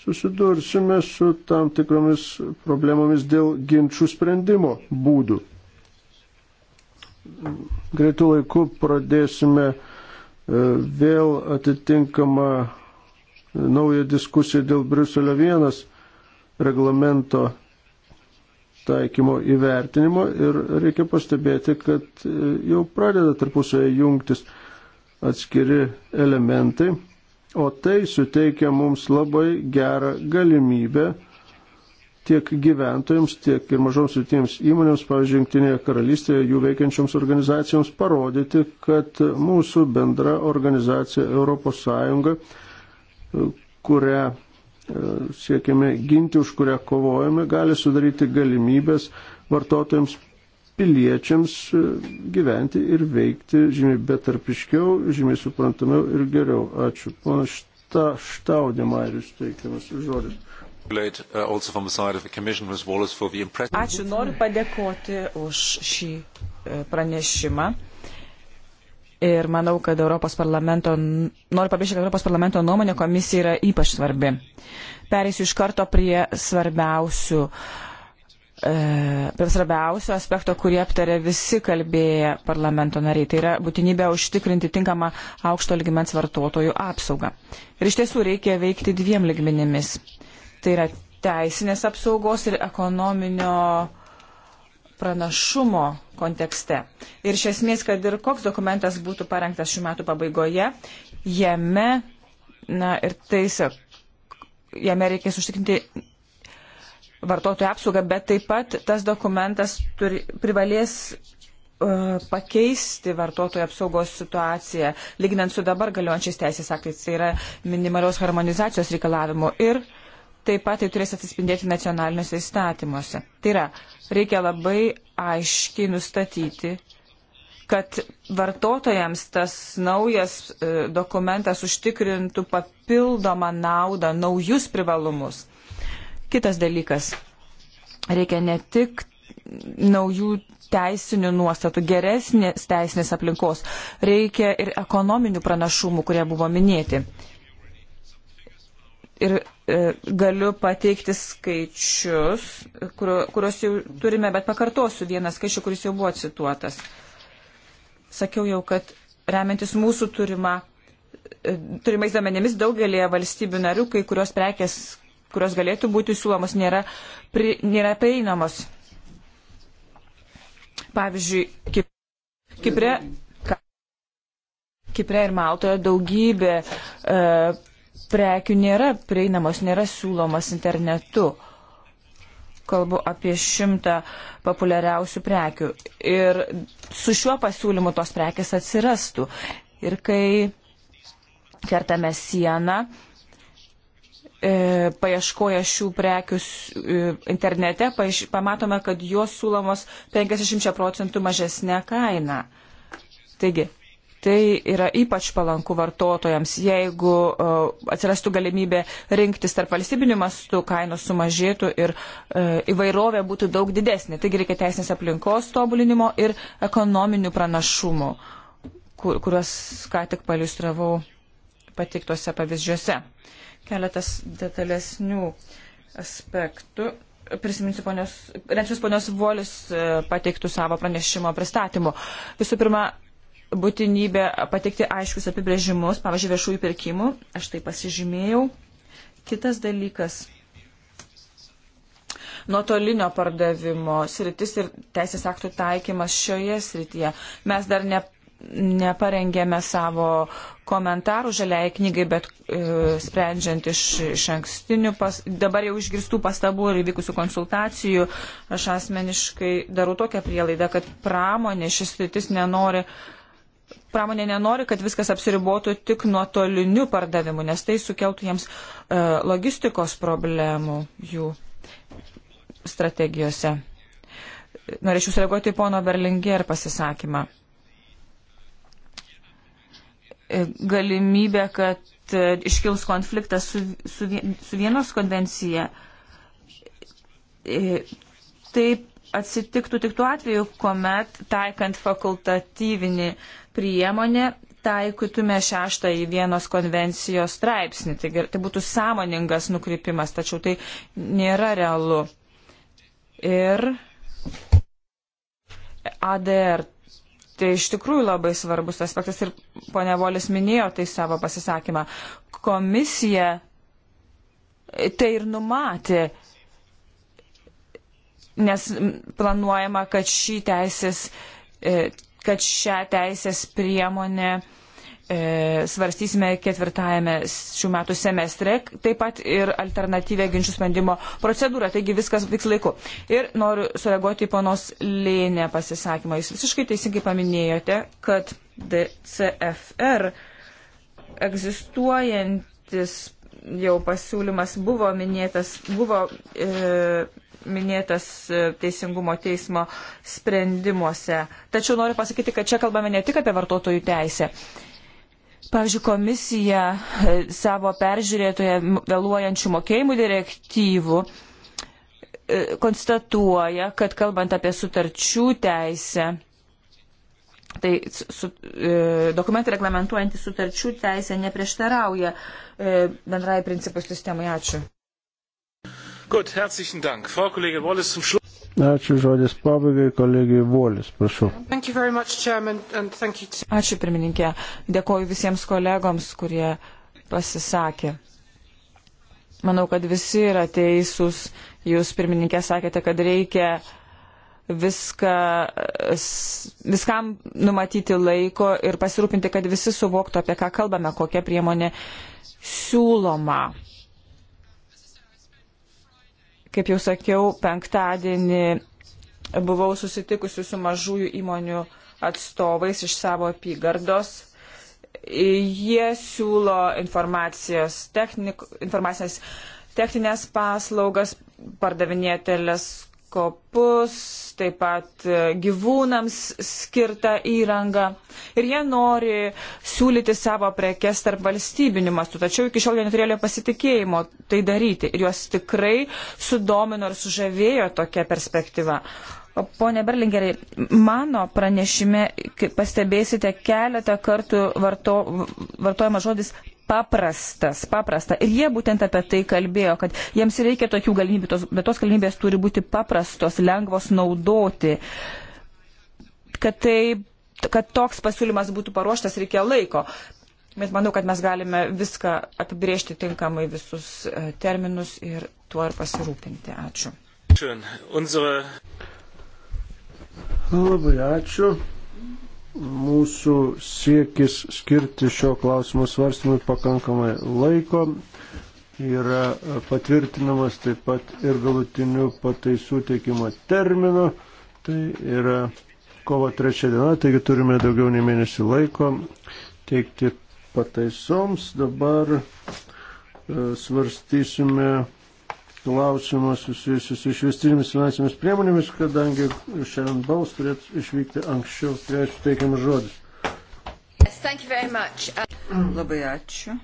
S2: Susidursime su tam tikromis problemomis dėl ginčių sprendimo būdų greitų laikų pradėsime e, vėl atitinkamą e, naują diskusiją dėl Briuselio vienas reglamento taikymo įvertinimo ir reikia pastebėti, kad e, jau pradeda tarpusai jungtis atskiri elementai, o tai suteikia mums labai gerą galimybę tiek gyventojams, tiek ir mažoms rytiems įmonėms, pavyzdžiui, Junktinėje karalystėje jų veikiančioms organizacijoms parodyti, kad mūsų bendra organizacija ES, kurią e, siekiame ginti, už kurią kovojame, gali sudaryti galimybės vartotojams piliečiams e, gyventi ir veikti žymiai betarpiškiau, žymiai suprantamiau ir geriau. Ačiū. Pana Štaudė Mairius teikiamas žodis.
S1: Uh,
S3: Ačiū, noriu padėkoti už šį e, pranešimą. Ir manau, kad Europos parlamento, noriu pabrėžti, kad Europos parlamento nuomonė komisija yra ypač svarbi. Pereisiu iš karto prie svarbiausių, e, prie svarbiausių aspekto, kurį aptarė visi kalbėję parlamento nariai. Tai yra būtinybė užtikrinti tinkamą aukšto lygmens vartotojų apsaugą. Ir iš tiesų reikia veikti dviem lygmenimis. Tai yra teisinės apsaugos ir ekonominio pranašumo kontekste. Ir iš esmės, kad ir koks dokumentas būtų parengtas šių metų pabaigoje, jame, na ir taisa, jame reikės užtikrinti vartotojų apsaugą, bet taip pat tas dokumentas turi, privalės uh, pakeisti vartotojų apsaugos situaciją, lyginant su dabar galiojančiais teisės aktais, tai yra minimalios harmonizacijos reikalavimu. Ir uh, taip pat tai turės atsispindėti nacionaliniuose įstatymuose. Tai yra, reikia labai aiškiai nustatyti, kad vartotojams tas naujas e, dokumentas užtikrintų papildomą naudą, naujus privalumus. Kitas dalykas, reikia ne tik naujų teisinių nuostatų, geresnės teisinės aplinkos, reikia ir ekonominių pranašumų, kurie buvo minėti. Ir E, galiu pateikti skaičius, kuriuos jau turime, bet pakartosiu vieną skaičių, kuris jau buvo cituotas. Sakiau jau, kad remiantis mūsų turima, e, turimais domenėmis daugelėje valstybių narių, kai kurios prekės, kurios galėtų būti siūlomos, nėra, pri, nėra prieinamos. Pavyzdžiui, Kip, Kipre, Kipre ir Maltoje daugybė uh, prekių nėra prieinamos, nėra siūlomas internetu. Kalbu apie šimtą populiariausių prekių. Ir su šiuo pasiūlymu tos prekės atsirastų. Ir kai kertame sieną, e, paieškoja šių prekių e, internete, paaiš, pamatome, kad jos siūlomos 50 procentų mažesnė kaina. Taigi, tai yra ypač palanku vartotojams. Jeigu e, atsirastų galimybė rinktis tarp valstybinių mastų, kainos sumažėtų ir e, įvairovė būtų daug didesnė. Taigi reikia teisinės aplinkos tobulinimo ir ekonominių pranašumų, kur, kuriuos ką tik paliustravau patiktose pavyzdžiuose. Keletas detalesnių aspektų prisiminsiu ponios, remsiuos ponios Volis e, pateiktų savo pranešimo pristatymu. Visų pirma, būtinybė patikti aiškius apibrėžimus, pavyzdžiui, viešųjų pirkimų. Aš tai pasižymėjau. Kitas dalykas nuotolinio pardavimo sritis ir teisės aktų taikymas šioje srityje. Mes dar ne, neparengėme savo komentarų žaliai knygai, bet e, sprendžiant iš, iš ankstinių, pas, dabar jau išgirstų pastabų ir įvykusių konsultacijų, aš asmeniškai darau tokią prielaidą, kad pramonė šis sritis nenori. E, pramonė nenori, kad viskas apsiribotų tik nuotoliniu pardavimu, nes tai sukeltų jiems e, logistikos problemų jų strategijose. Norėčiau sureaguoti į pono Berlinger pasisakymą. E, galimybė, kad e, iškils konfliktas su, su, su vienos konvencija, e, taip atsitiktų tik tuo atveju, kuomet taikant fakultatyvinį uh, priemonė taikytume šeštąjį vienos konvencijos straipsnį. Tai, tai būtų sąmoningas nukrypimas, tačiau tai nėra realu. Ir ADR. Tai iš tikrųjų labai svarbus aspektas ir ponia Volis minėjo tai savo pasisakymą. Komisija tai ir numatė, nes planuojama, kad šį teisės e, kad šią teisės priemonę e, svarstysime ketvirtajame šių metų semestre, taip pat ir alternatyvę ginčių sprendimo procedūrą, taigi viskas vyks laiku. Ir noriu sureaguoti į panos Lėnę pasisakymą. Jūs visiškai teisingai paminėjote, kad DCFR egzistuojantis jau pasiūlymas buvo minėtas, buvo e, minėtas e, Teisingumo teismo sprendimuose. Tačiau noriu pasakyti, kad čia kalbame ne tik apie vartotojų teisę. Pavyzdžiui, komisija e, savo peržiūrėtoje vėluojančių mokėjimų direktyvų e, konstatuoja, kad kalbant apie sutarčių teisę, tai su, e, dokumentai reglamentuojantys sutarčių teisę neprieštarauja e, bendrai principų sistemai. Ačiū.
S1: Gut, herzlichen Dank. Frau Kollege Wallis zum Schluss.
S2: Ačiū žodis pabaigai, kolegijai Volis, prašau.
S3: Much, Chairman, Ačiū pirmininkė. Dėkoju visiems kolegoms, kurie pasisakė. Manau, kad visi yra teisūs. Jūs pirmininkė sakėte, kad reikia viską, viskam numatyti laiko ir pasirūpinti, kad visi suvoktų, apie ką kalbame, kokia priemonė siūloma Kaip jau sakiau, penktadienį buvau susitikusi su mažųjų įmonių atstovais iš savo apygardos. Jie siūlo informacijos, technik, informacinės, techninės paslaugas, pardavinėja teles mikroskopus, taip pat e, gyvūnams skirtą įrangą. Ir jie nori siūlyti savo prekes tarp valstybinių mastų, tačiau iki šiol jie neturėjo pasitikėjimo tai daryti. Ir juos tikrai sudomino ir sužavėjo tokia perspektyva. O ponė Berlingeriai, mano pranešime pastebėsite keletą kartų varto, vartojama žodis paprastas, paprasta. Ir jie būtent apie tai kalbėjo, kad jiems reikia tokių galimybių, tos, bet tos galimybės turi būti paprastos, lengvos naudoti. Kad, tai, kad toks pasiūlymas būtų paruoštas, reikia laiko. Bet manau, kad mes galime viską apibriežti tinkamai visus e, terminus ir tuo ir pasirūpinti. Ačiū. Labai ačiū mūsų
S2: siekis skirti šio klausimo svarstymui pakankamai laiko yra patvirtinamas taip pat ir galutiniu pataisų teikimo terminu. Tai yra kovo trečia diena, taigi turime daugiau nei mėnesį laiko teikti pataisoms. Dabar e, svarstysime klausimą susijusiu su išvestinėmis finansinėmis priemonėmis, kadangi šiandien baus turėtų išvykti anksčiau, kai aš teikiam žodis.
S4: Yes, Labai ačiū.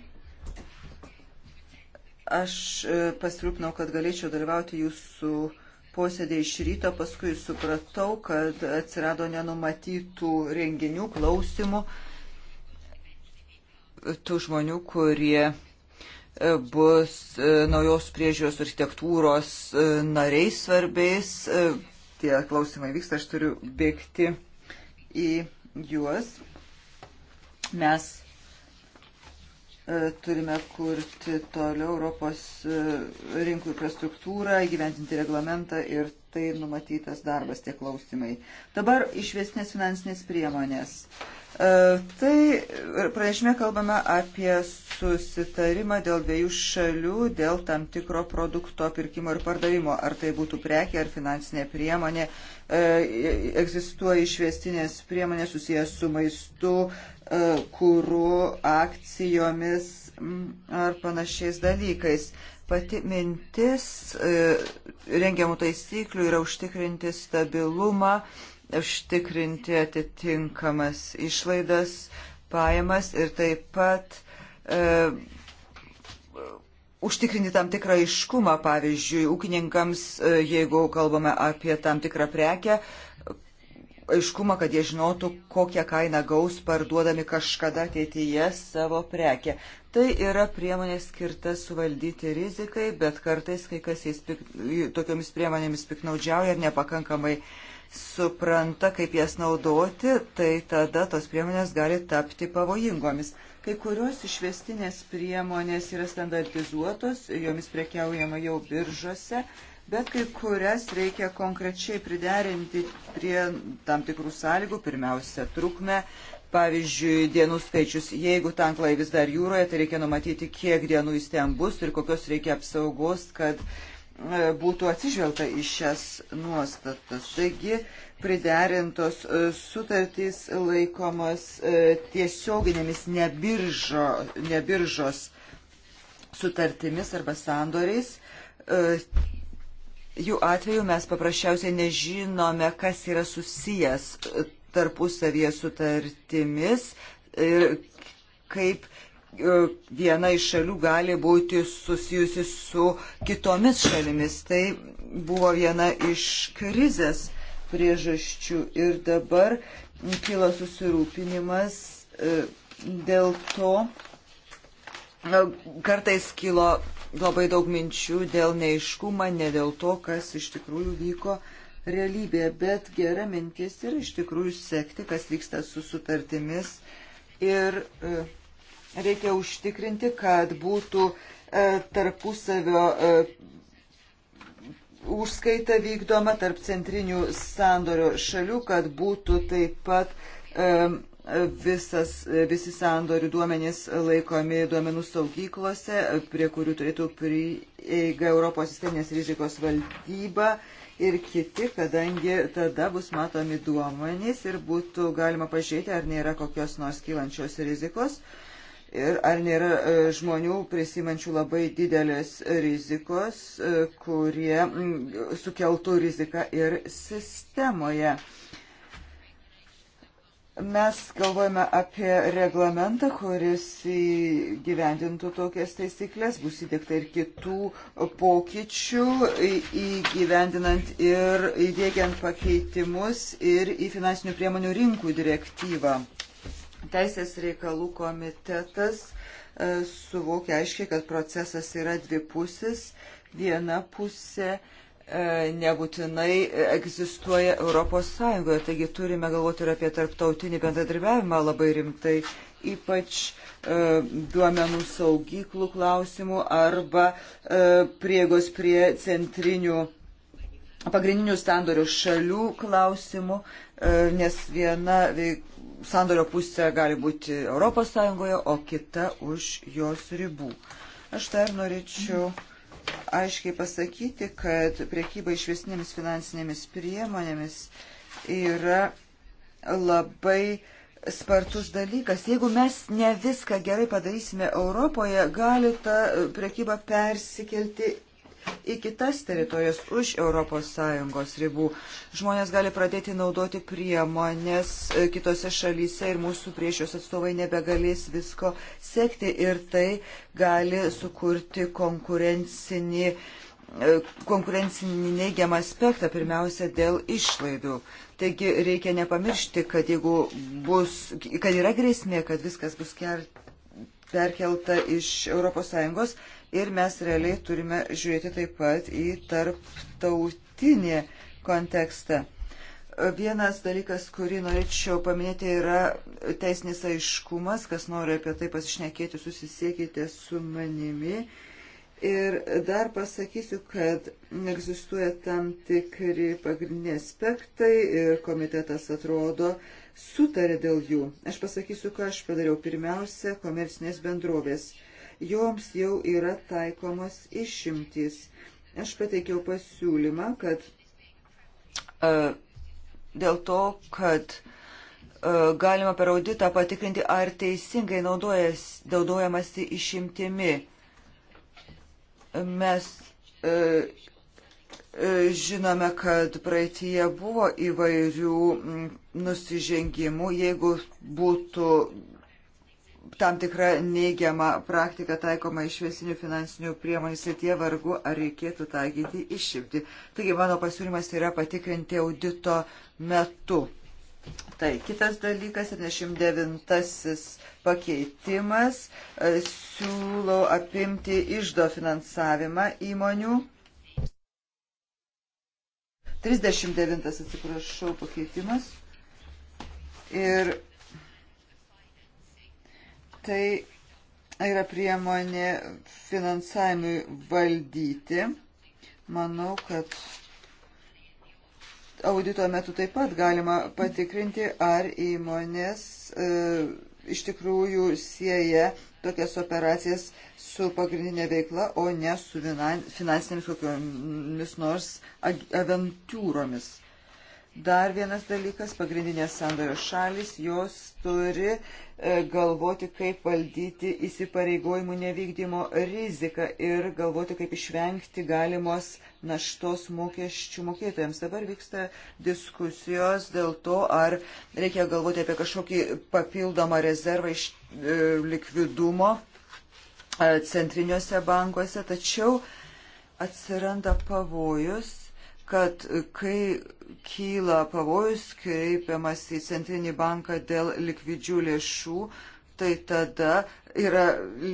S4: Aš e, pasirūpinau, kad galėčiau dalyvauti jūsų posėdė iš ryto, paskui supratau, kad atsirado nenumatytų renginių, klausimų tų žmonių, kurie bus e, naujos priežiūros architektūros e, nariais svarbiais. E, tie klausimai vyksta, aš turiu bėgti į juos. Mes turime kurti toliau Europos rinkų infrastruktūrą, gyventinti reglamentą ir tai numatytas darbas tie klausimai. Dabar išvesnės finansinės priemonės. E, tai pranešime kalbame apie susitarimą dėl dviejų šalių, dėl tam tikro produkto pirkimo ir pardavimo. Ar tai būtų prekė ar finansinė priemonė. E, egzistuoja išvestinės priemonės susijęs su maistu, e, kūru, akcijomis ar panašiais dalykais pati mintis rengiamų taisyklių yra užtikrinti stabilumą užtikrinti atitinkamas išlaidas, pajamas ir taip pat e, užtikrinti tam tikrą iškumą, pavyzdžiui, ūkininkams, e, jeigu kalbame apie tam tikrą prekę, aiškumą, kad jie žinotų, kokią kainą gaus parduodami kažkada ateityje savo prekę. Tai yra priemonė skirta suvaldyti rizikai, bet kartais kai kas jais pik, tokiomis priemonėmis piknaudžiauja ir nepakankamai uh, supranta, kaip jas naudoti, tai tada tos priemonės gali tapti pavojingomis. Kai kurios išvestinės priemonės yra standartizuotos, jomis prekiaujama jau biržose, bet kai kurias reikia konkrečiai priderinti prie tam tikrų sąlygų, pirmiausia, trukmę, pavyzdžiui, dienų skaičius. Jeigu tanklai vis dar jūroje, tai reikia numatyti, kiek dienų jis ten bus ir kokios reikia apsaugos, kad uh, E, būtų atsižvelgta į šias nuostatas. Taigi priderintos e, sutartys laikomos e, tiesioginėmis nebiržo, nebiržos sutartimis arba sandoriais. Jų atveju mes paprasčiausiai nežinome, kas yra susijęs tarpusavie sutartimis ir kaip uh, E, viena iš šalių gali būti susijusi su kitomis šalimis. Tai buvo viena iš krizės priežasčių ir dabar kilo susirūpinimas e, dėl to, e, kartais kilo labai daug minčių dėl neiškumą, ne dėl to, kas iš tikrųjų vyko realybėje, bet gera mintis yra iš tikrųjų sekti, kas vyksta su sutartimis ir uh, Reikia užtikrinti, kad būtų e, tarpusavio e, užskaita vykdoma tarp centrinių sandorio šalių, kad būtų taip pat e, visas, visi sandorių duomenys laikomi duomenų saugyklose, prie kurių turėtų prieiga Europos sisteminės rizikos valdyba ir kiti, kadangi tada bus matomi duomenys ir būtų galima pažiūrėti, ar nėra kokios nors kylančios rizikos. Uh, Ir ar nėra e, žmonių prisimančių labai didelės rizikos, e, kurie sukeltų riziką ir sistemoje. Mes galvojame apie reglamentą, kuris įgyvendintų tokias taisyklės, bus įdėkta ir kitų pokyčių, įgyvendinant ir įdėgiant pakeitimus ir į finansinių priemonių rinkų direktyvą. Teisės reikalų komitetas e, suvokia aiškiai, kad procesas yra dvipusis. Viena pusė e, nebūtinai egzistuoja Europos Sąjungoje, taigi turime galvoti ir apie tarptautinį bendradarbiavimą labai rimtai, ypač e, duomenų saugyklų klausimų arba priegos prie centrinių pagrindinių standorių šalių klausimų, nes viena veikla sandorio pusė gali būti ES, o kita už jos ribų. Aš dar norėčiau aiškiai pasakyti, kad priekyba išvesnėmis finansinėmis priemonėmis yra labai spartus dalykas. Jeigu mes ne viską gerai padarysime Europoje, gali ta priekyba persikelti į kitas teritorijas už ES ribų. Žmonės gali pradėti naudoti priemonės e, kitose šalyse ir mūsų priešios atstovai nebegalės visko sekti ir tai gali sukurti konkurencinį e, konkurencinį neigiamą aspektą, pirmiausia, dėl išlaidų. Taigi reikia nepamiršti, kad jeigu bus, kad yra grėsmė, kad viskas bus kert, perkelta iš ES, ir mes realiai turime žiūrėti taip pat į tarptautinį kontekstą. Vienas dalykas, kurį norėčiau paminėti, yra teisinis aiškumas. Kas nori apie tai pasišnekėti, susisiekite su manimi. Ir dar pasakysiu, kad egzistuoja tam tikri pagrindiniai aspektai ir komitetas atrodo sutarė dėl jų. Aš pasakysiu, ką aš padariau. Pirmiausia, komercinės bendrovės joms jau yra taikomos išimtys. Aš pateikiau pasiūlymą, kad uh, dėl to, kad uh, galima per auditą patikrinti, ar teisingai naudojamasi išimtimi. Mes uh, Žinome, kad praeitie buvo įvairių nusižengimų. Jeigu būtų tam tikra neigiama praktika taikoma išvesinių finansinių priemonių srityje vargu, ar reikėtų taikyti išimti. Taigi mano pasiūlymas yra patikrinti audito metu. Tai kitas dalykas, 79 pakeitimas, e, siūlau apimti išdo finansavimą įmonių. 39 atsiprašau pakeitimas. Ir Tai yra priemonė finansavimui valdyti. Manau, kad audito metu taip pat galima patikrinti, ar įmonės e, iš tikrųjų sieja tokias operacijas su pagrindinė veikla, o ne su finansinėmis kokiomis nors aventūromis. Dar vienas dalykas, pagrindinės sandorio šalis, jos turi e, galvoti, kaip valdyti įsipareigojimų nevykdymo riziką ir galvoti, kaip išvengti galimos naštos mokesčių mokėtojams. Dabar vyksta diskusijos dėl to, ar reikia galvoti apie kažkokį papildomą rezervą iš e, likvidumo e, centriniuose bankuose, tačiau atsiranda pavojus kad kai kyla pavojus, kreipiamas į centrinį banką dėl likvidžių lėšų, tai tada yra,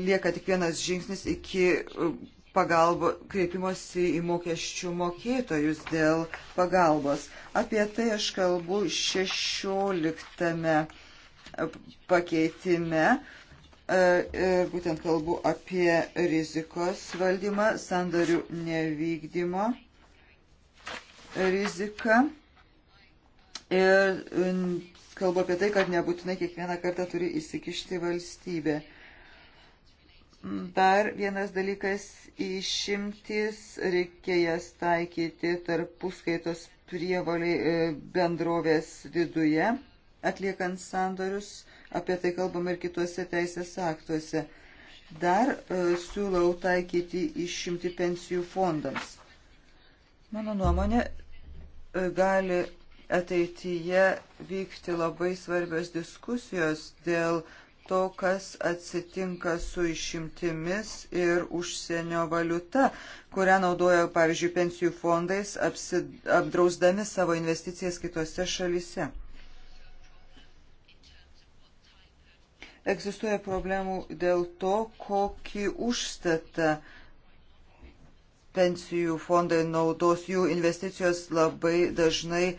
S4: lieka tik vienas žingsnis iki uh, pagalbo, kreipimosi į mokesčių mokėtojus dėl pagalbos. Apie tai aš kalbu 16 uh, pakeitime. Uh, ir būtent kalbu apie rizikos valdymą, sandarių nevykdymo rizika. Ir kalbu apie tai, kad nebūtinai kiekvieną kartą turi įsikišti valstybė. Dar vienas dalykas - išimtis, reikia jas taikyti tarpuskaitos prievaliai e, bendrovės viduje, atliekant sandorius, apie tai kalbam ir kituose teisės aktuose. Dar e, siūlau taikyti išimti pensijų fondams. Mano nuomonė, e, gali ateityje vykti labai svarbios diskusijos dėl to, kas atsitinka su išimtimis ir užsienio valiuta, kurią naudoja, pavyzdžiui, pensijų fondais, apsid, apdrausdami savo investicijas kitose šalise. Egzistuoja problemų dėl to, kokį užstatą uh, pensijų fondai naudos, jų investicijos labai dažnai e,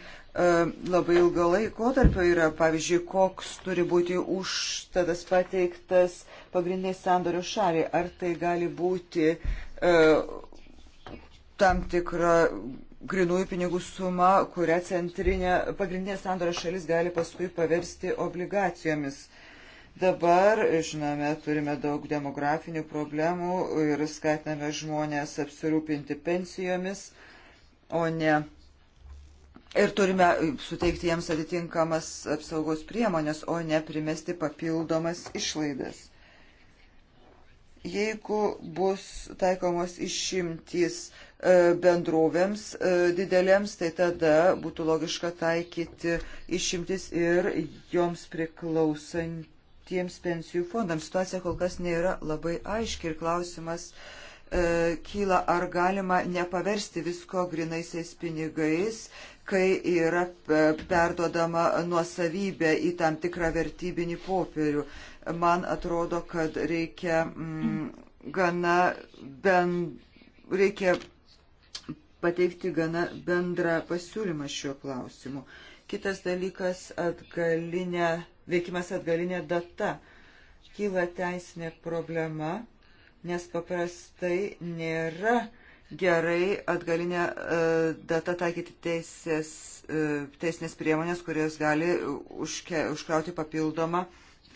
S4: labai ilgo laiko tarp yra, pavyzdžiui, koks turi būti užtadas pateiktas pagrindiniai sandorių šaliai, ar tai gali būti e, tam tikra grinųjų pinigų suma, kurią centrinė pagrindinė sandorio šalis gali paskui paversti obligacijomis. Uh, Dabar, žinome, turime daug demografinių problemų ir skatiname žmonės apsirūpinti pensijomis, o ne. Ir turime suteikti jiems atitinkamas apsaugos priemonės, o ne primesti papildomas išlaidas. Jeigu bus taikomos išimtys e, bendrovėms e, didelėms, tai tada būtų logiška taikyti išimtis ir joms priklausant tiems pensijų fondams. Situacija kol kas nėra labai aiški ir klausimas e, kyla, ar galima nepaversti visko grinaisiais pinigais, kai yra e, perdodama nuosavybė į tam tikrą vertybinį popierių. Man atrodo, kad reikia mm, gana bend, reikia pateikti gana bendrą pasiūlymą šiuo klausimu. Kitas dalykas - atgalinė veikimas atgalinė data. Kyla teisinė problema, nes paprastai nėra gerai atgalinę e, datą taikyti teisės, e, teisinės priemonės, kurios gali užke, užkrauti papildomą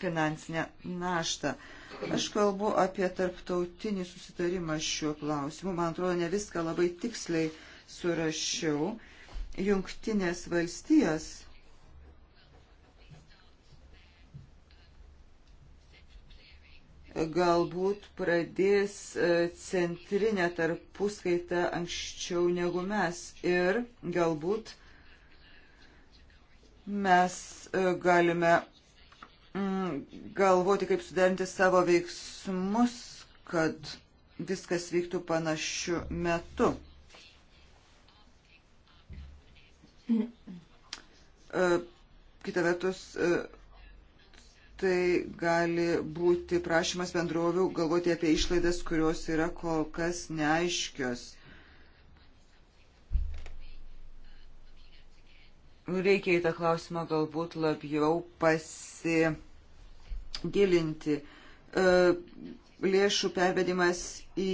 S4: finansinę naštą. Aš kalbu apie tarptautinį susitarimą šiuo klausimu. Man atrodo, ne viską labai tiksliai surašiau. Jungtinės valstijos galbūt pradės e, centrinę tarpuskaitą anksčiau negu mes ir galbūt mes e, galime mm, galvoti, kaip suderinti savo veiksmus, kad viskas vyktų panašiu metu. E, kita vertus, tai gali būti prašymas bendrovių galvoti apie išlaidas, kurios yra kol kas neaiškios. Reikia į tą klausimą galbūt labiau pasigilinti. E, lėšų pervedimas į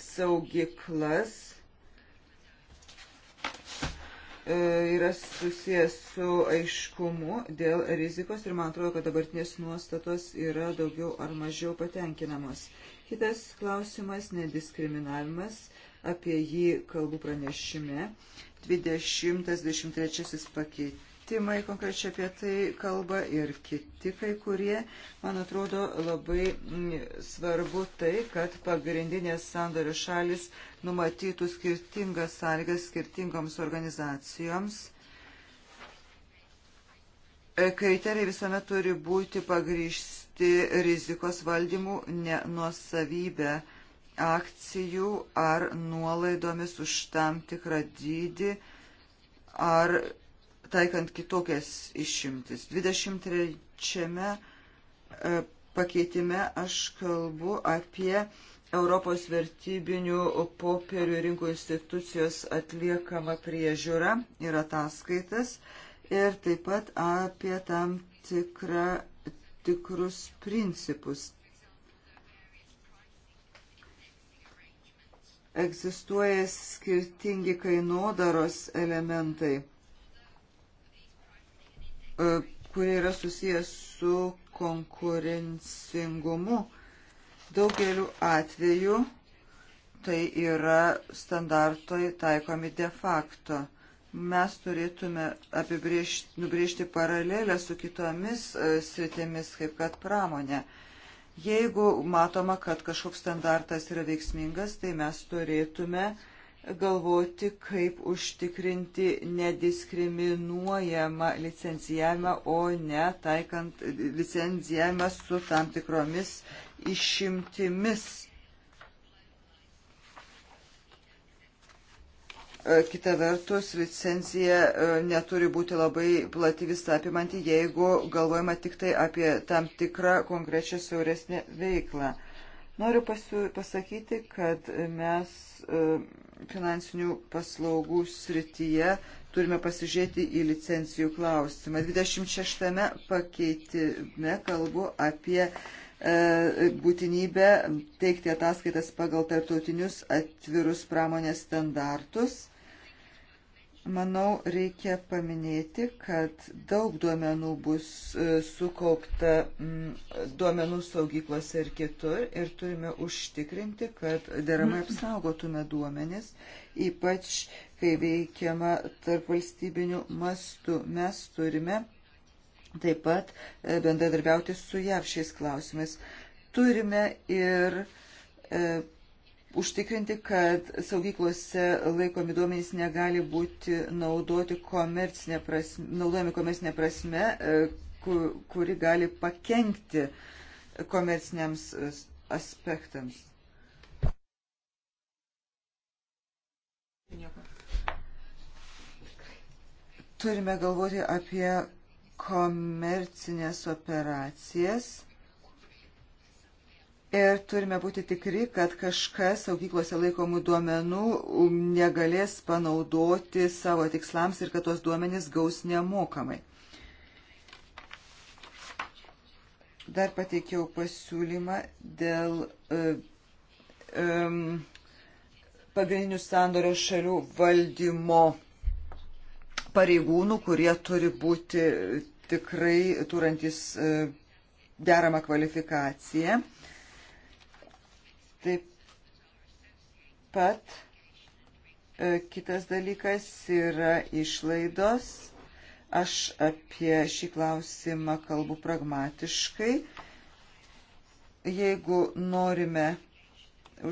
S4: saugiklas E, yra susijęs su aiškumu dėl rizikos ir man atrodo, kad dabartinės nuostatos yra daugiau ar mažiau patenkinamos. Kitas klausimas - nediskriminavimas, apie jį kalbu pranešime. 20-23 pakeitimas pakeitimai konkrečiai apie tai kalba ir kiti kai kurie. Man atrodo labai svarbu tai, kad pagrindinės sandorio šalis numatytų skirtingas sąlygas skirtingoms organizacijoms. E, kriterijai visuomet turi būti pagrįžti rizikos valdymų, ne nuosavybę akcijų ar nuolaidomis už tam tikrą dydį ar taikant kitokias išimtis. 23 e, pakeitime aš kalbu apie Europos vertybinių popierių rinkų institucijos atliekamą priežiūrą ir ataskaitas ir taip pat apie tam tikrą, tikrus principus. Egzistuoja skirtingi kainodaros elementai E, kurie yra susijęs su konkurencingumu. Daugeliu atveju tai yra standartoj taikomi de facto. Mes turėtume nubriežti paralelę su kitomis e, sritėmis, kaip kad pramonė. Jeigu matoma, kad kažkoks standartas yra veiksmingas, tai mes turėtume uh, galvoti, kaip užtikrinti nediskriminuojamą licencijavimą, o ne taikant licencijavimą su tam tikromis išimtimis. E, kita vertus, licencija e, neturi būti labai plati visą apimanti, jeigu galvojama tik tai apie tam tikrą konkrečią siauresnę veiklą. Noriu pasakyti, kad mes e, finansinių paslaugų srityje turime pasižiūrėti į licencijų klausimą. 26 pakeitime kalbu apie e, būtinybę teikti ataskaitas pagal tarptautinius atvirus pramonės standartus Manau, reikia paminėti, kad daug duomenų bus e, sukaupta mm, duomenų saugyklose ir kitur ir turime užtikrinti, kad deramai mm. apsaugotume duomenis, ypač kai veikiama tarp valstybinių mastų. Mes turime taip pat e, bendradarbiauti su JAV šiais klausimais. Turime ir e, užtikrinti, kad saugyklose laikomi duomenys negali būti naudoti komercinė prasme, naudojami komercinė prasme, e, kuri gali pakengti komerciniams e, aspektams. Turime galvoti apie komercinės operacijas Ir turime būti tikri, kad kažkas saugyklose laikomų duomenų um, negalės panaudoti savo tikslams ir kad tos duomenys gaus nemokamai. Dar pateikiau pasiūlymą dėl um, pagrindinių sandorio šalių valdymo pareigūnų, kurie turi būti tikrai turantis e, deramą kvalifikaciją. Taip pat e, kitas dalykas yra išlaidos. Aš apie šį klausimą kalbu pragmatiškai. Jeigu norime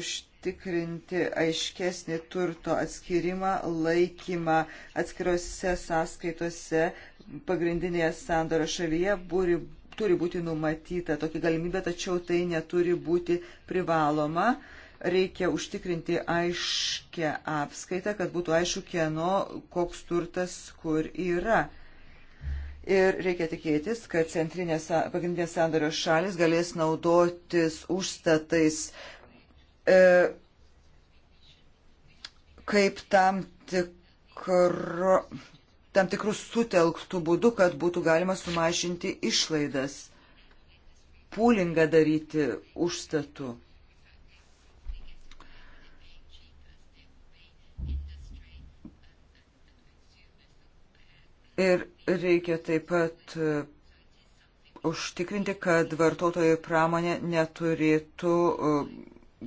S4: užtikrinti aiškesnį turto atskirimą, laikymą atskirose sąskaitose pagrindinėje sandoro šalyje, būri turi būti numatyta tokia galimybė, tačiau tai neturi būti privaloma. Reikia užtikrinti aiškę apskaitą, kad būtų aišku, kieno, koks turtas kur yra. Ir reikia tikėtis, kad centrinės pagrindinės sandario šalis galės naudotis užstatais e, kaip tam tikro tam tikrus sutelktų būdų, kad būtų galima sumažinti išlaidas, pūlingą daryti užstatų. Ir reikia taip pat uh, užtikrinti, kad vartotojų pramonė neturėtų uh,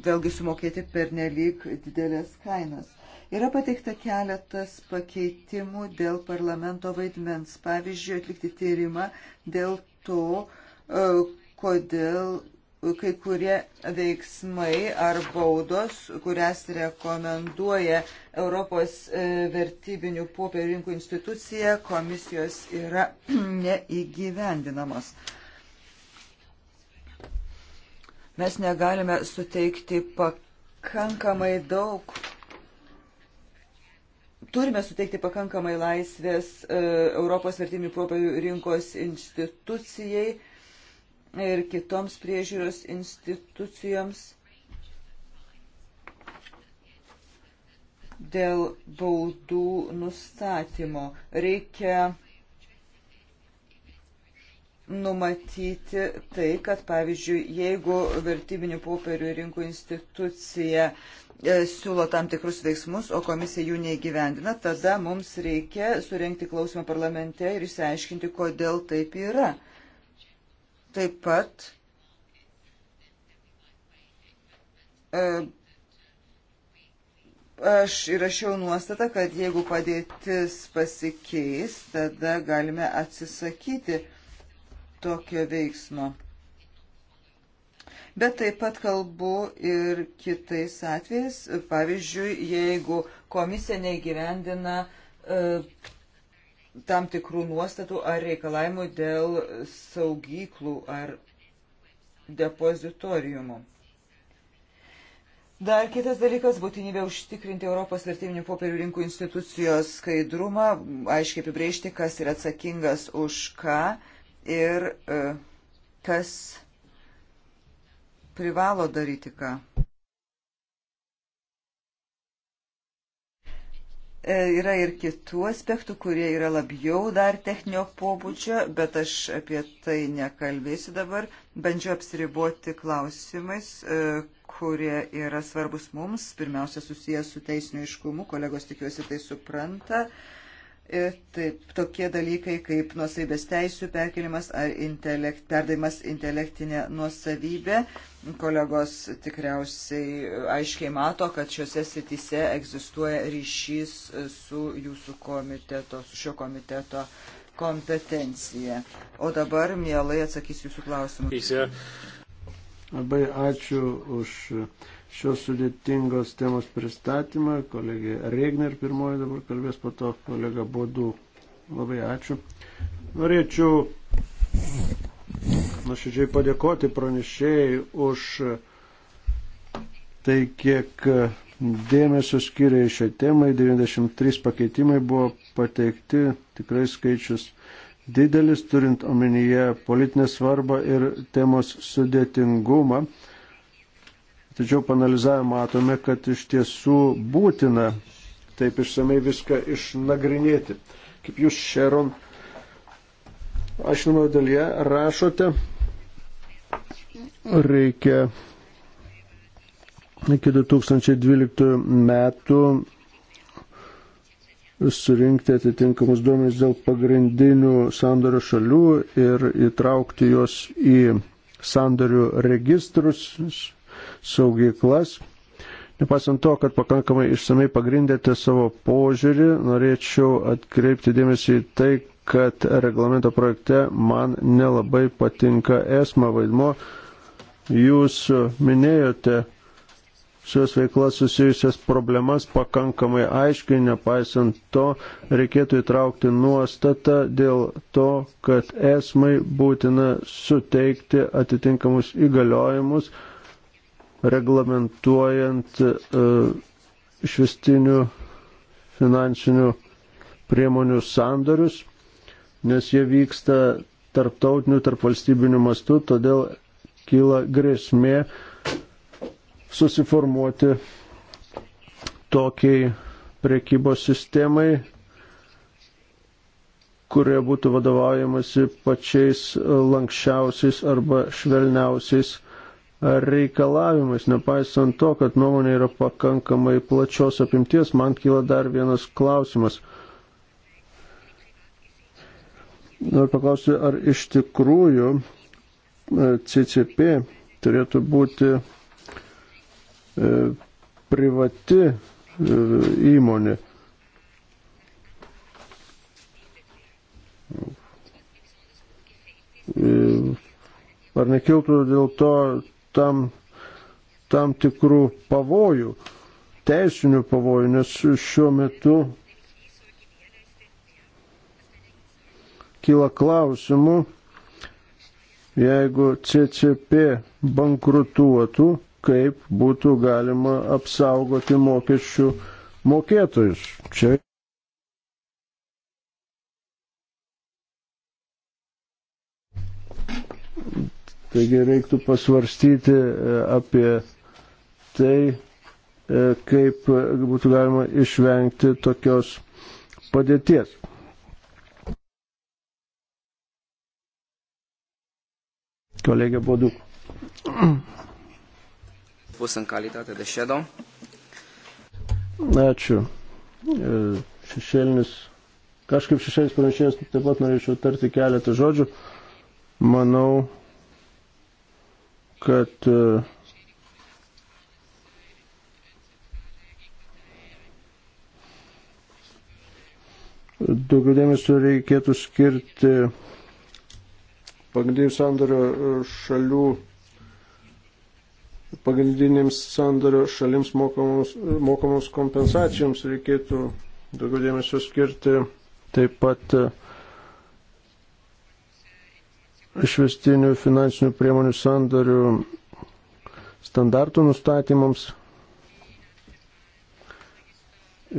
S4: vėlgi sumokėti per nelik didelės kainas. Yra pateikta keletas pakeitimų dėl parlamento vaidmens. Pavyzdžiui, atlikti tyrimą dėl to, e, kodėl kai kurie veiksmai ar baudos, kurias rekomenduoja Europos e, vertybinių popierių rinkų institucija, komisijos yra neįgyvendinamos. Mes negalime suteikti pakankamai daug turime suteikti pakankamai laisvės e, Europos vertimių popierių rinkos institucijai ir kitoms priežiūros institucijoms dėl baudų nustatymo. Reikia numatyti tai, kad pavyzdžiui, jeigu vertybinių popierių rinkų institucija E, siūlo tam tikrus veiksmus, o komisija jų neįgyvendina, tada mums reikia surenkti klausimą parlamente ir išsiaiškinti, kodėl taip yra. Taip pat e, aš įrašiau nuostatą, kad jeigu padėtis pasikeis, tada galime atsisakyti tokio veiksmo bet taip pat kalbu ir kitais atvejais. Pavyzdžiui, jeigu komisija neįgyvendina e, tam tikrų nuostatų ar reikalavimų dėl saugyklų ar depozitoriumų. Dar kitas dalykas - būtinybė užtikrinti Europos vertybinių popierių rinkų institucijos skaidrumą, aiškiai apibrėžti, kas yra atsakingas už ką ir e, kas privalo daryti ką. E, yra ir kitų aspektų, kurie yra labiau dar techninio pobūdžio, bet aš apie tai nekalbėsiu dabar. Bandžiau apsiriboti klausimais, e, kurie yra svarbus mums, pirmiausia susijęs su teisiniu iškumu, kolegos tikiuosi tai supranta. Uh, taip, tokie dalykai kaip nuosaibės teisų perkelimas ar intelekt, perdavimas intelektinė nuosavybė. Kolegos tikriausiai aiškiai mato, kad šiuose sitise egzistuoja ryšys su jūsų komiteto, su šio komiteto kompetencija. O dabar mielai atsakysiu jūsų klausimą.
S2: Labai ačiū už šios sudėtingos temos pristatymą. Kolegė Regner pirmoji dabar kalbės, po to kolega Bodu. Labai ačiū. Norėčiau nuoširdžiai padėkoti pranešėjai už tai, kiek dėmesio skiria šiai temai. 93 pakeitimai buvo pateikti, tikrai skaičius didelis, turint omenyje politinę svarbą ir temos sudėtingumą. Tačiau panalizavę matome, kad iš tiesų būtina taip išsamei viską išnagrinėti. Kaip jūs, Šeron, aiškinimo dalyje rašote, reikia iki 2012 metų surinkti atitinkamus duomenys dėl pagrindinių sandorio šalių ir įtraukti juos į sandorių registrus, saugyklas. Nepasant to, kad pakankamai išsamei pagrindėte savo požiūrį, norėčiau atkreipti dėmesį į tai, kad reglamento projekte man nelabai patinka esma vaidmo. Jūs minėjote šios veiklas susijusias problemas pakankamai aiškiai, nepaisant to, reikėtų įtraukti nuostatą dėl to, kad esmai būtina suteikti atitinkamus įgaliojimus reglamentuojant e, išvestinių finansinių priemonių sandorius, nes jie vyksta tarptautinių, tarpvalstybinių mastų, todėl kyla grėsmė susiformuoti tokiai prekybos sistemai, kurioje būtų vadovaujamasi pačiais lankščiausiais arba švelniausiais reikalavimais, nepaisant to, kad nuomonė yra pakankamai plačios apimties, man kyla dar vienas klausimas. Noriu paklausti, ar iš tikrųjų e, CCP turėtų būti e, privati e, įmonė. Ar nekiltų dėl to tam, tam tikrų pavojų, teisinių pavojų, nes šiuo metu kyla klausimų, jeigu CCP bankrutuotų, kaip būtų galima apsaugoti mokesčių mokėtojus. Čia Taigi reiktų pasvarstyti e, apie tai, e, kaip būtų galima išvengti tokios padėties. Colegă Bodu.
S3: Pus în calitate de shadow.
S2: Ačiū. E, šešėlinis, kažkaip šešėlis pranešėjas, taip pat norėčiau tarti keletą žodžių. Manau, kad e, daugiau dėmesio reikėtų skirti pagrindinių sandario e, šalių pagrindinėms sandario šalims mokomoms, mokomoms kompensacijoms reikėtų daugiau dėmesio skirti taip pat uh, išvestinių finansinių priemonių sandarių standartų nustatymams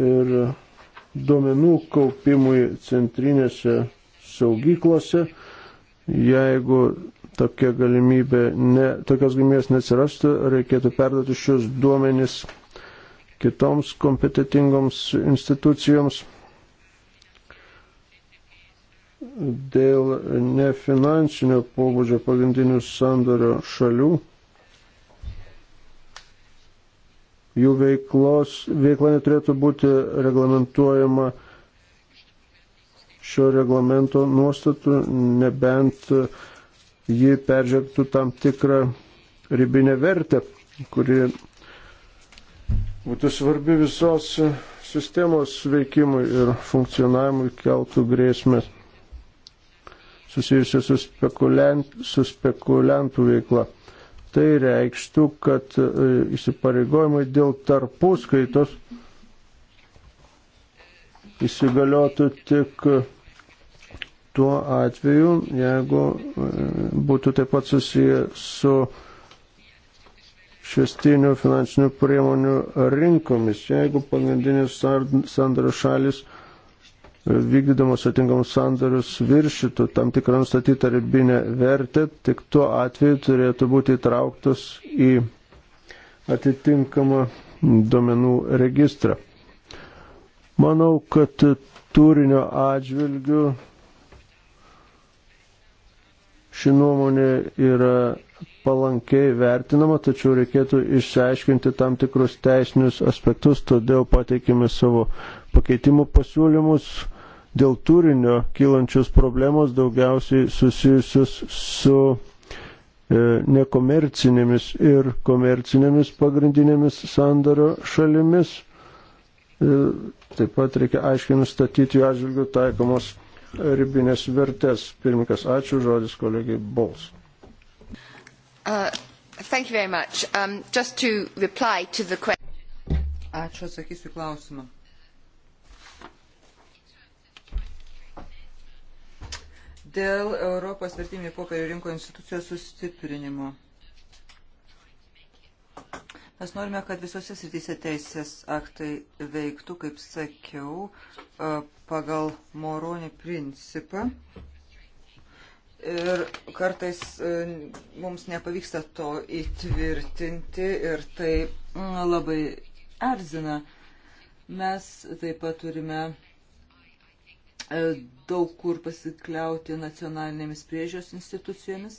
S2: ir duomenų kaupimui centrinėse saugyklose, jeigu tokia galimybė, ne, tokios galimybės neatsirastų, reikėtų perduoti šios duomenys kitoms kompetitingoms institucijoms dėl nefinansinio pobūdžio pagrindinių sandorio šalių. Jų veiklos, veikla neturėtų būti reglamentuojama šio reglamento nuostatų, nebent ji peržengtų tam tikrą ribinę vertę, kuri būtų svarbi visos sistemos veikimui ir funkcionavimui keltų grėsmės susijusią su, spekuliant, su spekuliantų veikla. Tai reikštų, kad e, įsipareigojimai dėl tarpuskaitos įsigaliotų tik tuo atveju, jeigu e, būtų taip pat susiję su švestinių finansinių priemonių rinkomis. Jeigu pagrindinės sandario šalis vykdydamas atingamus sandarius viršytų tam tikrą nustatytą ribinę vertę, tik tuo atveju turėtų būti įtrauktos į atitinkamą duomenų registrą. Manau, kad turinio atžvilgių ši nuomonė yra palankiai vertinama, tačiau reikėtų išsiaiškinti tam tikrus teisinius aspektus, todėl pateikime savo pakeitimų pasiūlymus dėl turinio kylančios problemos daugiausiai susijusios su e, nekomercinėmis ir komercinėmis pagrindinėmis sandario šalimis. E, taip pat reikia aiškiai nustatyti jų atžvilgių taikomos ribinės vertės. Pirmininkas, ačiū, žodis kolegiai Bols.
S3: Uh, um, to to the...
S4: Ačiū, atsakysiu klausimą. dėl Europos vertiminių popierių rinko institucijos sustiprinimo. Mes norime, kad visose srityse teisės aktai veiktų, kaip sakiau, e, pagal moronį principą. Ir kartais e, mums nepavyksta to įtvirtinti ir tai mm, labai erzina. Mes taip pat turime E, daug kur pasikliauti nacionalinėmis priežios institucijomis,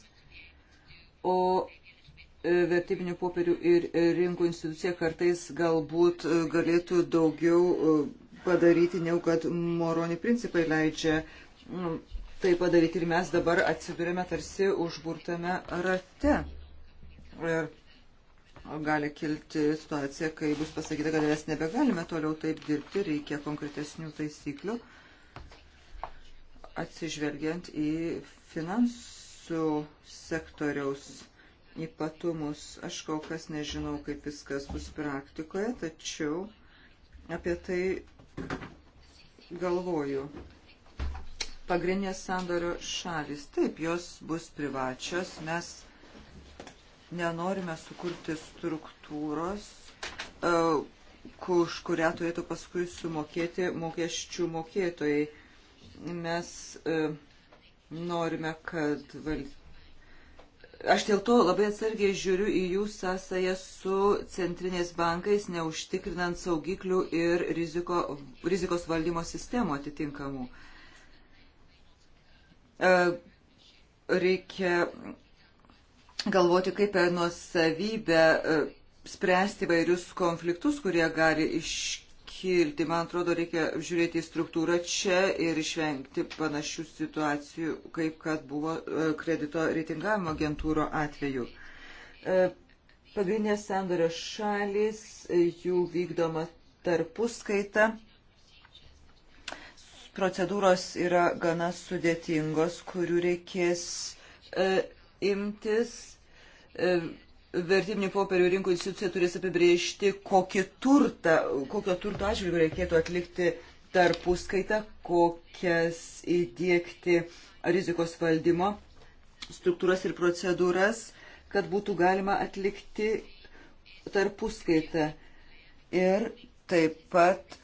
S4: o e, vertybinių popierių ir rinkų institucija kartais galbūt e, galėtų daugiau padaryti, negu kad moroni principai leidžia tai padaryti ir mes dabar atsidurėme tarsi užburtame rate. Ir gali kilti situacija, kai bus pasakyta, kad mes nebegalime toliau taip dirbti, reikia konkretesnių taisyklių atsižvelgiant į finansų sektoriaus ypatumus. Aš kol kas nežinau, kaip viskas bus praktikoje, tačiau apie tai galvoju. Pagrindinės sandorio šalis, taip, jos bus privačios, mes nenorime sukurti struktūros, e, už kurią turėtų paskui sumokėti mokesčių mokėtojai. Mes e, norime, kad valstybė aš dėl to labai atsargiai žiūriu į jų sąsąją su centriniais bankais, neužtikrinant saugiklių ir riziko, rizikos valdymo sistemų atitinkamų. E, reikia galvoti, kaip per nuosavybę e, spręsti vairius konfliktus, kurie gali iškilti kilti. Man atrodo, reikia žiūrėti į struktūrą čia ir išvengti panašių situacijų, kaip kad buvo e, kredito reitingavimo agentūro atveju. E, pagrindinės sandorio šalis, e, jų vykdoma tarpuskaita. Procedūros yra gana sudėtingos, kurių reikės e, imtis. E, vertybinių popierių rinkų institucija turės apibriežti, kokį turtą, kokio turto atžvilgių reikėtų atlikti tarpuskaitą, kokias įdėkti rizikos valdymo struktūras ir procedūras, kad būtų galima atlikti tarpuskaitą. Ir taip pat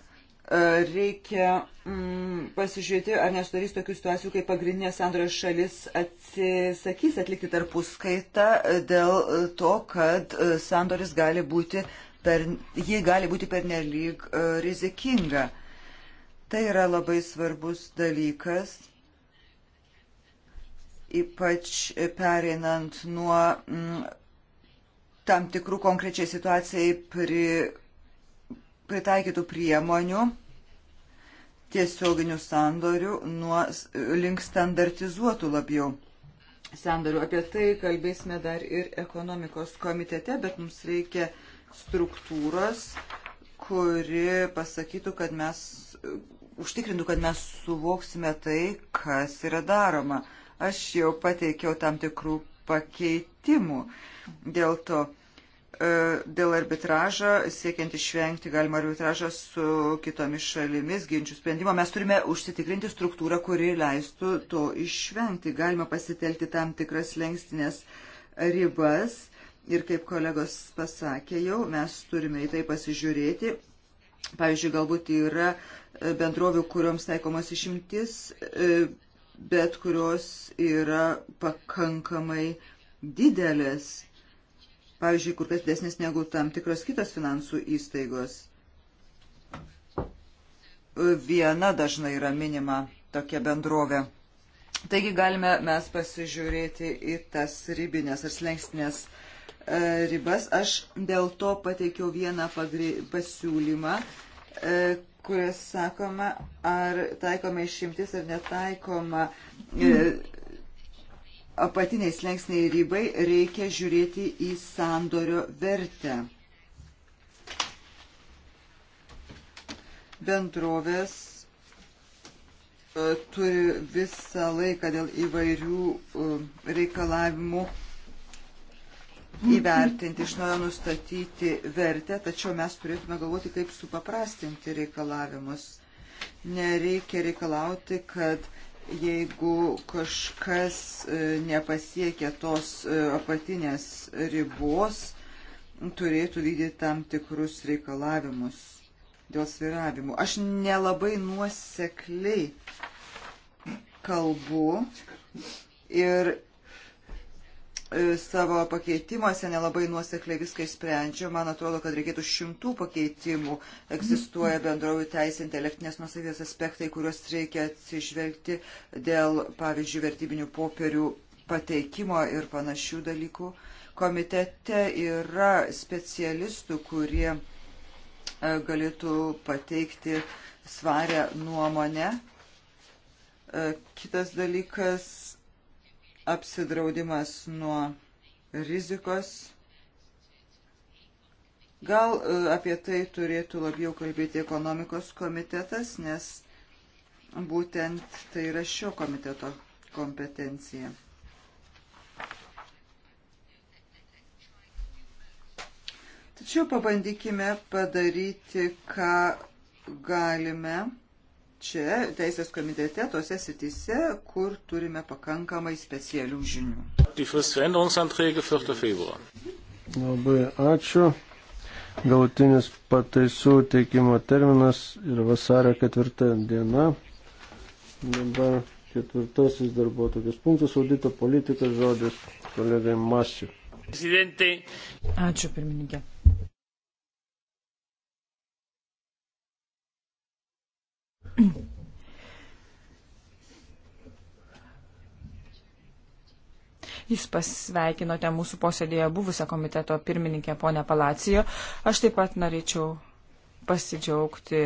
S4: Reikia mm, pasižiūrėti, ar nesudarys tokių situacijų, kai pagrindinė sandorio šalis atsisakys atlikti tarpuskaitą dėl to, kad e, sandoris gali būti per, ji gali būti pernelyg e, rizikinga. Tai yra labai svarbus dalykas, ypač pereinant nuo m, mm, tam tikrų konkrečiai situacijai pri, pritaikytų priemonių tiesioginių sandorių nuo, link standartizuotų labiau sandorių. Apie tai kalbėsime dar ir ekonomikos komitete, bet mums reikia struktūros, kuri pasakytų, kad mes užtikrintų, kad mes suvoksime tai, kas yra daroma. Aš jau pateikiau tam tikrų pakeitimų dėl to. E, dėl arbitražo, siekiant išvengti galima arbitražą su kitomis šalimis, ginčių sprendimo, mes turime užsitikrinti struktūrą, kuri leistų to išvengti. Galima pasitelkti tam tikras lengstinės ribas ir kaip kolegos pasakė jau, mes turime į tai pasižiūrėti. Pavyzdžiui, galbūt yra bendrovių, kurioms taikomos išimtis, e, bet kurios yra pakankamai didelės pavyzdžiui, kur kas didesnis negu tam tikros kitos finansų įstaigos. Viena dažnai yra minima tokia bendrovė. Taigi galime mes pasižiūrėti į tas ribinės ar slengstinės e, ribas. Aš dėl to pateikiau vieną pagri... pasiūlymą, e, kuris sakoma, ar taikoma išimtis ar netaikoma. Mm apatiniai slengsniai rybai reikia žiūrėti į sandorio vertę. Bendrovės e, turi visą laiką dėl įvairių e, reikalavimų įvertinti, iš naujo nustatyti vertę, tačiau mes turėtume galvoti, kaip supaprastinti reikalavimus. Nereikia reikalauti, kad jeigu kažkas e, nepasiekia tos e, apatinės ribos, turėtų vykdyti tam tikrus reikalavimus dėl sviravimų. Aš nelabai nuosekliai kalbu ir E, savo pakeitimuose nelabai nuosekliai viską išsprendžia. Man atrodo, kad reikėtų šimtų pakeitimų. Egzistuoja bendrovių teisė, intelektinės nusavės aspektai, kuriuos reikia atsižvelgti dėl, pavyzdžiui, vertybinių popierių pateikimo ir panašių dalykų. Komitete yra specialistų, kurie e, galėtų pateikti svarę nuomonę. E, kitas dalykas apsidraudimas nuo rizikos. Gal e, apie tai turėtų labiau kalbėti ekonomikos komitetas, nes būtent tai yra šio komiteto kompetencija. Tačiau pabandykime padaryti, ką galime čia, teisės komitete, tose sitise, kur turime pakankamai specialių žinių.
S2: Labai ačiū. Galutinis pataisų teikimo terminas yra vasario ketvirta diena. Dabar ketvirtasis darbo tokias punktas audito politika žodis kolegai Masiu.
S3: Ačiū pirmininkė. Jūs pasveikinote mūsų posėdėje buvusią komiteto pirmininkę ponę Palacijo. Aš taip pat norėčiau pasidžiaugti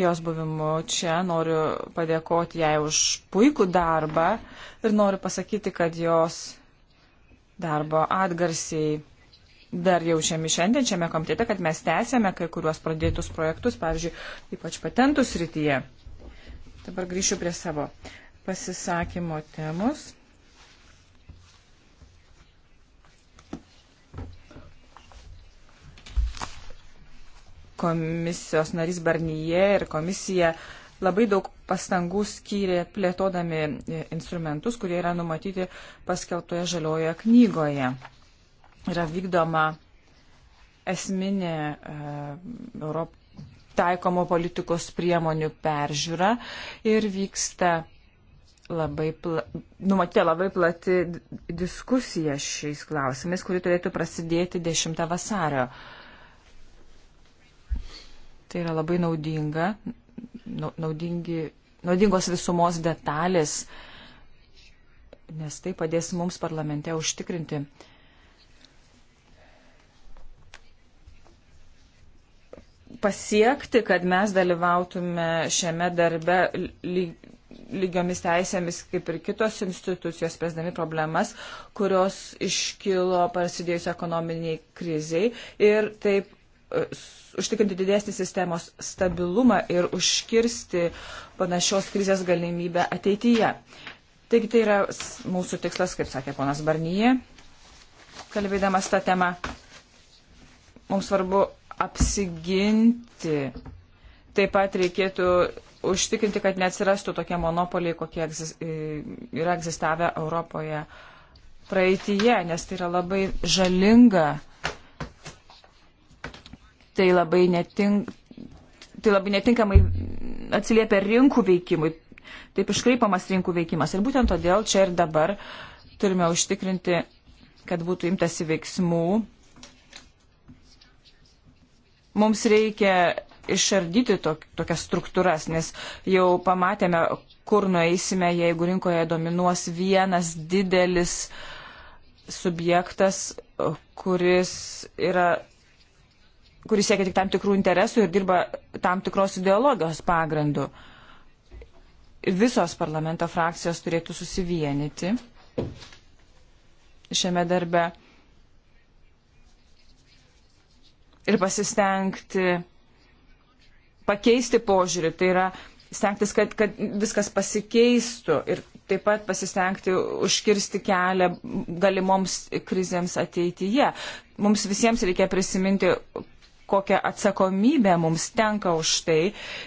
S3: jos buvimu čia. Noriu padėkoti jai už puikų darbą ir noriu pasakyti, kad jos darbo atgarsiai dar jaučiami šiandien šiame komitete, kad mes tęsėme kai kuriuos pradėtus projektus, pavyzdžiui, ypač patentų srityje. Dabar grįšiu prie savo pasisakymo temos. Komisijos narys Barnyje ir komisija labai daug pastangų skyrė plėtodami instrumentus, kurie yra numatyti paskelbtoje žaliojoje knygoje yra vykdoma esminė e, Europ... taikomo politikos priemonių peržiūra ir vyksta labai, pla, numatė labai plati diskusija šiais klausimais, kuri turėtų prasidėti 10 vasario. Tai yra labai naudinga, naudingi, naudingos visumos detalės, nes tai padės mums parlamente užtikrinti, pasiekti, kad mes dalyvautume šiame darbe lygiomis teisėmis kaip ir kitos institucijos, spręsdami problemas, kurios iškilo prasidėjus ekonominiai kriziai ir taip e, užtikrinti didesnį sistemos stabilumą ir užkirsti panašios krizės galimybę ateityje. Taigi tai yra mūsų tikslas, kaip sakė ponas Barnyje, kalbėdamas tą temą. Mums svarbu apsiginti. Taip pat reikėtų užtikrinti, kad neatsirastų tokie monopoliai, kokie egzis, e, yra egzistavę Europoje praeitie, nes tai yra labai žalinga. Tai labai, netink, tai labai netinkamai atsiliepia rinkų veikimui. Taip iškreipamas rinkų veikimas. Ir būtent todėl čia ir dabar turime užtikrinti, kad būtų imtasi veiksmų Mums reikia išardyti tok, tokias struktūras, nes jau pamatėme, kur nueisime, jeigu rinkoje dominuos vienas didelis subjektas, kuris yra kuris siekia tik tam tikrų interesų ir dirba tam tikros ideologijos pagrindu. Visos parlamento frakcijos turėtų susivienyti šiame darbe. ir pasistengti pakeisti požiūrį, tai yra stengtis, kad, kad viskas pasikeistų ir taip pat pasistengti užkirsti kelią galimoms krizėms ateityje. Mums visiems reikia prisiminti, kokią atsakomybę mums tenka už tai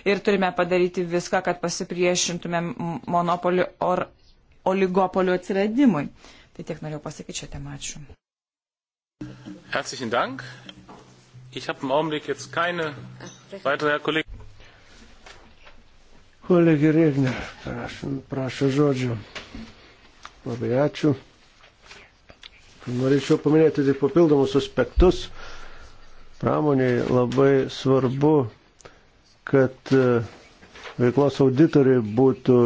S3: ir turime padaryti viską, kad pasipriešintume monopolių ar oligopolių atsiradimui. Tai tiek norėjau pasakyti šią temą. Ačiū.
S1: Herzlichen Dank. Ich habe im Augenblick jetzt keine weitere, Herr Kollege.
S2: Kolegė Regner, prašom, prašo žodžio. Labai ačiū. Norėčiau paminėti tik papildomus aspektus. Pramoniai labai svarbu, kad e, veiklos auditoriai būtų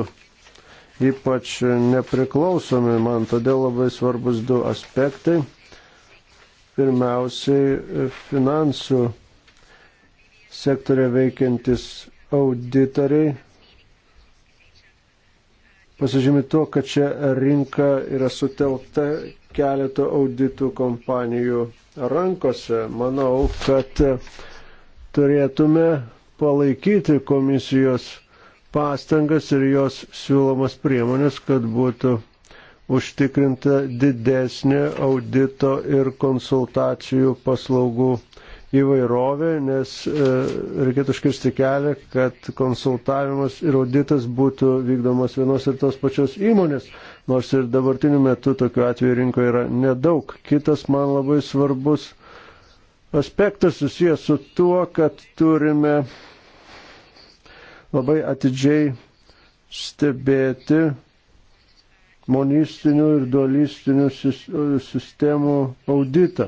S2: ypač nepriklausomi. Man todėl labai svarbus du aspektai pirmiausiai e, finansų sektorė veikiantis auditoriai pasižymi to, kad čia rinka yra sutelkta keleto auditų kompanijų rankose. Manau, kad e, turėtume palaikyti komisijos pastangas ir jos siūlomas priemonės, kad būtų užtikrinta didesnė audito ir konsultacijų paslaugų įvairovė, nes e, reikėtų iškirsti kelią, kad konsultavimas ir auditas būtų vykdomas vienos ir tos pačios įmonės, nors ir dabartiniu metu tokiu atveju rinkoje yra nedaug. Kitas man labai svarbus aspektas susijęs su tuo, kad turime labai atidžiai stebėti monistinių ir dualistinių sistemų auditą.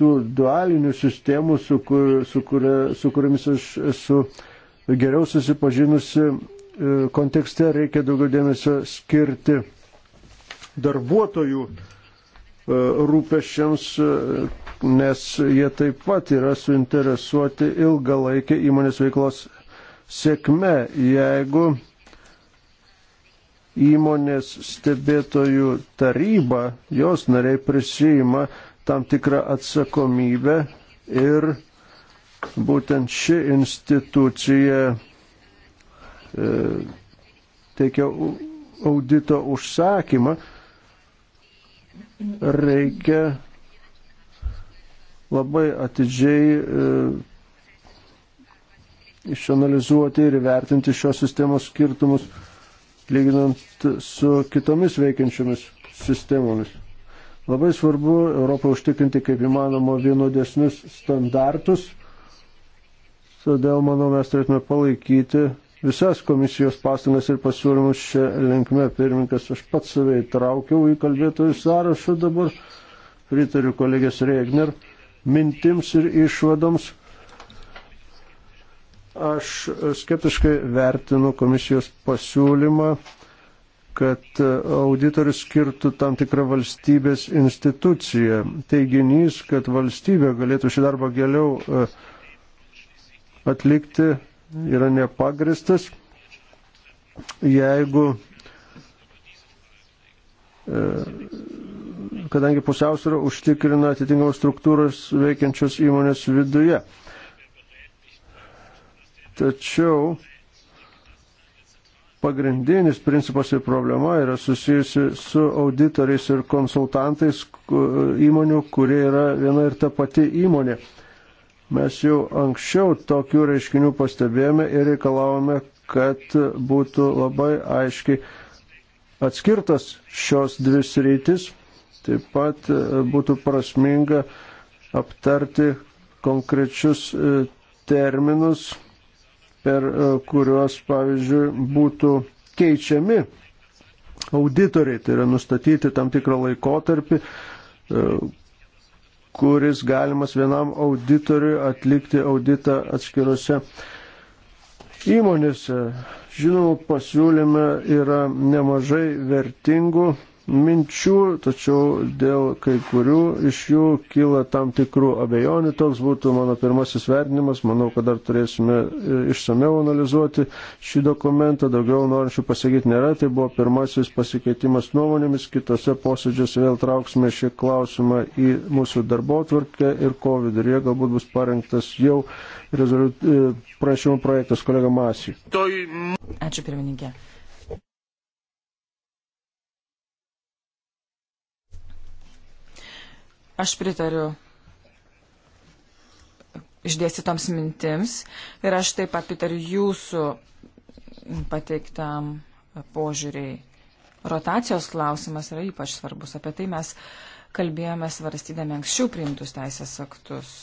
S2: Tų dualinių sistemų, su, kur, su, kuria, su kuriamis aš esu geriau susipažinusi, e, kontekste reikia daugiau dėmesio skirti darbuotojų e, rūpešiams, e, nes jie taip pat yra suinteresuoti ilgalaikį įmonės veiklos sėkme. Jeigu įmonės stebėtojų taryba, jos nariai prisijima tam tikrą atsakomybę ir būtent ši institucija e, teikia audito užsakymą, reikia labai atidžiai e, išanalizuoti ir vertinti šios sistemos skirtumus lyginant su kitomis veikiančiomis sistemomis. Labai svarbu Europą užtikrinti kaip įmanoma vienodesnius standartus, todėl, manau, mes turėtume palaikyti visas komisijos pastangas ir pasiūlymus čia linkme. Pirmininkas, aš pats save įtraukiau į kalbėtojų sąrašą dabar, pritariu kolegės Regner mintims ir išvadoms. Aš skeptiškai vertinu komisijos pasiūlymą, kad auditorius skirtų tam tikrą valstybės instituciją. Teiginys, kad valstybė galėtų šį darbą geriau e, atlikti, yra nepagristas, jeigu e, kadangi pusiausvyrą užtikrina atitinkamos struktūros veikiančios įmonės viduje. Tačiau pagrindinis principas ir problema yra susijusi su auditoriais ir konsultantais įmonių, kurie yra viena ir ta pati įmonė. Mes jau anksčiau tokių reiškinių pastebėjome ir reikalavome, kad būtų labai aiškiai atskirtas šios dvi sritis. Taip pat e, būtų prasminga aptarti konkrečius e, terminus per e, kuriuos, pavyzdžiui, būtų keičiami auditoriai, tai yra nustatyti tam tikrą laikotarpį, e, kuris galimas vienam auditoriui atlikti auditą atskiruose įmonėse. Žinoma, pasiūlyme yra nemažai vertingų minčių, tačiau dėl kai kurių iš jų kyla tam tikrų abejonių. Toks būtų mano pirmasis vertinimas. Manau, kad dar turėsime e, išsameu analizuoti šį dokumentą. Daugiau norinčių pasakyti nėra. Tai buvo pirmasis pasikeitimas nuomonėmis. Kitose posėdžiuose vėl trauksime šį klausimą į mūsų darbo tvarkę ir ko viduryje galbūt bus parengtas jau rezoliut... E, prašymų projektas kolega Masijų.
S3: Ačiū pirmininkė. Aš pritariu išdėstytoms mintims ir aš taip pat pritariu jūsų pateiktam požiūriai. Rotacijos klausimas yra ypač svarbus. Apie tai mes kalbėjome svarstydami anksčiau priimtus teisės aktus.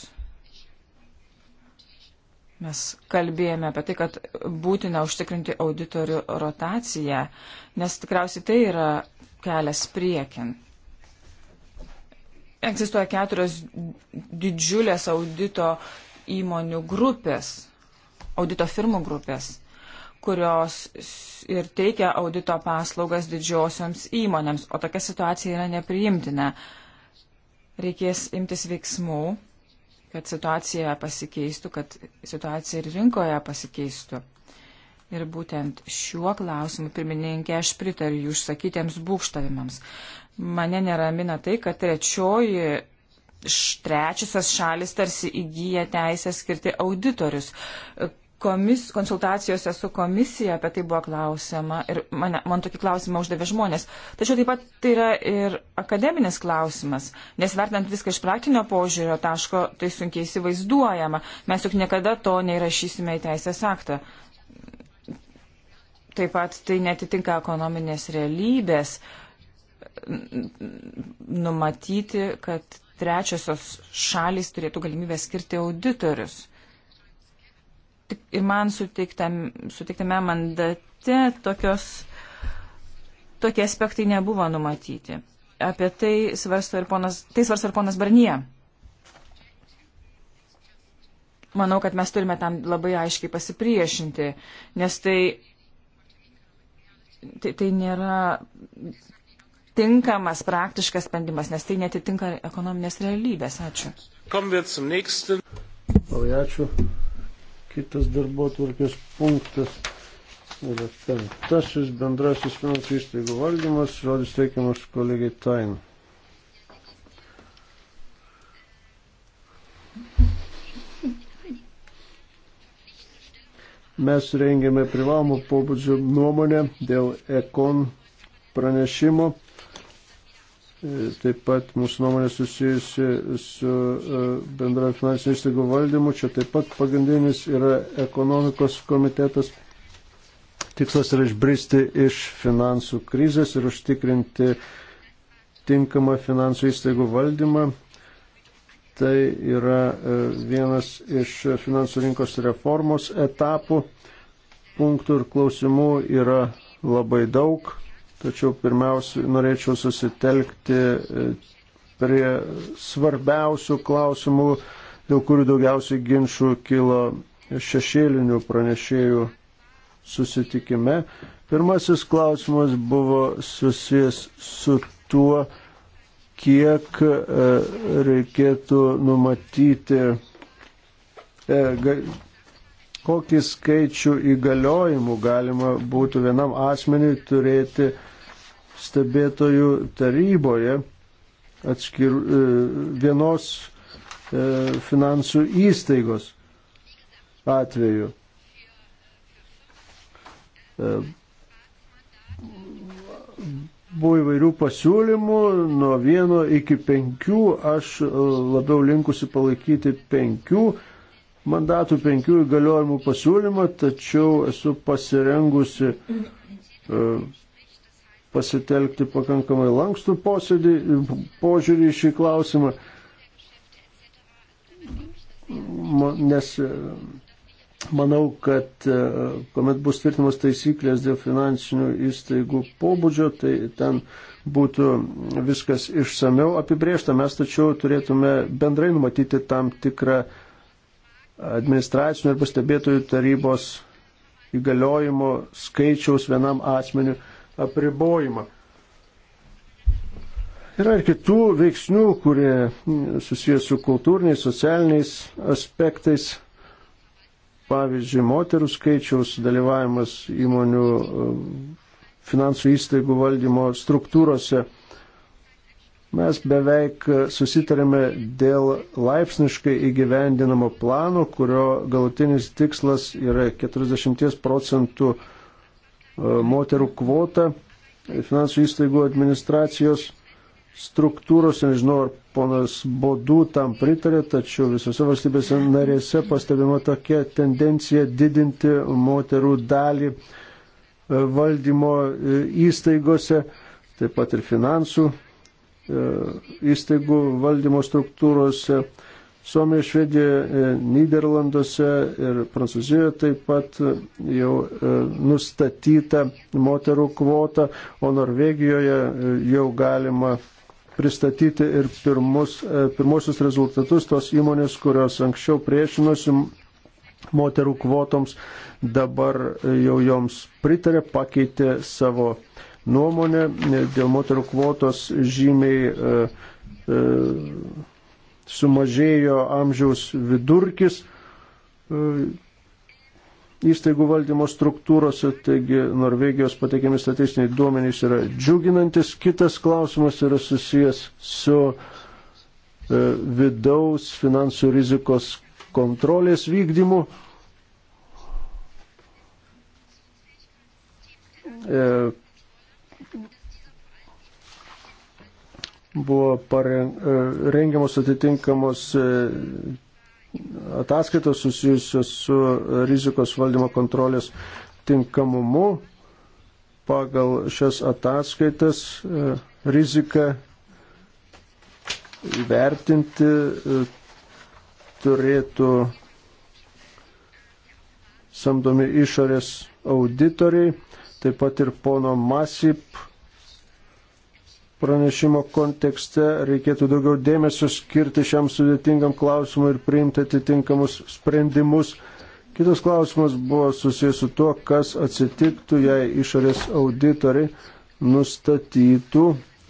S3: Mes kalbėjome apie tai, kad būtina užtikrinti auditorių rotaciją, nes tikriausiai tai yra kelias priekin. Egzistuoja keturios didžiulės audito įmonių grupės, audito firmų grupės, kurios ir teikia audito paslaugas didžiosioms įmonėms, o tokia situacija yra nepriimtina. Reikės imtis veiksmų, kad situacija pasikeistų, kad situacija ir rinkoje pasikeistų. Ir būtent šiuo klausimu, pirmininkė, aš pritariu jų išsakytiems būkštavimams. Mane neramina tai, kad trečioji trečiasis šalis tarsi įgyja teisę skirti auditorius. Komis, konsultacijose su komisija apie tai buvo klausima ir mane, man tokį klausimą uždavė žmonės. Tačiau taip pat tai yra ir akademinis klausimas, nes vertinant viską iš praktinio požiūrio taško, tai sunkiai įsivaizduojama. Mes juk niekada to neįrašysime į teisės aktą. Taip pat tai netitinka ekonominės realybės. Uh, numatyti, kad trečiosios šalys turėtų galimybę skirti auditorius. Tik ir man suteiktame, suteiktame mandate tokios, tokie aspektai nebuvo numatyti. Apie tai svarsto ir ponas, tai svarsto ir ponas Barnie. Manau, kad mes turime tam labai aiškiai pasipriešinti, nes tai, tai, tai nėra tinkamas praktiškas sprendimas, nes tai netitinka ekonominės realybės. Ačiū.
S2: Labai ačiū. Kitas darbo tvarkės punktas yra penktasis bendrasis finansų įstaigų valdymas, žodis teikiamas kolegai Tain. Mes rengėme privalomų pobūdžių nuomonę dėl ekon pranešimo taip pat mūsų nuomonė susijusi su e, bendra finansinio įstaigų valdymu. Čia taip pat pagrindinis yra ekonomikos komitetas. Tikslas yra išbristi iš finansų krizės ir užtikrinti tinkamą finansų įstaigų valdymą. Tai yra e, vienas iš finansų rinkos reformos etapų. Punktų ir klausimų yra labai daug tačiau pirmiausia norėčiau susitelkti e, prie svarbiausių klausimų, dėl kurių daugiausiai ginčių kilo šešėlinių pranešėjų susitikime. Pirmasis klausimas buvo susijęs su tuo, kiek e, reikėtų numatyti, e, kokį skaičių įgaliojimų galima būtų vienam asmeniui turėti stebėtojų taryboje atskir, e, vienos e, finansų įstaigos atveju. E, buvo įvairių pasiūlymų, nuo vieno iki penkių, aš labiau linkusi palaikyti penkių mandatų, penkių įgaliojimų pasiūlymą, tačiau esu pasirengusi pasitelkti pakankamai lankstų posėdį, požiūrį į šį klausimą, nes e, manau, kad e, kuomet bus tvirtimas taisyklės dėl finansinių įstaigų pobūdžio, tai ten būtų viskas išsameu apibriešta, mes tačiau turėtume bendrai numatyti tam tikrą administracinių ir pastebėtojų tarybos įgaliojimo skaičiaus vienam asmeniu apribojimą. Yra ir kitų veiksnių, kurie susijęs su kultūriniais, socialiniais aspektais. Pavyzdžiui, moterų skaičiaus dalyvavimas įmonių e, finansų įstaigų valdymo struktūrose. Mes beveik susitarėme dėl laipsniškai įgyvendinamo plano, kurio galutinis tikslas yra 40 procentų E, moterų kvotą finansų įstaigų administracijos struktūros, nežinau, ar ponas Bodų tam pritarė, tačiau visose valstybėse narėse pastebima tokia tendencija didinti moterų dalį e, valdymo e, įstaigose, taip pat ir finansų įstaigų valdymo struktūrose. Suomijoje, Švedijoje, Niderlanduose ir Prancūzijoje taip pat e, jau e, nustatyta moterų kvota, o Norvegijoje e, jau galima pristatyti ir pirmus, pirmosius rezultatus tos įmonės, kurios anksčiau priešinosi moterų kvotoms, dabar jau joms pritarė, pakeitė savo nuomonę dėl moterų kvotos žymiai. E, e, sumažėjo amžiaus vidurkis e, įstaigų valdymo struktūrose, taigi Norvegijos pateikiami statistiniai duomenys yra džiuginantis. Kitas klausimas yra susijęs su e, vidaus finansų rizikos kontrolės vykdymu. E, buvo e, rengiamos atitinkamos e, ataskaitos susijusios su rizikos valdymo kontrolės tinkamumu. Pagal šias ataskaitas e, riziką vertinti turėtų samdomi išorės auditoriai, taip pat ir pono Masip pranešimo kontekste reikėtų daugiau dėmesio skirti šiam sudėtingam klausimui ir priimti atitinkamus sprendimus. Kitas klausimas buvo susijęs su tuo, kas atsitiktų, jei išorės auditoriai nustatytų,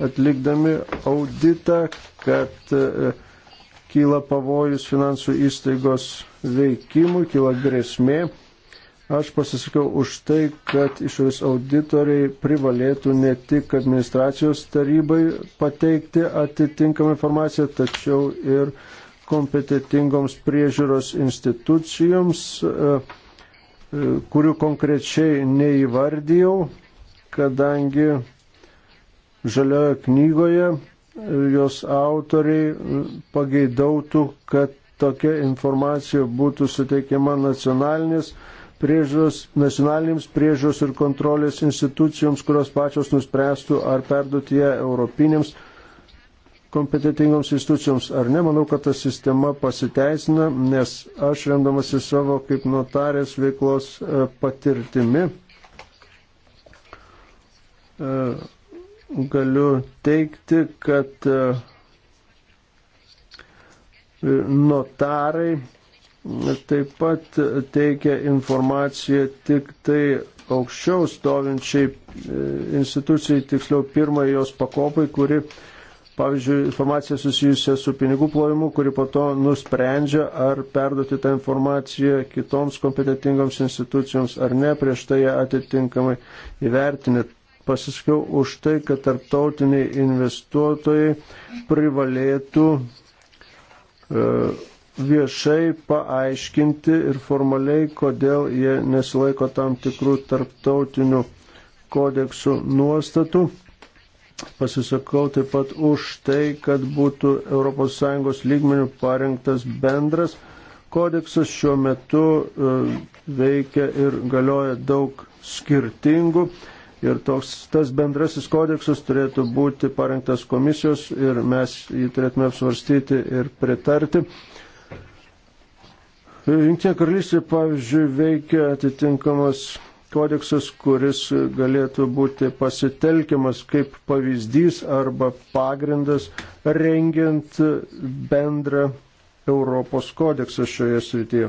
S2: atlikdami auditą, kad e, kyla pavojus finansų įstaigos veikimui, kyla grėsmė Aš pasisakiau už tai, kad išorės auditoriai privalėtų ne tik administracijos tarybai pateikti atitinkamą informaciją, tačiau ir kompetitingoms priežiūros institucijoms, e, e, kurių konkrečiai neįvardijau, kadangi žaliojo knygoje e, jos autoriai pageidautų, kad tokia informacija būtų suteikiama nacionalinės priežos, nacionalinėms priežos ir kontrolės institucijoms, kurios pačios nuspręstų ar perduoti ją europinėms kompetitingoms institucijoms ar ne. Manau, kad ta sistema pasiteisina, nes aš remdamasi savo kaip notarės veiklos e, patirtimi e, galiu teikti, kad e, notarai taip pat teikia informaciją tik tai aukščiau stovinčiai e, institucijai, tiksliau pirmai jos pakopai, kuri, pavyzdžiui, informacija susijusia su pinigų plovimu, kuri po to nusprendžia, ar perduoti tą informaciją kitoms kompetitingoms institucijoms ar ne, prieš tai ją atitinkamai įvertinė. Pasiskiau už tai, kad tarptautiniai investuotojai privalėtų uh, viešai paaiškinti ir formaliai, kodėl jie nesilaiko tam tikrų tarptautinių kodeksų nuostatų. Pasisakau taip pat už tai, kad būtų ES lygmenių parengtas bendras kodeksas. Šiuo metu e, veikia ir galioja daug skirtingų. Ir toks, tas bendrasis kodeksas turėtų būti parengtas komisijos ir mes jį turėtume apsvarstyti ir pritarti. Junktinė karalystė, pavyzdžiui, veikia atitinkamas kodeksas, kuris galėtų būti pasitelkiamas kaip pavyzdys arba pagrindas rengiant bendrą Europos kodeksą šioje srityje.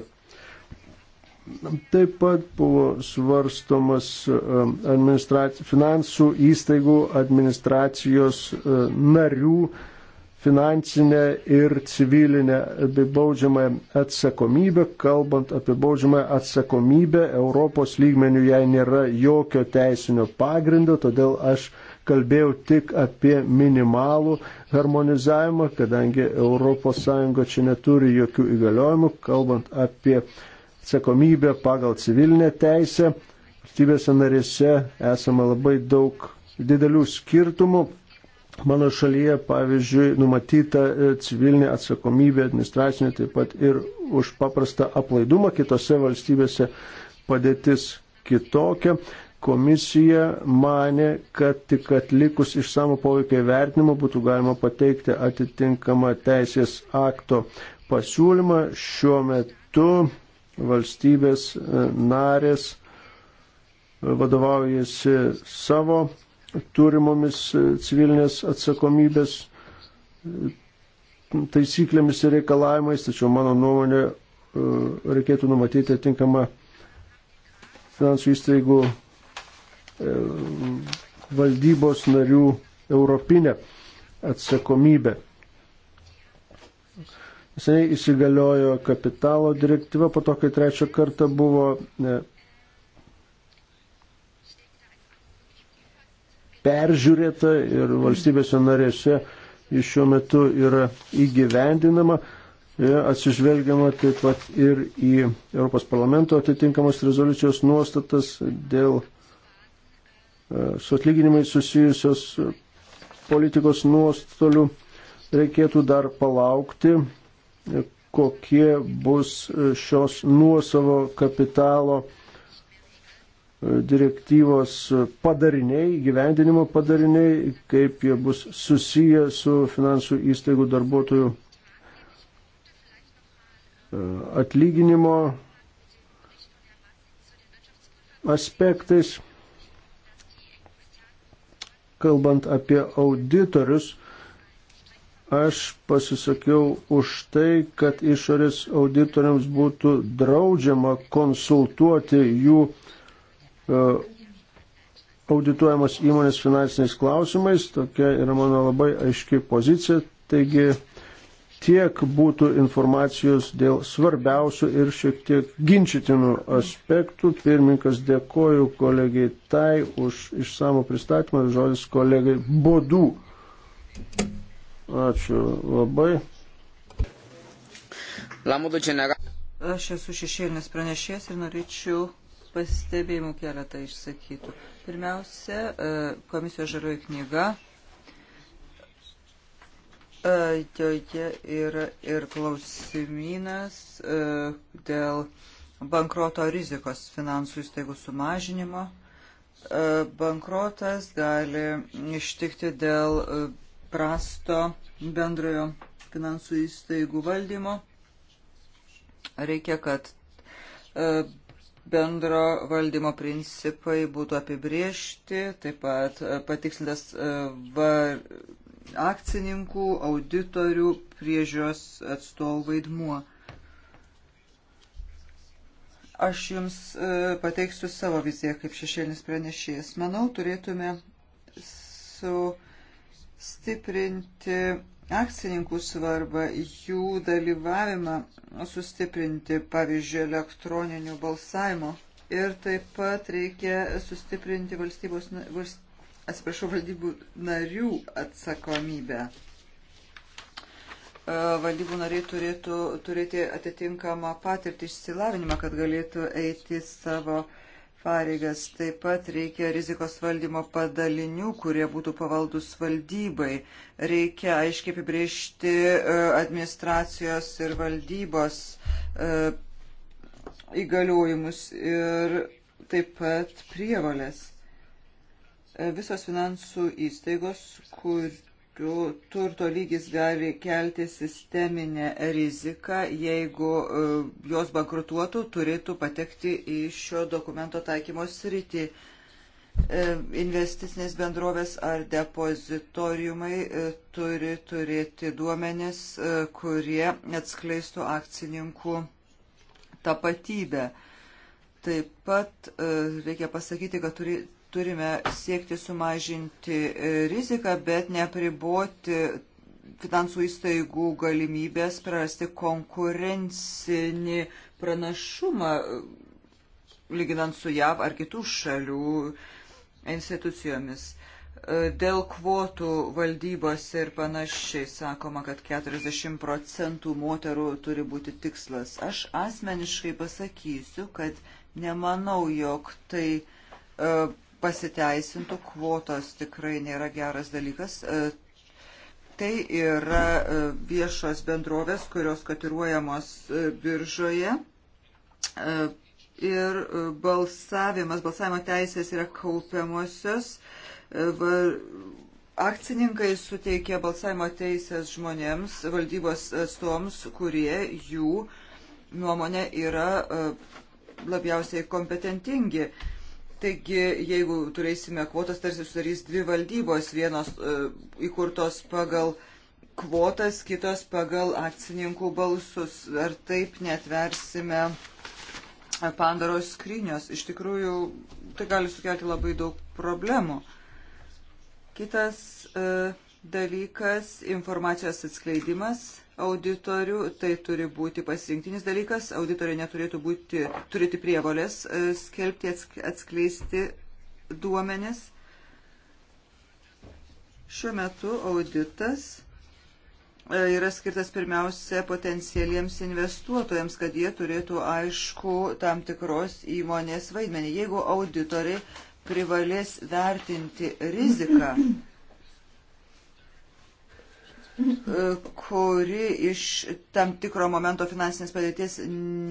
S2: Taip pat buvo svarstomas um, finansų įstaigų administracijos uh, narių finansinę ir civilinę bei baudžiamąją atsakomybę. Kalbant apie baudžiamąją atsakomybę, Europos lygmenių jai nėra jokio teisinio pagrindo, todėl aš kalbėjau tik apie minimalų harmonizavimą, kadangi ES čia neturi jokių įgaliojimų, kalbant apie atsakomybę pagal civilinę teisę. Valstybėse narėse esame labai daug didelių skirtumų, Mano šalyje, pavyzdžiui, numatyta e, civilinė atsakomybė, administracinė taip pat ir už paprastą aplaidumą, kitose valstybėse padėtis kitokia. Komisija mane, kad tik atlikus išsamų poveikio vertinimą būtų galima pateikti atitinkamą teisės akto pasiūlymą. Šiuo metu valstybės e, narės e, vadovaujasi savo turimomis e, civilinės atsakomybės e, taisyklėmis ir reikalavimais, tačiau mano nuomonė e, reikėtų numatyti atinkamą finansų įstaigų valdybos narių europinę atsakomybę. Jisai įsigaliojo kapitalo direktyva, po to, kai trečią kartą buvo peržiūrėta ir valstybėse narėse iš šiuo metu yra įgyvendinama, e, atsižvelgiama taip pat ir į Europos parlamento atitinkamas rezoliucijos nuostatas dėl e, su atlyginimai susijusios politikos nuostolių. Reikėtų dar palaukti, e, kokie bus šios nuosavo kapitalo direktyvos padariniai, gyvendinimo padariniai, kaip jie bus susiję su finansų įstaigų darbuotojų e, atlyginimo aspektais. Kalbant apie auditorius, aš pasisakiau už tai, kad išorės auditoriams būtų draudžiama konsultuoti jų E, audituojamos įmonės finansiniais klausimais. Tokia yra mano labai aiški pozicija. Taigi tiek būtų informacijos dėl svarbiausių ir šiek tiek ginčytinų aspektų. Pirmininkas dėkoju kolegiai Tai už išsamų pristatymą ir žodis kolegai Bodų. Ačiū labai.
S4: Aš esu šešėlinis pranešėjas ir norėčiau pastebėjimų keletą išsakytų. Pirmiausia, e, komisijos žalioji knyga. E, joje yra ir klausimynas e, dėl bankroto rizikos finansų įstaigų sumažinimo. Bankrotas gali ištikti dėl prasto bendrojo finansų įstaigų valdymo. Reikia, kad bendro valdymo principai būtų apibriežti, taip pat e, patikslintas e, akcininkų, auditorių, priežios atstovų vaidmuo. Aš Jums e, pateiksiu savo viziją kaip šešėlinis pranešėjas. Manau, turėtume sustiprinti akcininkų svarbą, jų dalyvavimą sustiprinti, pavyzdžiui, elektroninių balsavimo. Ir taip pat reikia sustiprinti valstybos, valst, atsiprašau, valdybų narių atsakomybę. E, valdybų nariai turėtų turėti atitinkamą patirtį išsilavinimą, kad galėtų eiti savo uh, pareigas. Taip pat reikia rizikos valdymo padalinių, kurie būtų pavaldus valdybai. Reikia aiškiai apibriežti e, administracijos ir valdybos e, įgaliojimus ir taip pat prievalės. E, visos finansų įstaigos, kur tokių turto lygis gali kelti sisteminę riziką, jeigu e, jos bankrutuotų, turėtų patekti į šio dokumento taikymo sritį. E, investicinės bendrovės ar depozitoriumai e, turi turėti duomenis, kurie atskleistų akcininkų tapatybę. Taip pat reikia pasakyti, kad turi turime siekti sumažinti e, riziką, bet nepriboti finansų įstaigų galimybės prarasti konkurencinį pranašumą lyginant su JAV ar kitų šalių institucijomis. E, dėl kvotų valdybos ir panašiai sakoma, kad 40 procentų moterų turi būti tikslas. Aš asmeniškai pasakysiu, kad nemanau, jog tai uh, pasiteisintų, kvotos tikrai nėra geras dalykas. E, tai yra e, viešos bendrovės, kurios kotiruojamos e, biržoje. Ir balsavimas, balsavimo teisės yra kaupiamosios. Akcininkai suteikia balsavimo teisės žmonėms, valdybos atstovams, kurie jų nuomonė yra labiausiai kompetentingi. Taigi, jeigu turėsime kvotas, tarsi sudarys dvi valdybos, vienos uh, įkurtos pagal kvotas, kitos pagal akcininkų balsus. Ar taip netversime Pandoros skrynios? Iš tikrųjų, tai gali sukelti labai daug problemų. Kitas uh, dalykas - informacijos atskleidimas auditorių, tai turi būti pasirinktinis dalykas, auditoriai neturėtų būti, turėti prievolės e, skelbti, atskleisti duomenis. Šiuo metu auditas e, yra skirtas pirmiausia potencialiems investuotojams, kad jie turėtų aišku tam tikros įmonės vaidmenį. Jeigu auditoriai privalės vertinti riziką, E, kuri iš tam tikro momento finansinės padėties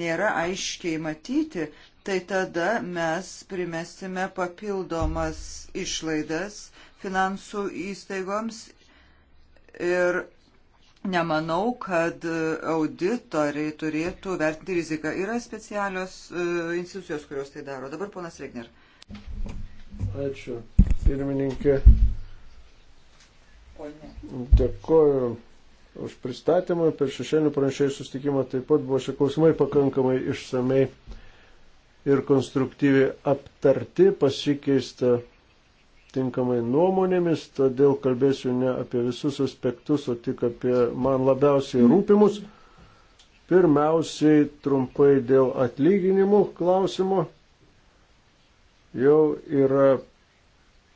S4: nėra aiškiai matyti, tai tada mes primesime papildomas išlaidas finansų įstaigoms ir nemanau, kad auditoriai turėtų vertinti riziką. Yra specialios e, institucijos, kurios tai daro. Dabar ponas Regner. Ačiū, pirmininkė.
S2: Dėkuoju už pristatymą. Per šešėlių pranešėjų sustikimą taip pat buvo šie klausimai pakankamai išsamei ir konstruktyviai aptarti, pasikeista tinkamai nuomonėmis, todėl kalbėsiu ne apie visus aspektus, o tik apie man labiausiai rūpimus. Pirmiausiai trumpai dėl atlyginimų klausimo jau yra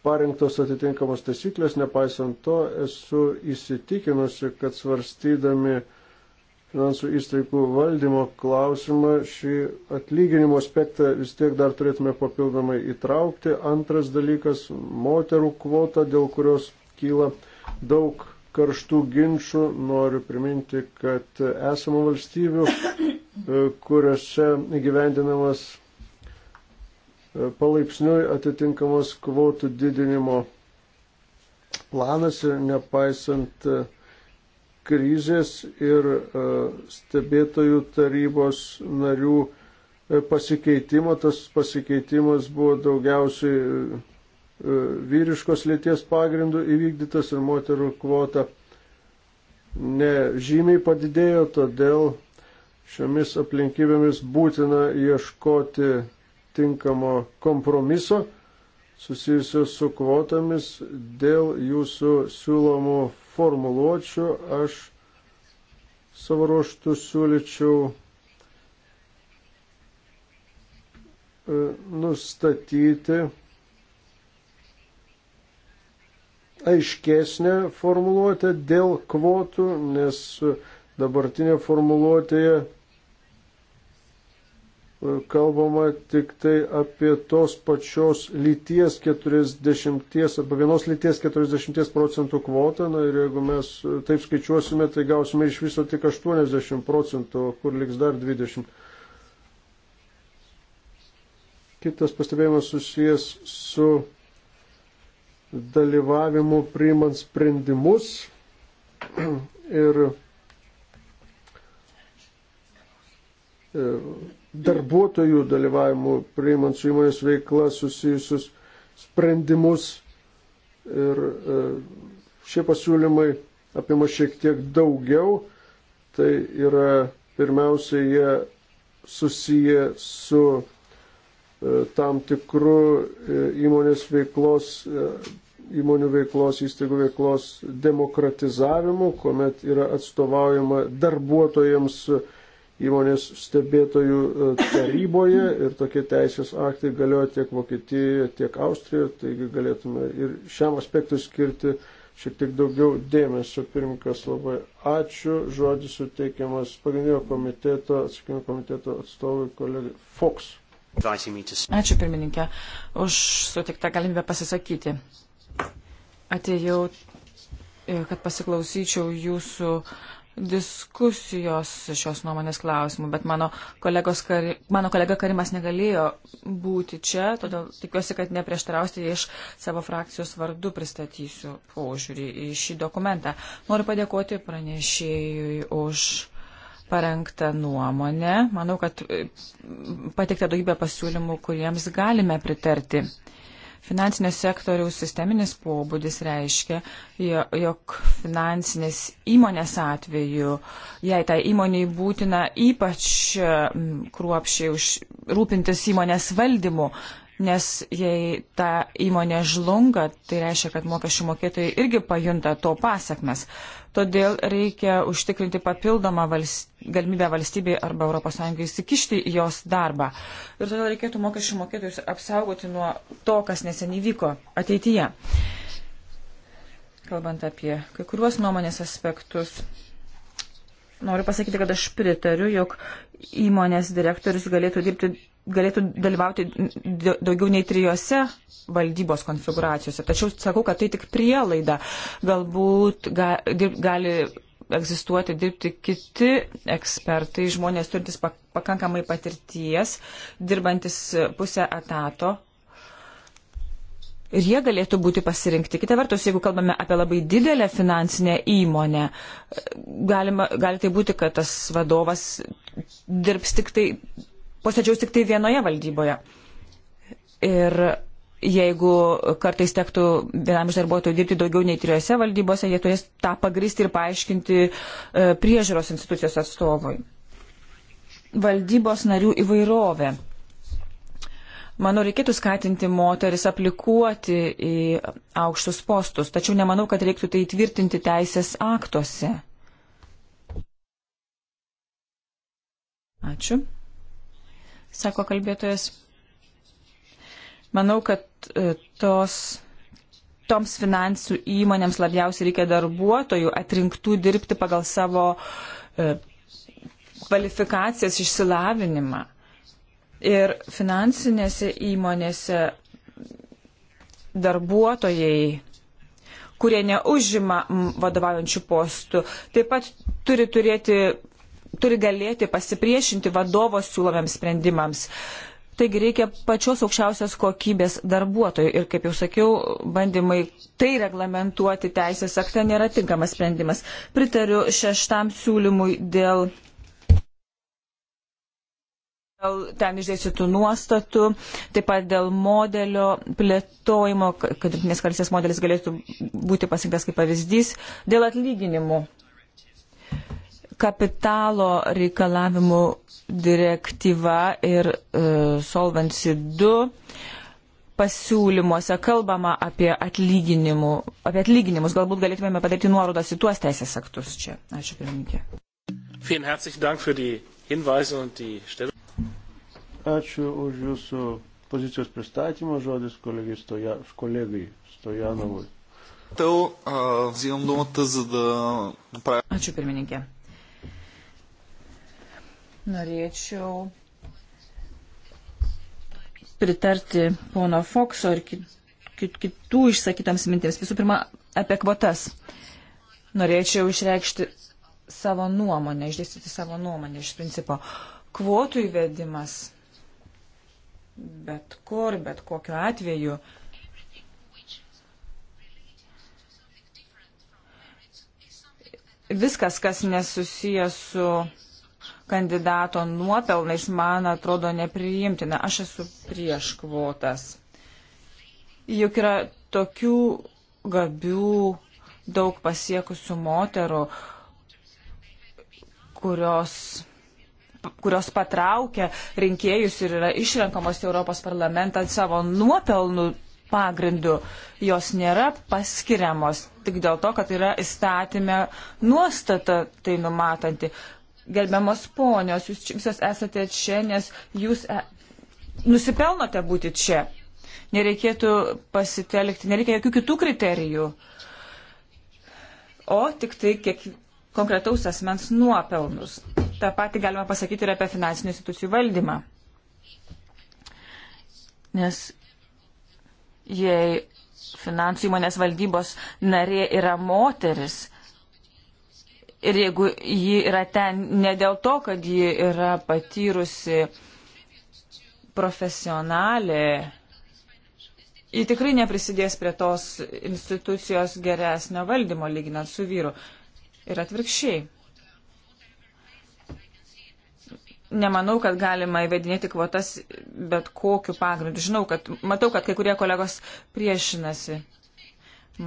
S2: parengtos atitinkamos taisyklės, nepaisant to esu įsitikinusi, kad svarstydami finansų įstaigų valdymo klausimą šį atlyginimo aspektą vis tiek dar turėtume papildomai įtraukti. Antras dalykas - moterų kvota, dėl kurios kyla daug karštų ginčių. Noriu priminti, kad esama valstybių, e, kuriuose gyvendinamas E, palaipsniui atitinkamas kvotų didinimo planas ir nepaisant e, krizės ir e, stebėtojų tarybos narių pasikeitimo, tas pasikeitimas buvo daugiausiai vyriškos lėties pagrindų įvykdytas ir moterų kvota nežymiai padidėjo, todėl šiomis aplinkybėmis būtina ieškoti tinkamo kompromiso susijusio su kvotomis dėl jūsų siūlomų formuluočių. Aš savo ruoštų siūlyčiau e, nustatyti aiškesnę formuluotę dėl kvotų, nes dabartinė formuluotėje kalbama tik tai apie tos pačios lyties 40 arba vienos lyties 40 procentų kvotą. Na ir jeigu mes e, taip skaičiuosime, tai gausime iš viso tik 80 procentų, kur liks dar 20. Kitas pastebėjimas susijęs su dalyvavimu priimant sprendimus ir e, darbuotojų dalyvavimu, priimant su įmonės veikla susijusius sprendimus. Ir e, šie pasiūlymai apima šiek tiek daugiau. Tai yra pirmiausia, jie susiję su e, tam tikrų e, įmonės veiklos, įmonių veiklos, įstaigų veiklos demokratizavimu, kuomet yra atstovaujama darbuotojams įmonės stebėtojų e, taryboje ir tokie teisės aktai galioja tiek Vokietijoje, tiek Austrijoje, taigi galėtume ir šiam aspektui skirti šiek tiek daugiau dėmesio. Pirmininkas labai ačiū. Žodis suteikiamas pagrindinio komiteto, atsakingo komiteto atstovui kolegai Fox.
S3: Ačiū pirmininkė už sutiktą galimybę pasisakyti. Atėjau, e, kad pasiklausyčiau jūsų uh, diskusijos šios nuomonės klausimų, bet mano, kari, mano kolega Karimas negalėjo būti čia, todėl tikiuosi, kad neprieštarausite, jei iš savo frakcijos vardu pristatysiu požiūrį į šį dokumentą. Noriu padėkoti pranešėjui už parengtą nuomonę. Manau, kad e, pateikta daugybė pasiūlymų, kuriems galime pritarti. Finansinio sektoriaus sisteminis pobūdis reiškia, jog finansinės įmonės atveju, jei tai įmoniai būtina ypač kruopšiai rūpintis įmonės valdymu, nes jei ta įmonė žlunga, tai reiškia, kad mokesčių mokėtojai irgi pajunta to pasiekmes. Todėl reikia užtikrinti papildomą valst... galimybę valstybei arba ES įsikišti į jos darbą. Ir todėl reikėtų mokesčių mokėtojus apsaugoti nuo to, kas neseniai vyko ateityje. Kalbant apie kai kuriuos nuomonės aspektus, noriu pasakyti, kad aš pritariu, jog įmonės direktorius galėtų dirbti galėtų dalyvauti daugiau nei trijose valdybos konfiguracijose. Tačiau sakau, kad tai tik prielaida. Galbūt ga, gali egzistuoti, dirbti kiti ekspertai, žmonės turintis pakankamai patirties, dirbantis pusę etato. Ir jie galėtų būti pasirinkti. Kita vertus, jeigu kalbame apie labai didelę finansinę įmonę, galima, gali tai būti, kad tas vadovas dirbs tik tai posėdžiaus tik tai vienoje valdyboje. Ir jeigu kartais tektų vienam iš darbuotojų dirbti daugiau nei trijose valdybose, jie turės tą pagristi ir paaiškinti e, priežiūros institucijos atstovui. Valdybos narių įvairovė. Manau, reikėtų skatinti moteris aplikuoti į aukštus postus, tačiau nemanau, kad reiktų tai įtvirtinti teisės aktuose. Ačiū sako kalbėtojas. Manau, kad e, tos, toms finansų įmonėms labiausiai reikia darbuotojų atrinktų dirbti pagal savo e, kvalifikacijas, išsilavinimą. Ir finansinėse įmonėse darbuotojai, kurie neužima vadovaujančių postų, taip pat turi turėti turi galėti pasipriešinti vadovo siūlomiams sprendimams. Taigi reikia pačios aukščiausios kokybės darbuotojų ir, kaip jau sakiau, bandymai tai reglamentuoti teisės akte nėra tinkamas sprendimas. Pritariu šeštam siūlymui dėl dėl ten išdėstytų nuostatų, taip pat dėl modelio plėtojimo, kad jungtinės karalystės modelis galėtų būti pasirinktas kaip pavyzdys, dėl atlyginimų kapitalo reikalavimų direktyva ir e, Solvency 2 pasiūlymuose kalbama apie, apie atlyginimus. Galbūt galėtumėme padaryti nuorodas į tuos teisės aktus čia. Ačiū, pirmininkė.
S2: Ačiū už Jūsų pozicijos pristatymą. Žodis kolegai, stoja, kolegai Stojanovui.
S3: Ah, Ačiū, pirmininkė. Norėčiau pritarti pono Fokso ir kit, kit, kitų išsakytams mintims. Visų pirma, apie kvotas. Norėčiau išreikšti savo nuomonę, išdėstyti savo nuomonę iš principo. Kvotų įvedimas, bet kur, bet kokiu atveju, viskas, kas nesusijęs su kandidato nuopelnais man atrodo nepriimtina. Aš esu prieš kvotas. Juk yra tokių gabių, daug pasiekusių moterų, kurios kurios patraukia rinkėjus ir yra išrenkamos į Europos parlamentą savo nuopelnų pagrindu jos nėra paskiriamos tik dėl to, kad yra įstatymė nuostata tai numatanti. Gerbiamos ponios, jūs visos esate čia, nes jūs e... nusipelnote būti čia. Nereikėtų pasitelkti, nereikia jokių kitų kriterijų, o tik tai kiek konkretaus asmens nuopelnus. Ta pati galima pasakyti ir apie finansinių institucijų valdymą. Nes jei finansų įmonės valdybos narė yra moteris, Ir jeigu ji yra ten ne dėl to, kad ji yra patyrusi profesionalė, ji tikrai neprisidės prie tos institucijos geresnio valdymo lyginant su vyru. Ir atvirkščiai. Nemanau, kad galima įvedinėti kvotas bet kokiu pagrindu. Žinau, kad matau, kad kai kurie kolegos priešinasi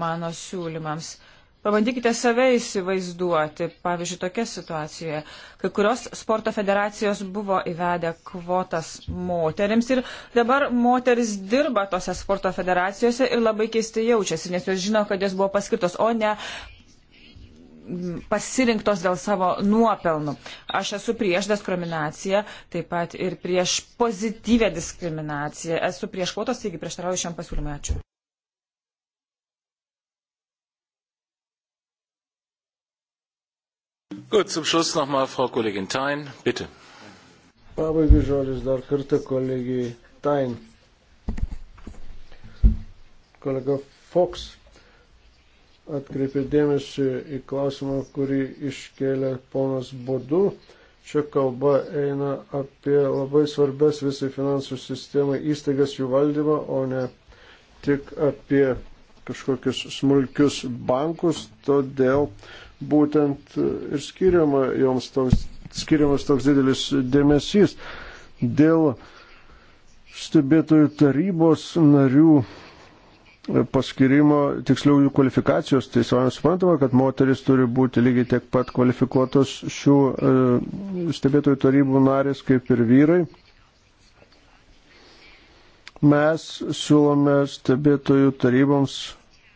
S3: mano siūlymams. Uh, Pabandykite save įsivaizduoti, pavyzdžiui, tokia situacijoje. Kai kurios sporto federacijos buvo įvedę kvotas moteriams ir dabar moteris dirba tose sporto federacijose ir labai keistai jaučiasi, nes jos žino, kad jos buvo paskirtos, o ne pasirinktos dėl savo nuopelnų. Aš esu prieš diskriminaciją, taip pat ir prieš pozityvę diskriminaciją. Esu prieš kvotas, taigi prieštarauju šiam pasiūlymui. Ačiū.
S1: Gut, zum Schluss nochmal Frau Kollegin Tain, bitte.
S2: Pabaigai žodis dar kartą kolegijai Tain. Kolega Fox atkreipė dėmesį į klausimą, kurį iškėlė ponas Bodu. Čia kalba eina apie labai svarbes visai finansų sistemai įstaigas jų valdymą, o ne tik apie kažkokius smulkius bankus. Todėl būtent ir skiriama joms toks, skiriamas toks didelis dėmesys dėl stebėtojų tarybos narių paskirimo, tiksliau jų kvalifikacijos, tai savame suprantama, kad moteris turi būti lygiai tiek pat kvalifikuotos šių e, stebėtojų tarybų narės kaip ir vyrai. Mes siūlome stebėtojų taryboms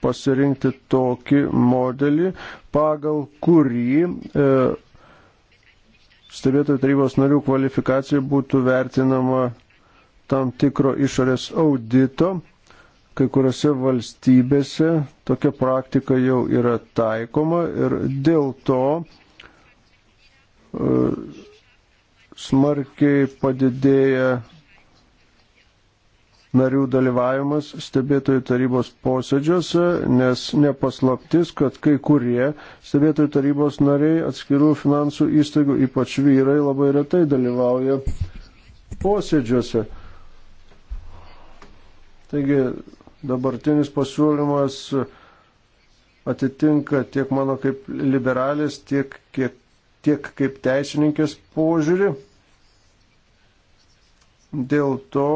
S2: pasirinkti tokį modelį, pagal kurį e, stebėtojų tarybos narių kvalifikacija būtų vertinama tam tikro išorės audito. Kai kuriuose valstybėse tokia praktika jau yra taikoma ir dėl to e, smarkiai padidėja narių dalyvavimas stebėtojų tarybos posėdžiuose, nes nepaslaptis, kad kai kurie stebėtojų tarybos nariai atskirų finansų įstaigų, ypač vyrai, labai retai dalyvauja posėdžiuose. Taigi dabartinis pasiūlymas atitinka tiek mano kaip liberalės, tiek, kiek, tiek kaip teisininkės požiūrį. Dėl to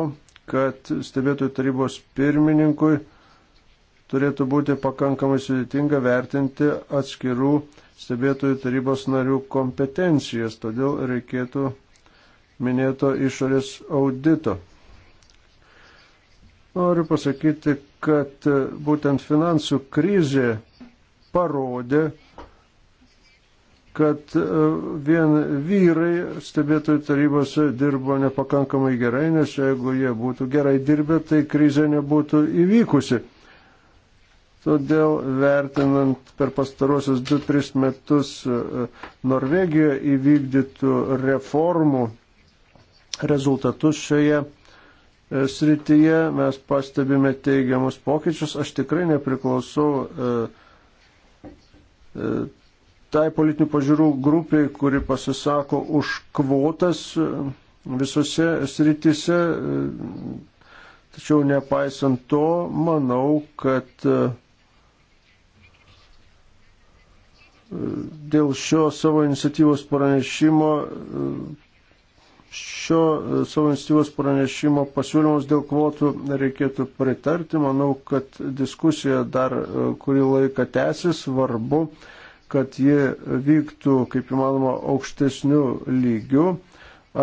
S2: kad stebėtojų tarybos pirmininkui turėtų būti pakankamai sudėtinga vertinti atskirų stebėtojų tarybos narių kompetencijas, todėl reikėtų minėto išorės audito. Noriu pasakyti, kad būtent finansų krizė parodė, kad e, vien vyrai stebėtojų tarybose dirbo nepakankamai gerai, nes jeigu jie būtų gerai dirbę, tai krizė nebūtų įvykusi. Todėl vertinant per pastarosius 2-3 metus e, Norvegijoje įvykdytų reformų rezultatus šioje e, srityje, mes pastebime teigiamus pokyčius. Aš tikrai nepriklausau tai politinių pažiūrų grupiai, kuri pasisako už kvotas e, visose sritise. E, tačiau nepaisant to, manau, kad e, dėl šio savo iniciatyvos pranešimo, šio savo iniciatyvos pranešimo pasiūlymus dėl kvotų reikėtų pritarti. Manau, kad diskusija dar kurį laiką tęsis, svarbu kad ji vyktų kaip įmanoma aukštesnių lygių.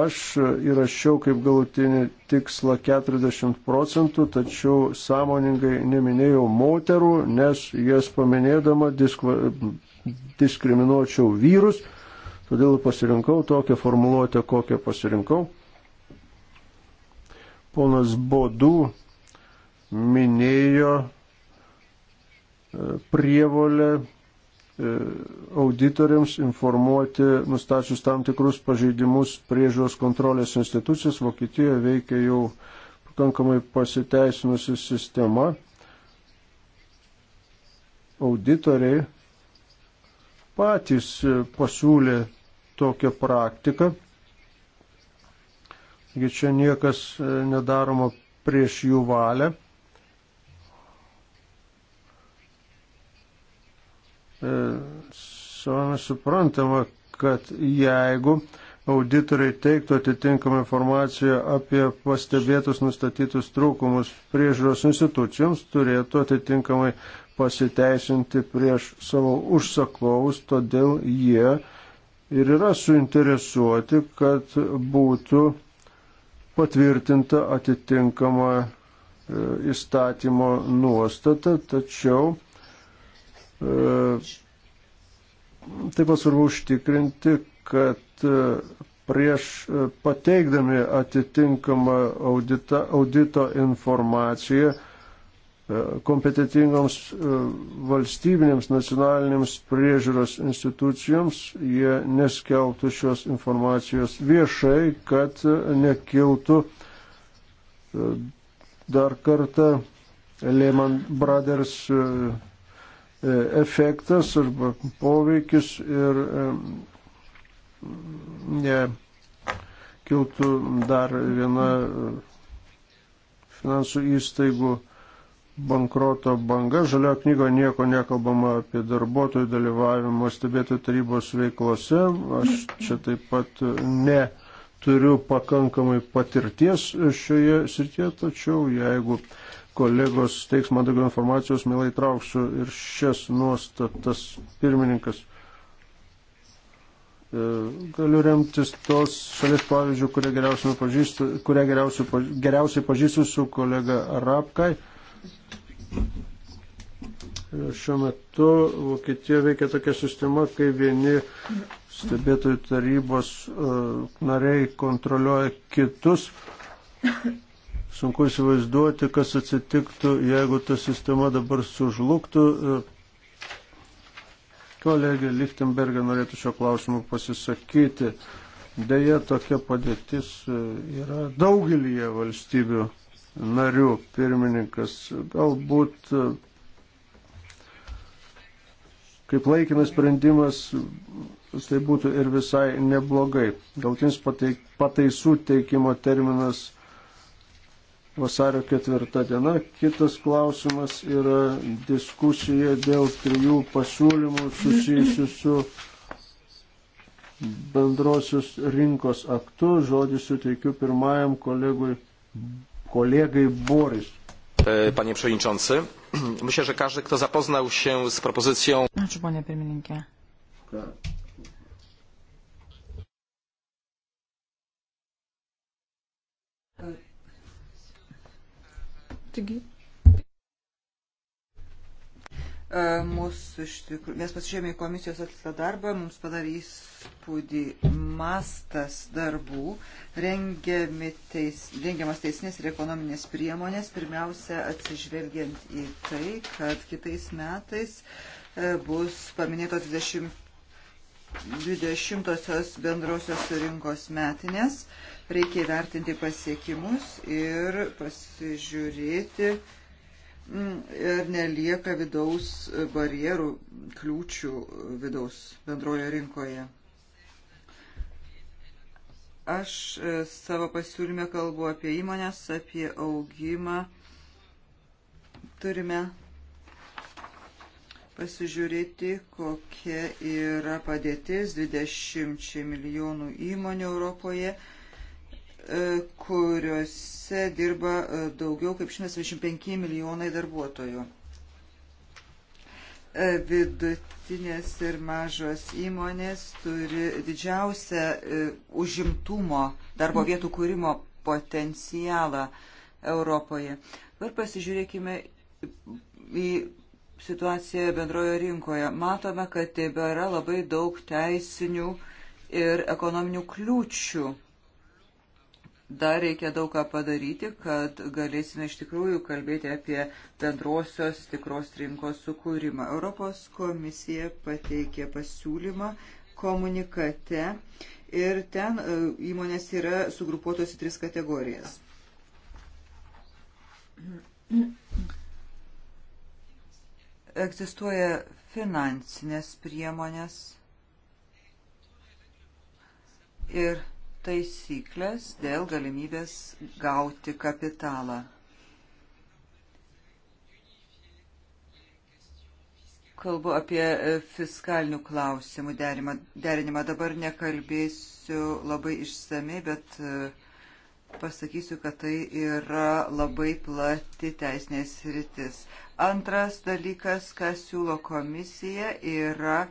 S2: Aš įrašiau kaip galutinį tikslą 40 procentų, tačiau sąmoningai neminėjau moterų, nes jas paminėdama diskva, diskriminuočiau vyrus, todėl pasirinkau tokią formuluotę, kokią pasirinkau. Ponas Bodų minėjo e, prievolę E, auditoriams informuoti, nustačius tam tikrus pažeidimus priežiūros kontrolės institucijas. Vokietijoje veikia jau pakankamai pasiteisinusi sistema. Auditoriai patys pasiūlė tokią praktiką. Taigi čia niekas nedaroma prieš jų valią. E, savame suprantama, kad jeigu auditoriai teiktų atitinkamą informaciją apie pastebėtus nustatytus trūkumus priežiūros institucijoms, turėtų atitinkamai pasiteisinti prieš savo užsakovus, todėl jie ir yra suinteresuoti, kad būtų patvirtinta atitinkama e, įstatymo nuostata, tačiau E, taip pat svarbu užtikrinti, kad e, prieš e, pateikdami atitinkamą audita, audito informaciją kompetitingoms valstybinėms nacionalinėms priežiūros institucijoms jie neskelbtų šios informacijos viešai, kad nekiltų dar kartą Lehman Brothers E, efektas arba poveikis ir e, nekiltų dar viena e, finansų įstaigų bankroto banga. Žalio knygoje nieko nekalbama apie darbuotojų dalyvavimą stebėtojų tarybos veiklose. Aš čia taip pat ne turiu pakankamai patirties šioje srityje, tačiau jeigu kolegos teiks man daugiau informacijos, mielai trauksiu ir šias nuostatas pirmininkas. E, galiu remtis tos šalies pavyzdžių, kurią geriausiai pažįstu, kurią geriausiai, geriausiai pažįstu su kolega Rapkai. E, šiuo metu Vokietijoje veikia tokia sistema, kai vieni stebėtojų tarybos e, nariai kontroliuoja kitus Sunku įsivaizduoti, kas atsitiktų, jeigu ta sistema dabar sužlugtų. Kolegė Lichtenberger norėtų šio klausimu pasisakyti. Deja, tokia padėtis e, yra daugelį valstybių narių pirmininkas. Galbūt e, kaip laikinas sprendimas, tai būtų ir visai neblogai. Galtinis pateik, pataisų teikimo terminas vasario ketvirta diena. Kitas klausimas yra diskusija dėl trijų pasiūlymų susijusių su bendrosios rinkos aktu. Žodį suteikiu pirmajam kolegui, kolegai Boris.
S4: E, panie Przewodniczący, myślę, że każdy, kto zapoznał się z propozycją.
S3: Ačiū, ponė pirmininkė.
S4: Ką? Taigi. E, Mūsų iš tikrųjų, mes pasižiūrėjome į komisijos atliktą darbą, mums padarė įspūdį mastas darbų, teis, rengiamas teisinės ir ekonominės priemonės, pirmiausia atsižvelgiant į tai, kad kitais metais e, bus paminėto 20 20-osios bendrosios rinkos metinės. Reikia įvertinti pasiekimus ir pasižiūrėti, mm, ar nelieka vidaus barjerų, kliūčių vidaus bendrojo rinkoje. Aš e, savo pasiūlyme kalbu apie įmonės, apie augimą. Turime pasižiūrėti, kokia yra padėtis 20 milijonų įmonių Europoje. E, kuriuose dirba e, daugiau kaip 125 milijonai darbuotojų. E, vidutinės ir mažos įmonės turi didžiausią užimtumo darbo vietų kūrimo potencialą Europoje. Dabar pasižiūrėkime į situaciją bendrojo rinkoje. Matome, kad tebėra labai daug teisinių ir ekonominių kliūčių dar reikia daug ką padaryti, kad galėsime iš tikrųjų kalbėti apie bendrosios tikros rinkos sukūrimą. Europos komisija pateikė pasiūlymą komunikate ir ten e, įmonės yra sugrupuotos į tris kategorijas. Egzistuoja finansinės priemonės ir taisyklės dėl galimybės gauti kapitalą. Kalbu apie e, fiskalinių klausimų derinimą. Dabar nekalbėsiu labai išsamei, bet e, pasakysiu, kad tai yra labai plati teisinės rytis. Antras dalykas, ką siūlo komisija, yra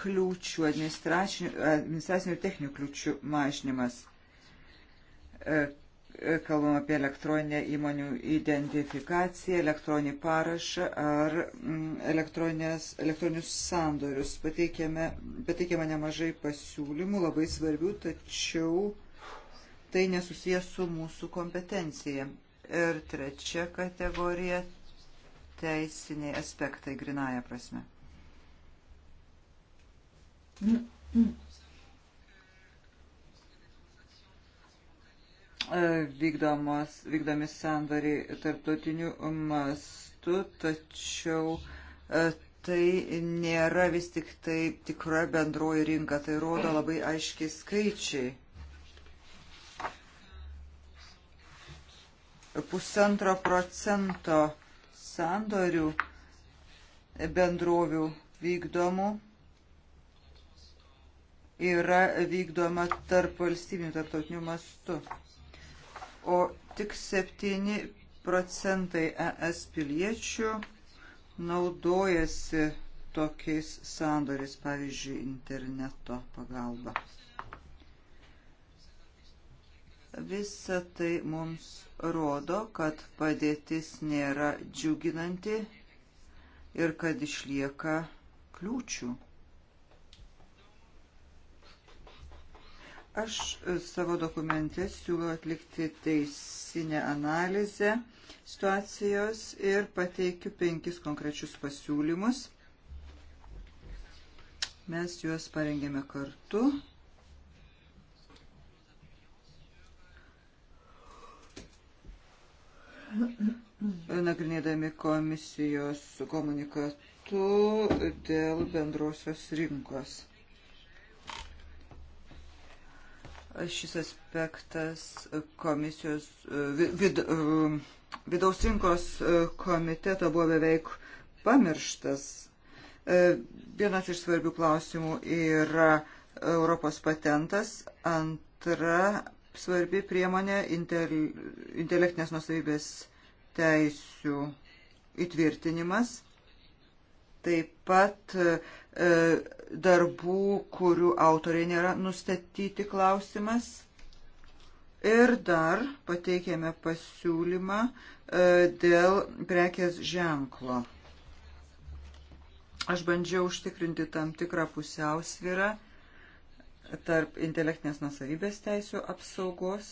S4: kliūčių, administracinių ir techninių kliūčių mažinimas. E, e, kalbam apie elektroninę įmonių identifikaciją, elektroninį parašą ar mm, elektroninius sandorius. Pateikėme, pateikėme nemažai pasiūlymų, labai svarbių, tačiau tai nesusijęs su mūsų kompetencija. Ir trečia kategorija - teisiniai aspektai, grinaja prasme. Vykdomos, vykdomi sandoriai tarptautiniu mastu, tačiau e, tai nėra vis tik tai tikra bendroji rinka, tai rodo labai aiškiai skaičiai. Pusantro procento sandorių bendrovių vykdomų yra vykdoma tarp valstybinių tarptautinių mastų. O tik 7 procentai ES piliečių naudojasi tokiais sandoriais, pavyzdžiui, interneto pagalba. Visa tai mums rodo, kad padėtis nėra džiuginanti ir kad išlieka kliūčių. Aš e, savo dokumente siūlau atlikti teisinę analizę situacijos ir pateikiu penkis konkrečius pasiūlymus. Mes juos parengėme kartu. Nagrinėdami komisijos komunikatu dėl bendrosios rinkos. Šis aspektas komisijos e, vid, e, vidaus rinkos e, komiteto buvo beveik pamirštas. Vienas iš svarbių klausimų yra Europos patentas, antra svarbi priemonė intel, intelektinės nusavybės teisių įtvirtinimas taip pat e, e, darbų, kurių autoriai nėra nustatyti klausimas. Ir dar pateikėme pasiūlymą e, dėl prekės ženklo. Aš bandžiau užtikrinti tam tikrą pusiausvyrą tarp intelektinės nusavybės teisų apsaugos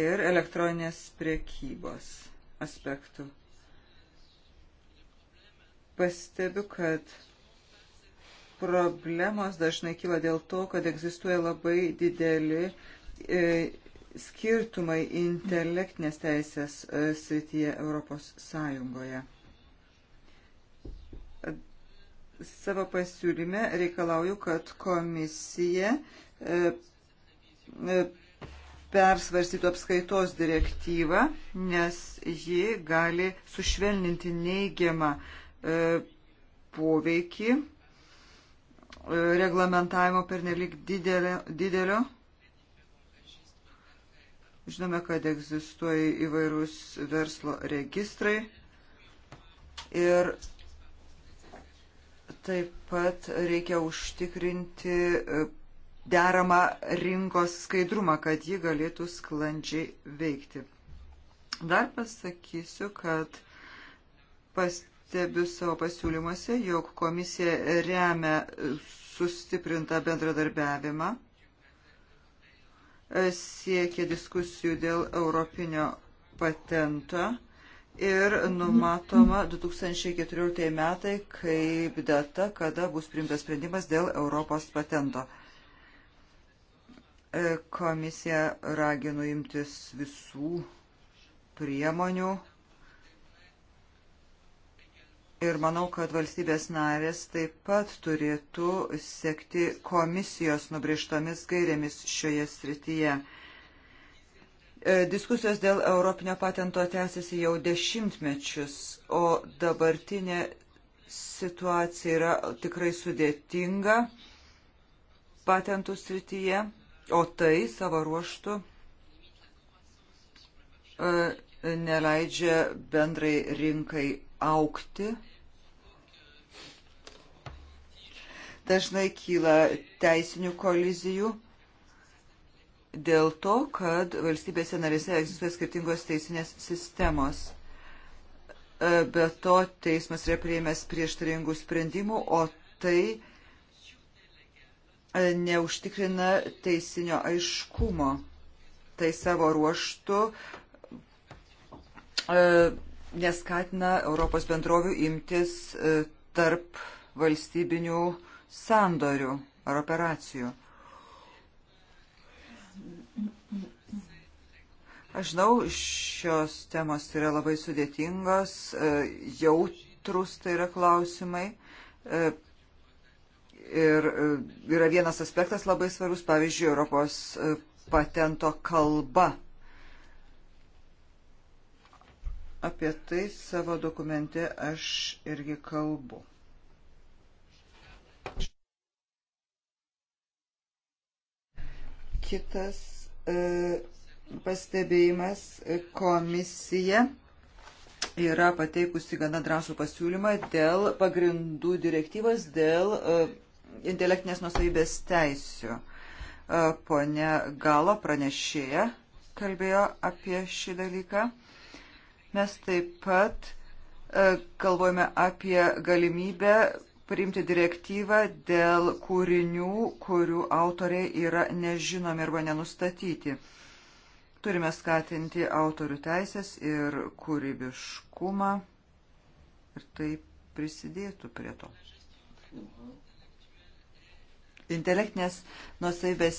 S4: ir elektroninės priekybos aspektų. Pastebiu, kad problemos dažnai kyla dėl to, kad egzistuoja labai dideli e, skirtumai intelektinės teisės e, srityje Europos Sąjungoje savo pasiūlyme reikalauju, kad komisija e, e, persvarstytų apskaitos direktyvą, nes ji gali sušvelninti neigiamą e, poveikį e, reglamentavimo per nelik didelio, didelio. Žinome, kad egzistuoja įvairūs verslo registrai ir taip pat reikia užtikrinti e, deramą rinkos skaidrumą, kad ji galėtų sklandžiai veikti. Dar pasakysiu, kad pastebiu savo pasiūlymuose, jog komisija remia sustiprintą bendradarbiavimą, e, siekia diskusijų dėl europinio patento ir numatoma 2014 metai kaip data, kada bus priimtas sprendimas dėl Europos patento. E, komisija ragino imtis visų priemonių ir manau, kad valstybės narės taip pat turėtų sekti komisijos nubrieštomis gairėmis šioje srityje. E, diskusijos dėl Europinio patento tęsiasi jau dešimtmečius, o dabartinė situacija yra tikrai sudėtinga patentų srityje. O tai savo ruoštų e, neleidžia bendrai rinkai aukti. Dažnai kyla teisinių kolizijų dėl to, kad valstybėse narėse egzistuoja skirtingos teisinės sistemos. E, be to, teismas yra prieimęs prieštaringų sprendimų, o tai neužtikrina teisinio aiškumo. Tai savo ruoštų e, neskatina Europos bendrovių imtis e, tarp valstybinių sandorių ar operacijų. Aš žinau, šios temos yra labai sudėtingos, e, jautrus tai yra klausimai. Ir e, yra vienas aspektas labai svarbus, pavyzdžiui, Europos e, patento kalba. Apie tai savo dokumente aš irgi kalbu. Kitas e, pastebėjimas e, komisija yra pateikusi gana drąsų pasiūlymą dėl pagrindų direktyvas, dėl e, intelektinės nusavybės teisių. E, Pone Galo pranešėja kalbėjo apie šį dalyką. Mes taip pat kalbame e, apie galimybę priimti direktyvą dėl kūrinių, kurių autoriai yra nežinomi arba nenustatyti. Turime skatinti autorių teisės ir kūrybiškumą ir tai prisidėtų prie to intelektinės nusaibės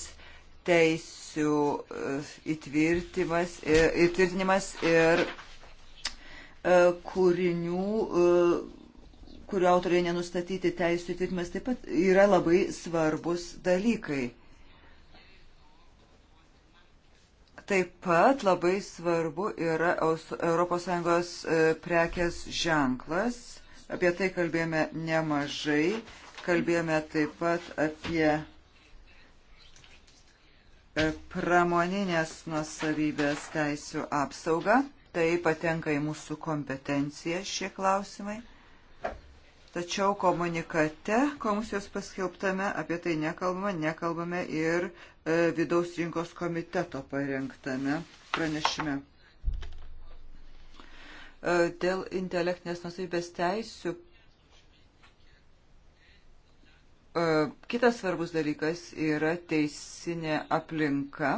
S4: teisių e, e, įtvirtinimas ir e, kūrinių, kurio autoriai nenustatyti teisų įtvirtinimas, taip pat yra labai svarbus dalykai. Taip pat labai svarbu yra ES prekės ženklas. Apie tai kalbėjome nemažai Kalbėjome taip pat apie e, pramoninės nuosavybės teisių apsaugą. Tai patenka į mūsų kompetenciją šie klausimai. Tačiau komunikate, komisijos paskelbtame, apie tai nekalbame, nekalbame ir e, vidaus rinkos komiteto parengtame pranešime. E, dėl intelektinės nusavybės teisių E, kitas svarbus dalykas yra teisinė aplinka.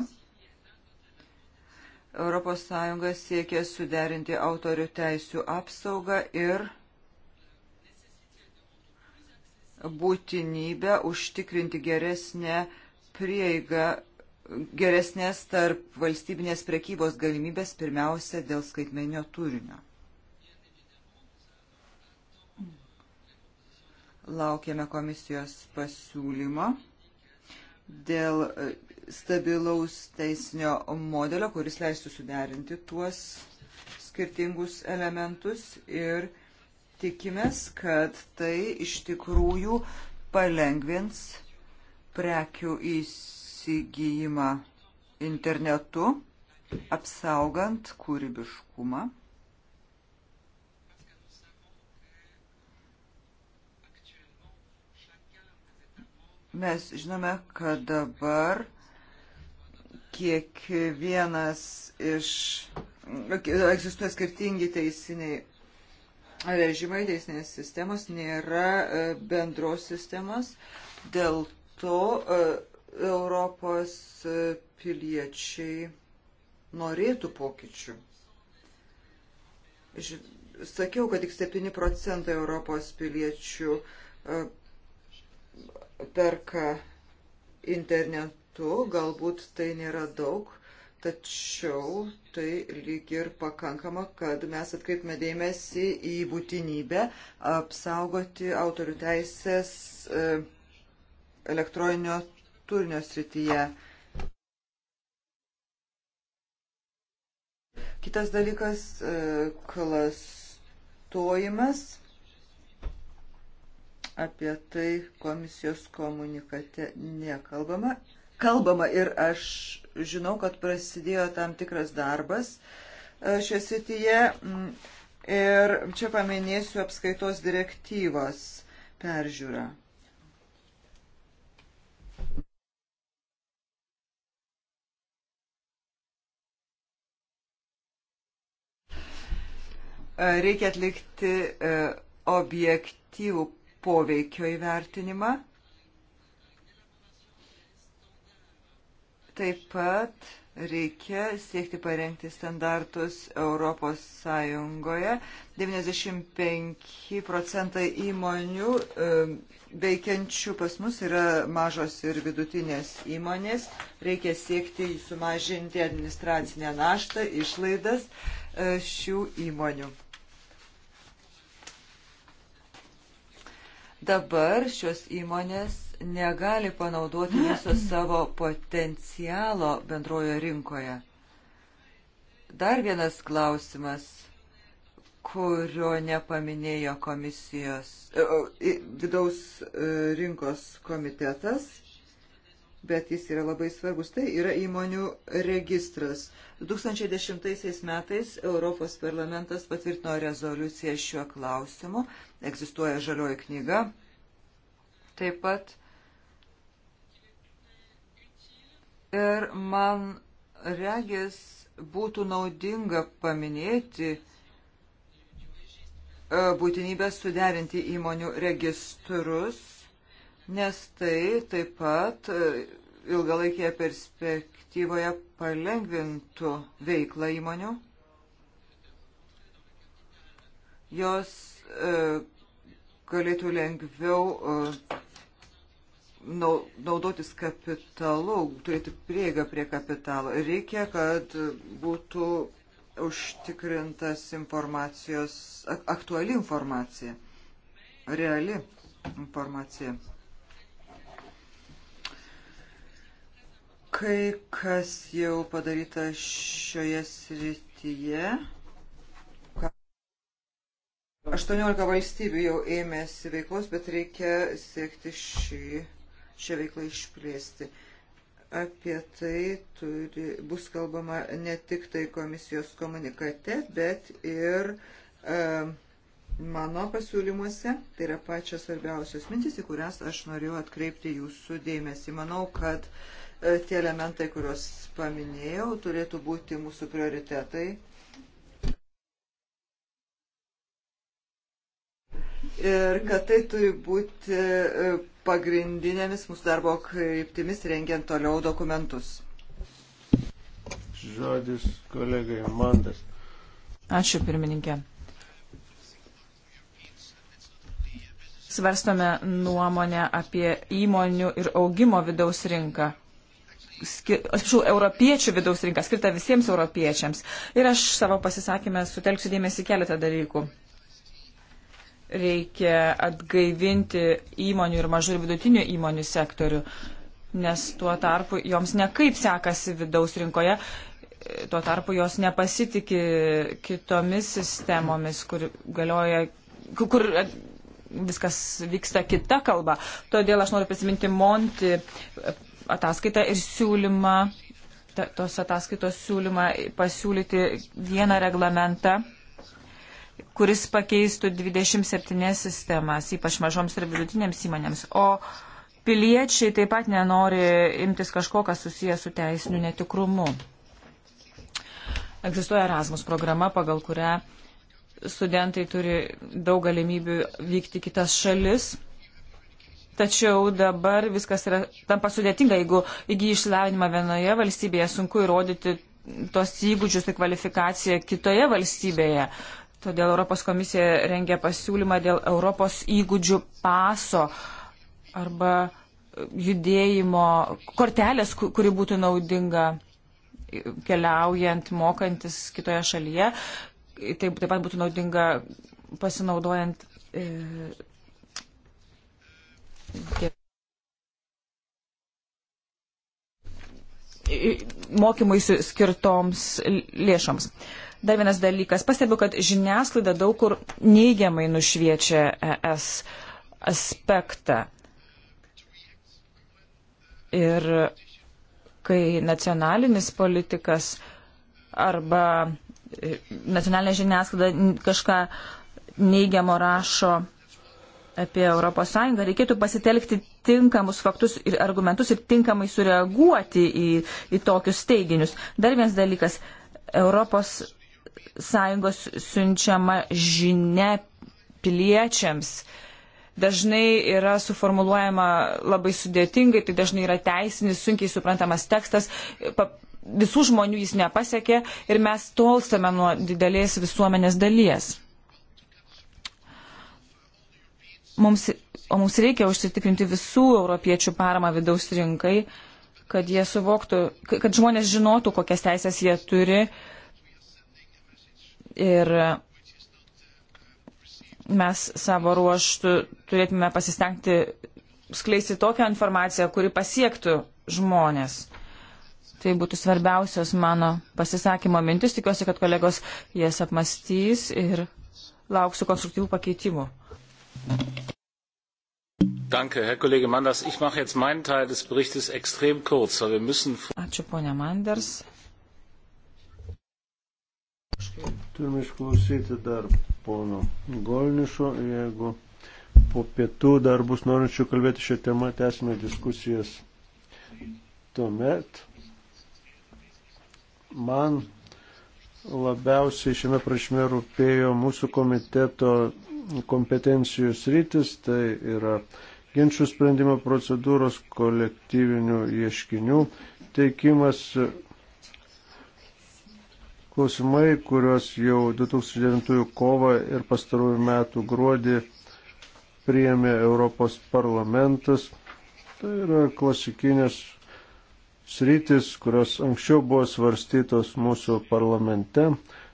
S4: ES siekia suderinti autorių teisių apsaugą ir būtinybę užtikrinti geresnę prieigą, geresnės tarp valstybinės prekybos galimybės pirmiausia dėl skaitmenio turinio. Laukiame komisijos pasiūlymo dėl e, stabilaus teisinio modelio, kuris leistų suderinti tuos skirtingus elementus ir tikimės, kad tai iš tikrųjų palengvins prekių įsigijimą internetu, apsaugant kūrybiškumą. Mes žinome, kad dabar kiekvienas iš egzistuoja skirtingi teisiniai režimai, teisinės sistemos, nėra e, bendros sistemos, dėl to e, Europos e, piliečiai norėtų pokyčių. Sakiau, kad tik 7 procentai Europos piliečių perka internetu, galbūt tai nėra daug, tačiau tai lyg ir pakankama, kad mes atkreipime dėmesį į būtinybę apsaugoti autorių teisės e, elektroninio turinio srityje. Kitas dalykas e, - klastojimas apie tai komisijos komunikate nekalbama. Kalbama ir aš žinau, kad prasidėjo tam tikras darbas e, šioje srityje mm, ir čia paminėsiu apskaitos direktyvos peržiūrą. E, reikia atlikti e, objektyvų poveikio įvertinimą. Taip pat reikia siekti parengti standartus Europos Sąjungoje. 95 procentai įmonių e, veikiančių pas mus yra mažos ir vidutinės įmonės. Reikia siekti sumažinti administracinę naštą, išlaidas e, šių įmonių. Dabar šios įmonės negali panaudoti viso savo potencialo bendrojo rinkoje. Dar vienas klausimas, kurio nepaminėjo komisijos, e, vidaus e, rinkos komitetas – bet jis yra labai svarbus. Tai yra įmonių registras. 2010 metais Europos parlamentas patvirtino rezoliuciją šiuo klausimu. Egzistuoja žalioji knyga. Taip pat ir man regis būtų naudinga paminėti e, būtinybę suderinti įmonių registrus nes tai taip pat e, ilgalaikėje perspektyvoje palengvintų veiklą įmonių. Jos e, galėtų lengviau e, naudotis kapitalu, turėti prieigą prie kapitalo. Reikia, kad būtų užtikrintas informacijos, aktuali informacija, reali informacija. Kai kas jau padaryta šioje srityje. 18 valstybių jau ėmėsi veiklos, bet reikia siekti šį, šią veiklą išplėsti. Apie tai turi, bus kalbama ne tik tai komisijos komunikate, bet ir e, mano pasiūlymuose. Tai yra pačios svarbiausios mintis, į kurias aš norėjau atkreipti jūsų dėmesį. Manau, kad e, E, tie elementai, kuriuos paminėjau, turėtų būti mūsų prioritetai. Ir kad tai turi būti e, pagrindinėmis mūsų darbo kryptimis rengiant toliau dokumentus.
S2: Žodis kolegai Mandas.
S3: Ačiū pirmininkė. Svarstome nuomonę apie įmonių ir augimo vidaus rinką atsiprašau, europiečių vidaus rinką, skirtą visiems europiečiams. Ir aš savo pasisakymę sutelksiu dėmesį keletą dalykų. Reikia atgaivinti įmonių ir mažų ir vidutinių įmonių sektorių, nes tuo tarpu joms nekaip sekasi vidaus rinkoje, tuo tarpu jos nepasitiki kitomis sistemomis, kur galioja, kur viskas vyksta kita kalba. Todėl aš noriu prisiminti Monti ataskaitą ir siūlymą, tos ataskaitos siūlymą pasiūlyti vieną reglamentą kuris pakeistų 27 sistemas, ypač mažoms ir vidutinėms įmonėms. O piliečiai taip pat nenori imtis kažko, kas susijęs su teisiniu netikrumu. Egzistuoja Erasmus programa, pagal kurią studentai turi daug galimybių vykti kitas šalis Tačiau dabar viskas yra tampa sudėtinga, jeigu įgyji išsilavinimą vienoje valstybėje, sunku įrodyti tos įgūdžius ir kvalifikaciją kitoje valstybėje. Todėl Europos komisija rengia pasiūlymą dėl Europos įgūdžių paso arba judėjimo kortelės, kuri būtų naudinga keliaujant, mokantis kitoje šalyje. Tai taip pat būtų naudinga pasinaudojant e, mokymui skirtoms lėšoms. Dar vienas dalykas. Pastebiu, kad žiniasklaida daug kur neigiamai nušviečia ES aspektą. Ir kai nacionalinis politikas arba nacionalinė žiniasklaida kažką neigiamo rašo apie ES, reikėtų pasitelkti tinkamus faktus ir argumentus ir tinkamai sureaguoti į, į tokius teiginius. Dar vienas dalykas - ES siunčiama žinia piliečiams. Dažnai yra suformuluojama labai sudėtingai, tai dažnai yra teisinis, sunkiai suprantamas tekstas, visų žmonių jis nepasiekė ir mes tolstame nuo didelės visuomenės dalies. mums, o mums reikia užsitikrinti visų europiečių paramą vidaus rinkai, kad jie suvoktų, kad žmonės žinotų, kokias teisės jie turi. Ir mes savo ruoštų turėtume pasistengti skleisti tokią informaciją, kuri pasiektų žmonės. Tai būtų svarbiausios mano pasisakymo mintis. Tikiuosi, kad kolegos jas apmastys ir lauksiu konstruktyvų pakeitimų.
S1: Danke, Herr Kollege Manders. Ich mache jetzt meinen Teil des Berichtes extrem kurz, weil wir müssen.
S3: Ačiū, ponia Manders.
S2: Turime išklausyti dar pono Golnišo. Jeigu po pietų dar bus norinčių kalbėti šią temą, tęsime diskusijas. Tuomet man labiausiai šiame prašme rūpėjo mūsų komiteto kompetencijų sritis, tai yra ginčių sprendimo procedūros, kolektyvinių ieškinių teikimas, klausimai, kuriuos jau 2009 kovą ir pastarųjų metų gruodį priėmė Europos parlamentas. Tai yra klasikinės sritis, kurios anksčiau buvo svarstytos mūsų parlamente.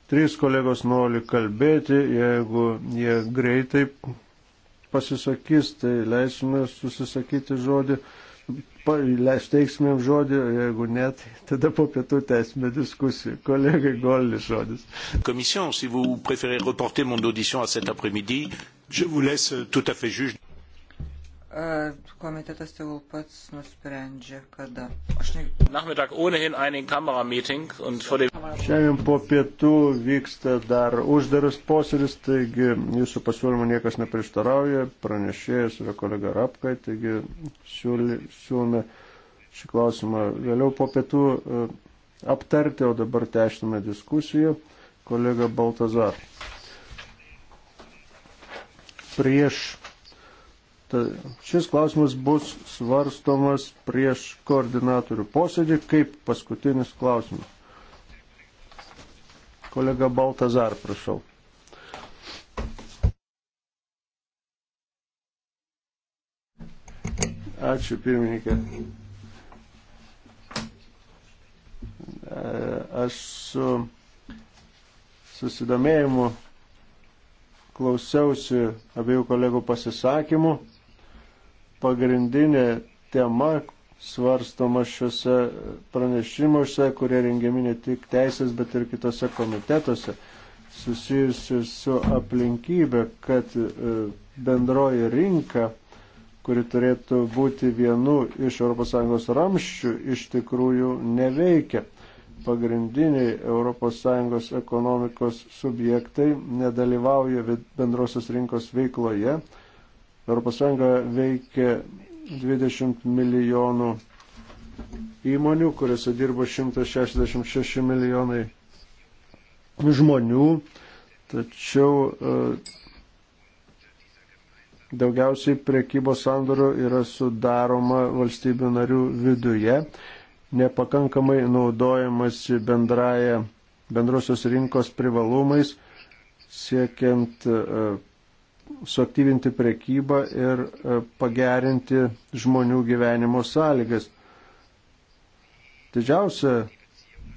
S2: Trys kolegos nori kalbėti, jeigu jie greitai pasisakys, tai leisime susisakyti žodį, teiksime žodį, jeigu net, tai tada po pietų tęsime diskusiją. Kolegai Golnis žodis.
S1: Komisijos, si vous préférez reporter mon audition à cet après-midi, je vous laisse tout à fait juge.
S4: Komitetas tegul pats nusprendžia, kada. Aš
S1: ne... Nachmittag ohnehin einigen Kamerameeting und vor dem...
S2: Šiandien po pietų vyksta dar uždaras posėdis, taigi jūsų pasiūlymų niekas neprieštarauja, pranešėjas yra kolega Rapkai, taigi siūlome šį klausimą vėliau po pietų e, aptarti, o dabar tešiname diskusiją. Kolega Baltazar. Prieš Šis klausimas bus svarstomas prieš koordinatorių posėdį kaip paskutinis klausimas. Kolega Baltazar, prašau. Ačiū pirmininkė. Aš su susidomėjimu klausiausi abiejų kolegų pasisakymų pagrindinė tema svarstoma šiuose pranešimuose, kurie rengiami ne tik teisės, bet ir kitose komitetuose, susijusi su aplinkybė, kad e, bendroji rinka, kuri turėtų būti vienu iš ES ramščių, iš tikrųjų neveikia. Pagrindiniai ES ekonomikos subjektai nedalyvauja bendrosios rinkos veikloje ES veikia 20 milijonų įmonių, kuriuose dirba 166 milijonai žmonių, tačiau e, daugiausiai priekybos sandorių yra sudaroma valstybių narių viduje, nepakankamai naudojamasi bendraja bendrosios rinkos privalumais, siekiant e, suaktyvinti prekybą ir e, pagerinti žmonių gyvenimo sąlygas. Didžiausia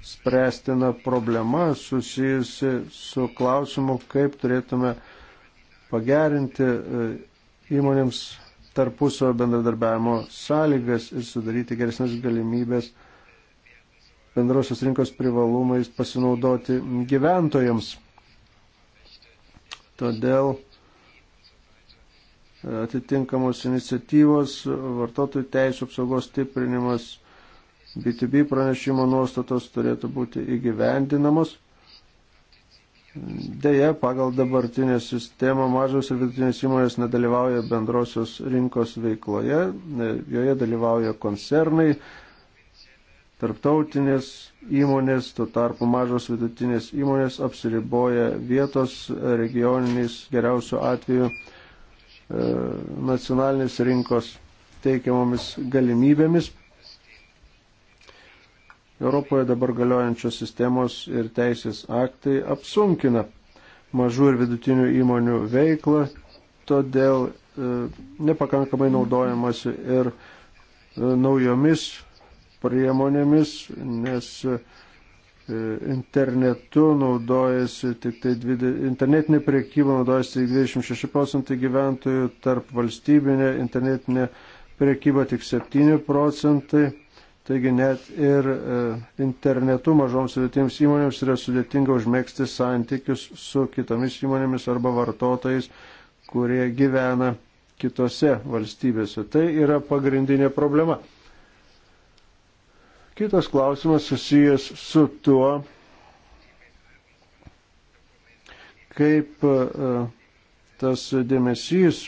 S2: spręstina problema susijusi su klausimu, kaip turėtume pagerinti e, įmonėms tarpusio bendradarbiavimo sąlygas ir sudaryti geresnės galimybės bendrosios rinkos privalumais pasinaudoti gyventojams. Todėl atitinkamos iniciatyvos, vartotojų teisų apsaugos stiprinimas, B2B pranešimo nuostatos turėtų būti įgyvendinamos. Deja, pagal dabartinę sistemą mažos ir vidutinės įmonės nedalyvauja bendrosios rinkos veikloje, e, joje dalyvauja koncernai, tarptautinės įmonės, tuo tarpu mažos vidutinės įmonės apsiriboja vietos regioniniais geriausiu atveju E, nacionalinės rinkos teikiamomis galimybėmis. Europoje dabar galiojančios sistemos ir teisės aktai apsunkina mažų ir vidutinių įmonių veiklą, todėl e, nepakankamai naudojamasi ir e, naujomis priemonėmis, nes E, internetu naudojasi tik tai, internetinė priekyba naudojasi tik 26 procentai gyventojų, tarp valstybinė internetinė priekyba tik 7 procentai. Taigi net ir e, internetu mažoms sudėtėms įmonėms yra sudėtinga užmėgsti santykius su kitomis įmonėmis arba vartotojais, kurie gyvena kitose valstybėse. Tai yra pagrindinė problema. Kitas klausimas susijęs su tuo, kaip e, tas dėmesys,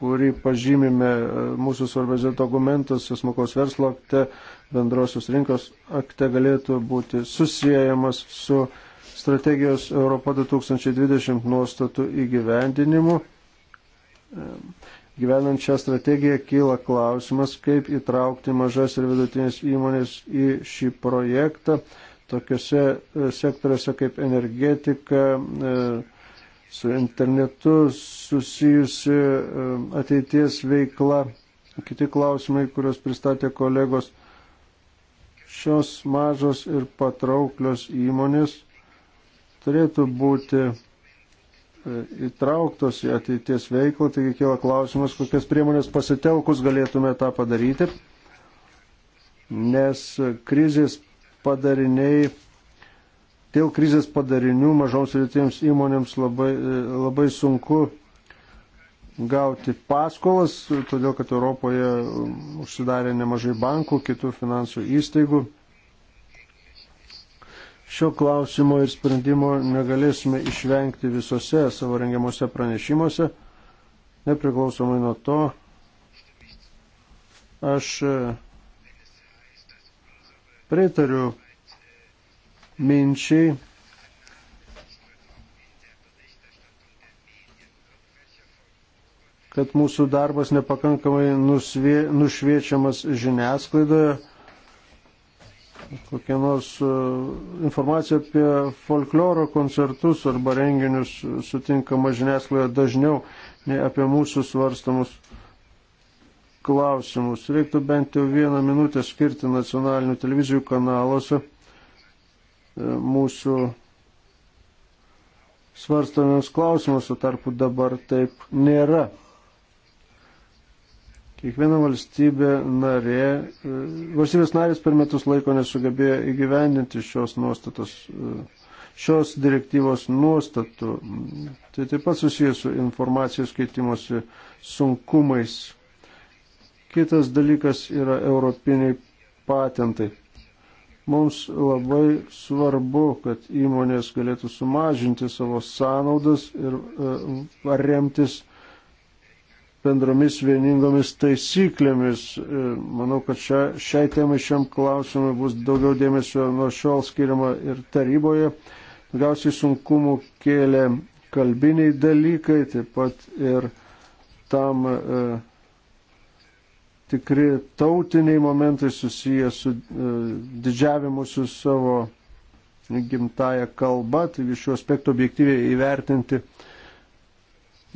S2: kurį pažymime e, mūsų svarbės dokumentas, smukos verslo akte, bendrosios rinkos akte galėtų būti susijęjamas su strategijos Europa 2020 nuostatų įgyvendinimu. E, Gyvenant šią strategiją kyla klausimas, kaip įtraukti mažas ir vidutinės įmonės į šį projektą, tokiuose e, sektoriuose kaip energetika, e, su internetu susijusi e, ateities veikla, kiti klausimai, kuriuos pristatė kolegos. Šios mažos ir patrauklios įmonės turėtų būti įtrauktos į ateities veiklą, taigi kyla klausimas, kokias priemonės pasitelkus galėtume tą padaryti, nes krizės padariniai, dėl krizės padarinių mažoms ir tiems įmonėms labai, labai sunku gauti paskolas, todėl kad Europoje užsidarė nemažai bankų, kitų finansų įstaigų Šio klausimo ir sprendimo negalėsime išvengti visose savo rengiamuose pranešimuose, nepriklausomai nuo to. Aš e, pritariu minčiai, kad mūsų darbas nepakankamai nusvie, nušviečiamas žiniasklaidoje kokią nors e, informaciją apie folkloro koncertus arba renginius sutinkama žiniasklaidoje dažniau nei apie mūsų svarstamus klausimus. Reiktų bent jau vieną minutę skirti nacionalinių televizijų kanaluose e, mūsų svarstamiems klausimus, o tarpu dabar taip nėra. Kiekviena valstybė narė, e, valstybės narės per metus laiko nesugebėjo įgyvendinti šios nuostatos, e, šios direktyvos nuostatų. Tai taip pat susijęs su informacijos keitimosi sunkumais. Kitas dalykas yra europiniai patentai. Mums labai svarbu, kad įmonės galėtų sumažinti savo sąnaudas ir e, remtis uh, bendromis vieningomis taisyklėmis. E, manau, kad šia, šiai temai šiam klausimui bus daugiau dėmesio nuo šiol skiriama ir taryboje. Daugiausiai sunkumų kėlė kalbiniai dalykai, taip pat ir tam e, tikri tautiniai momentai susiję su e, didžiavimu su savo gimtaja kalba, taigi šiuo aspektu objektyviai įvertinti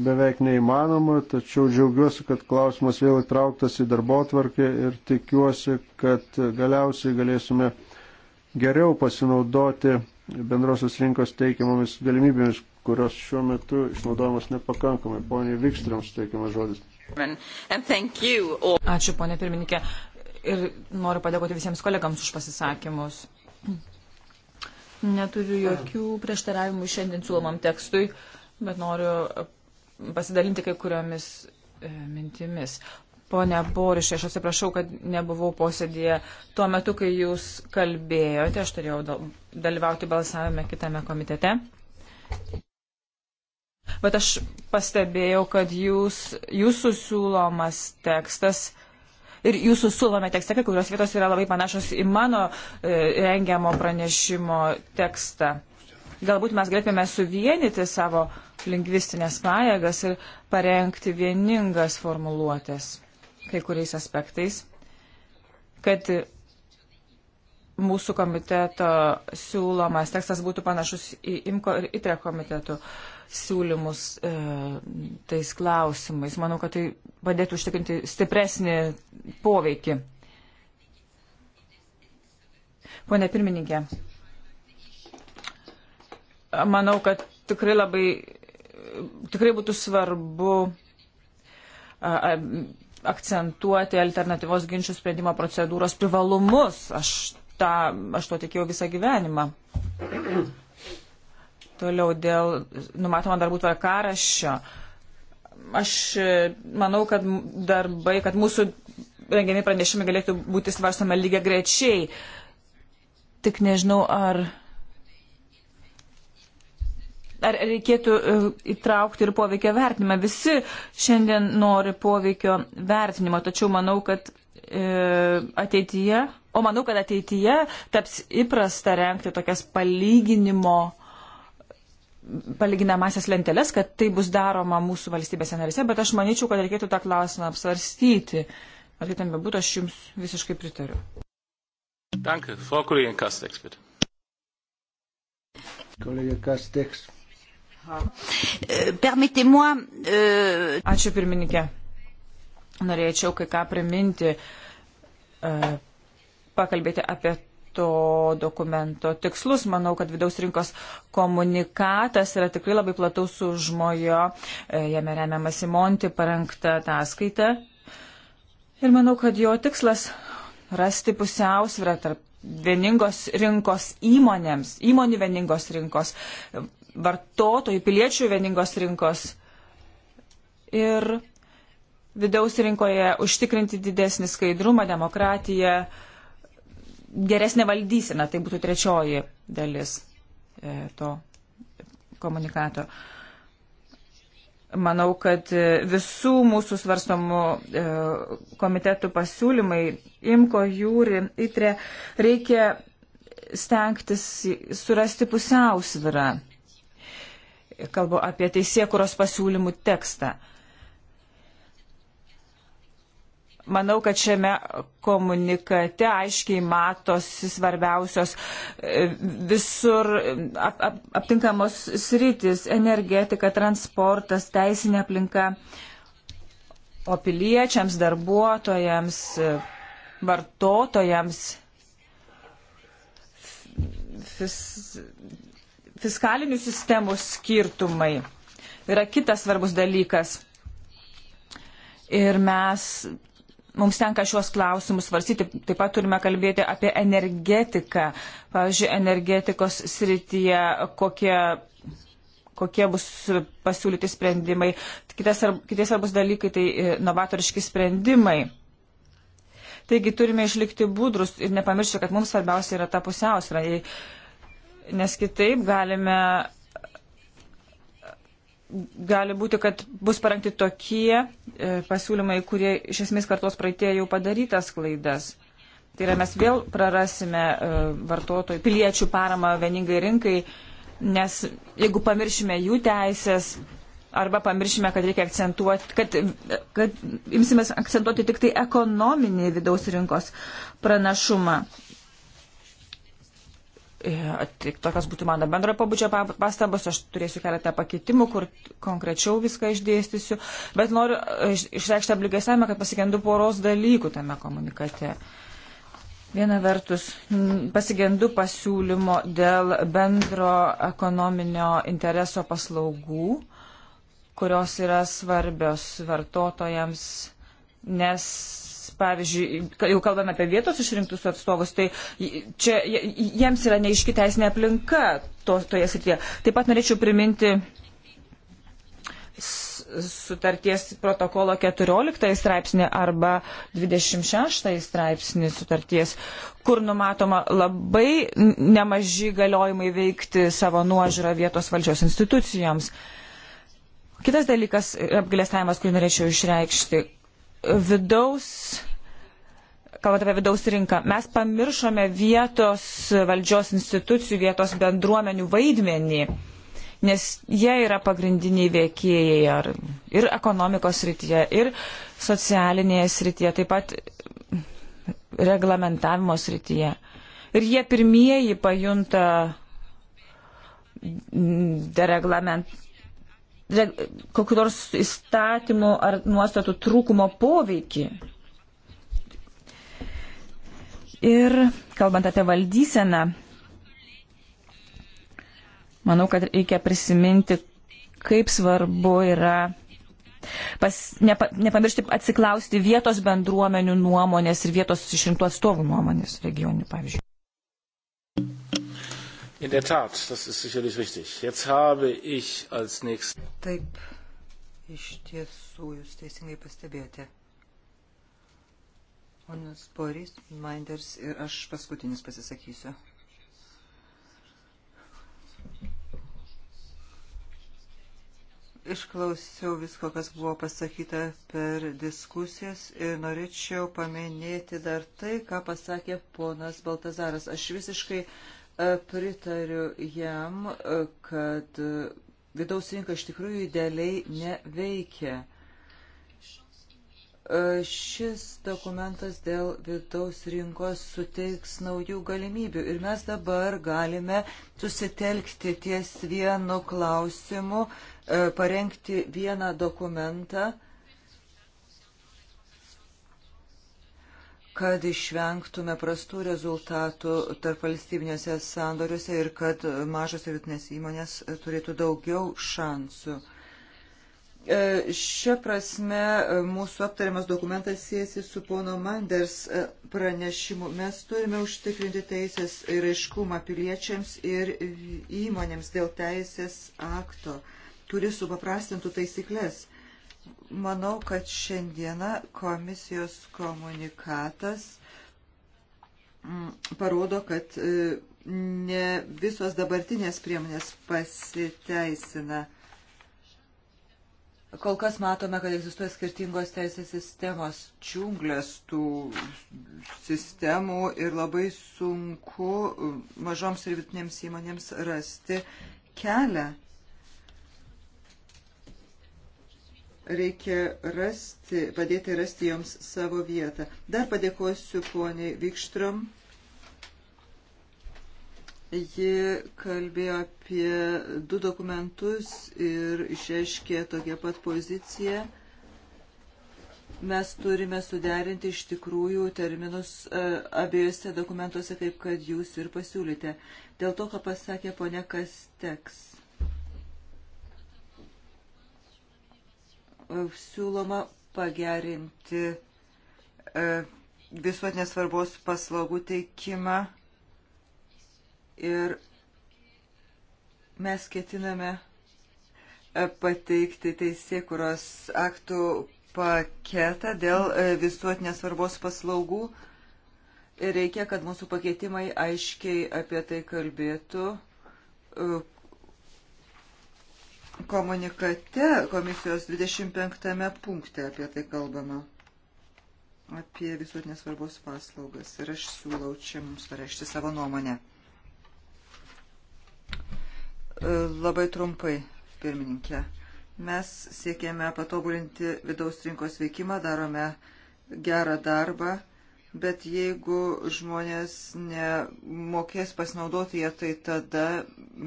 S2: beveik neįmanoma, tačiau džiaugiuosi, kad klausimas vėl įtrauktas į darbo tvarkę ir tikiuosi, kad galiausiai galėsime geriau pasinaudoti bendrosios rinkos teikiamomis galimybėmis, kurios šiuo metu išnaudojamos nepakankamai. Pone Vikstriams teikiamas žodis.
S3: Ačiū, ponė pirmininkė. Ir noriu padėkoti visiems kolegams už pasisakymus. Neturiu jokių prieštaravimų šiandien siūlomam tekstui, bet noriu pasidalinti kai kuriomis e, mintimis. Pone Borišė, aš atsiprašau, kad nebuvau posėdėje tuo metu, kai jūs kalbėjote, aš turėjau dalyvauti balsavime kitame komitete. Bet aš pastebėjau, kad jūs, jūsų siūlomas tekstas ir jūsų siūlome tekste, kai kurios vietos yra labai panašos į mano e, rengiamo pranešimo tekstą galbūt mes galėtume suvienyti savo lingvistinės pajėgas ir parengti vieningas formuluotės kai kuriais aspektais, kad mūsų komiteto siūlomas tekstas būtų panašus į IMKO ir ITRE komitetų siūlymus e, tais klausimais. Manau, kad tai padėtų užtikrinti stipresnį poveikį. Pone pirmininkė, manau, kad tikrai labai, tikrai būtų svarbu akcentuoti alternatyvos ginčių sprendimo procedūros privalumus. Aš, tą, aš to tikėjau visą gyvenimą. Toliau dėl numatoma darbų tvarkaraščio. Aš e, manau, kad darbai, kad mūsų rengiami pranešimai galėtų būti svarstama lygiai grečiai. Tik nežinau, ar ar reikėtų e, įtraukti ir poveikio vertinimą. Visi šiandien nori poveikio vertinimo, tačiau manau, kad e, ateityje, o manau, kad ateityje taps įprasta renkti tokias palyginimo palyginamasias lenteles, kad tai bus daroma mūsų valstybėse narise, bet aš manyčiau, kad reikėtų tą klausimą apsvarstyti. Ar tai ten bebūtų, aš jums visiškai pritariu.
S1: Danke, Frau Kollegin Kasteks, bitte.
S2: Kollege Kasteks.
S3: E, e, Ačiū pirmininkė. Norėčiau kai ką priminti, e, pakalbėti apie to dokumento tikslus. Manau, kad vidaus rinkos komunikatas yra tikrai labai plataus užmojo, jame remiamas į Monti parengtą ataskaitą. Ir manau, kad jo tikslas rasti pusiausvyrą tarp vieningos rinkos įmonėms, įmonių vieningos rinkos, vartotojų, piliečių vieningos rinkos ir vidaus rinkoje užtikrinti didesnį skaidrumą, demokratiją, geresnę valdyseną. Tai būtų trečioji dalis e, to komunikato. Manau, kad visų mūsų svarstomų e, komitetų pasiūlymai, imko, jūri, itre, reikia stengtis surasti pusiausvirą kalbu apie teisėkuros pasiūlymų tekstą. Manau, kad šiame komunikate aiškiai matosi svarbiausios e, visur e, ap, ap, aptinkamos sritis - energetika, transportas, teisinė aplinka. O piliečiams, darbuotojams, e, vartotojams fis, fiskalinių sistemų skirtumai yra kitas svarbus dalykas. Ir mes, mums tenka šiuos klausimus svarstyti. Taip pat turime kalbėti apie energetiką. Pavyzdžiui, energetikos srityje kokie kokie bus pasiūlyti sprendimai. Kitas, kitas svarbus dalykai tai e, novatoriški sprendimai. Taigi turime išlikti budrus ir nepamiršti, kad mums svarbiausia yra ta pusiausvyrą. Jei nes kitaip galime, gali būti, kad bus parengti tokie e, pasiūlymai, kurie iš esmės kartos praeitie jau padarytas klaidas. Tai yra mes vėl prarasime e, vartotojų, piliečių paramą vieningai rinkai, nes jeigu pamiršime jų teisės, arba pamiršime, kad reikia akcentuoti, kad, kad imsimės akcentuoti tik tai ekonominį vidaus rinkos pranašumą. E, Tik tokios būtų mano bendro pabudžio pastabos, aš turėsiu keletą pakeitimų, kur konkrečiau viską išdėstysiu, bet noriu e, išreikšti abligesavimą, kad pasigendu poros dalykų tame komunikate. Viena vertus, pasigendu pasiūlymo dėl bendro ekonominio intereso paslaugų, kurios yra svarbios vartotojams, nes pavyzdžiui, jau kalbame apie vietos išrinktus atstovus, tai čia jiems yra neiški teisinė aplinka to, toje srityje. Taip pat norėčiau priminti sutarties protokolo 14 straipsnį arba 26 straipsnį sutarties, kur numatoma labai nemaži galiojimai veikti savo nuožiūrą vietos valdžios institucijoms. Kitas dalykas, apgalėstavimas, kurį norėčiau išreikšti, vidaus kalbant apie vidaus rinką, mes pamiršome vietos valdžios institucijų, vietos bendruomenių vaidmenį, nes jie yra pagrindiniai veikėjai ar, ir ekonomikos srityje, ir socialinėje srityje, taip pat reglamentavimo srityje. Ir jie pirmieji pajunta dereglament, kokiu nors įstatymu ar nuostatų trūkumo poveikį. Ir kalbant apie valdyseną, manau, kad reikia prisiminti, kaip svarbu yra pas, nepa, nepamiršti atsiklausti vietos bendruomenių nuomonės ir vietos išrinktų atstovų nuomonės regionių, pavyzdžiui.
S1: In der Tat, das ist sicherlich richtig. Jetzt habe ich als nächstes.
S4: Taip, iš tiesų jūs teisingai pastebėjote. Ponas Boris, Minders ir aš paskutinis pasisakysiu. Išklausiau visko, kas buvo pasakyta per diskusijas ir norėčiau paminėti dar tai, ką pasakė ponas Baltazaras. Aš visiškai e, pritariu jam, e, kad e, vidaus rinka iš tikrųjų idealiai neveikia. Šis dokumentas dėl vidaus rinkos suteiks naujų galimybių ir mes dabar galime susitelkti ties vienu klausimu, e, parengti vieną dokumentą, kad išvengtume prastų rezultatų tarp valstybinėse sandoriuose ir kad mažos ir vidutinės įmonės turėtų daugiau šansų. E, šia prasme e, mūsų aptariamas dokumentas siejasi su pono Manders e, pranešimu. Mes turime užtikrinti teisės ir aiškumą piliečiams ir įmonėms dėl teisės akto, kuris supaprastintų taisyklės. Manau, kad šiandieną komisijos komunikatas mm, parodo, kad ne visos dabartinės priemonės pasiteisina Kol kas matome, kad egzistuoja skirtingos teisės sistemos, džiunglės tų sistemų ir labai sunku uh, mažoms ir vidutinėms įmonėms rasti kelią. Reikia rasti, padėti rasti joms savo vietą. Dar padėkosiu poniai Vikštrom Ji kalbėjo apie du dokumentus ir išreiškė tokią pat poziciją. Mes turime suderinti iš tikrųjų terminus e, abiejose dokumentuose, kaip kad jūs ir pasiūlyte. Dėl to, ką pasakė ponia Kasteks. Siūloma pagerinti e, visuotinės svarbos paslaugų teikimą ir mes ketiname e, pateikti teisėkuros aktų paketą dėl e, visuotinės svarbos paslaugų. Ir reikia, kad mūsų pakeitimai aiškiai apie tai kalbėtų. E, komunikate komisijos 25 punkte apie tai kalbama. Apie visuotinės svarbos paslaugas. Ir aš siūlau čia mums pareikšti savo nuomonę. E, labai trumpai, pirmininkė. Mes siekėme patobulinti vidaus rinkos veikimą, darome gerą darbą, bet jeigu žmonės nemokės pasinaudoti ją, tai tada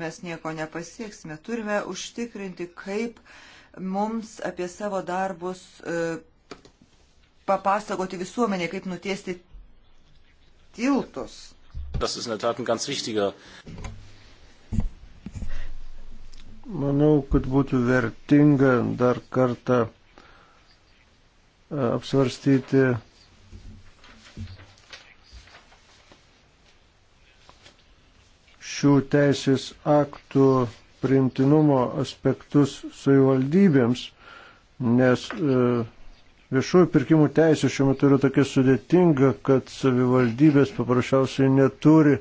S4: mes nieko nepasieksime. Turime užtikrinti, kaip mums apie savo darbus e, papasakoti visuomenė, kaip nutiesti tiltus.
S1: Das ist in der Tat ein ganz wichtiger
S2: Manau, kad būtų vertinga dar kartą e, apsvarstyti šių teisės aktų priimtinumo aspektus savivaldybėms, nes e, viešųjų pirkimų teisė šiuo metu yra tokia sudėtinga, kad savivaldybės paprasčiausiai neturi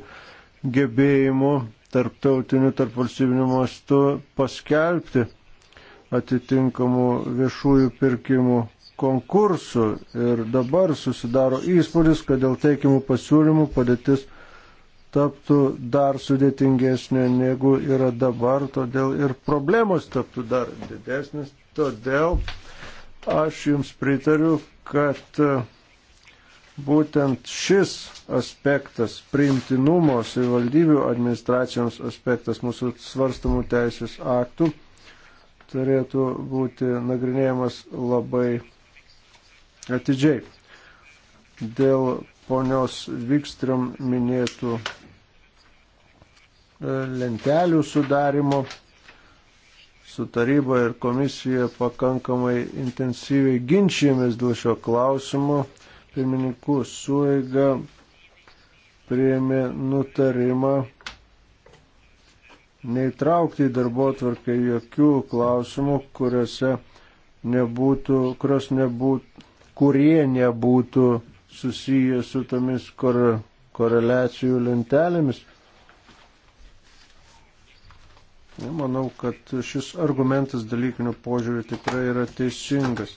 S2: gebėjimų tarptautiniu, tarp valstybiniu mastu paskelbti atitinkamų viešųjų pirkimų konkursų. Ir dabar susidaro įspūdis, kad dėl teikimų pasiūlymų padėtis taptų dar sudėtingesnė negu yra dabar, todėl ir problemos taptų dar didesnės. Todėl aš jums pritariu, kad uh, būtent šis aspektas, priimtinumo savivaldybių administracijoms aspektas mūsų svarstamų teisės aktų turėtų būti nagrinėjamas labai atidžiai. Dėl ponios Vikstram minėtų e, lentelių sudarimo su taryba ir komisija pakankamai intensyviai ginčijomės dėl šio klausimo pirmininkų suėga prieimė nutarimą neįtraukti į darbo tvarkę jokių klausimų, kuriuose nebūtų, kurios nebūtų, kurie nebūtų susiję su tomis kor, koreliacijų lentelėmis. Manau, kad šis argumentas dalykinių požiūrių tikrai yra teisingas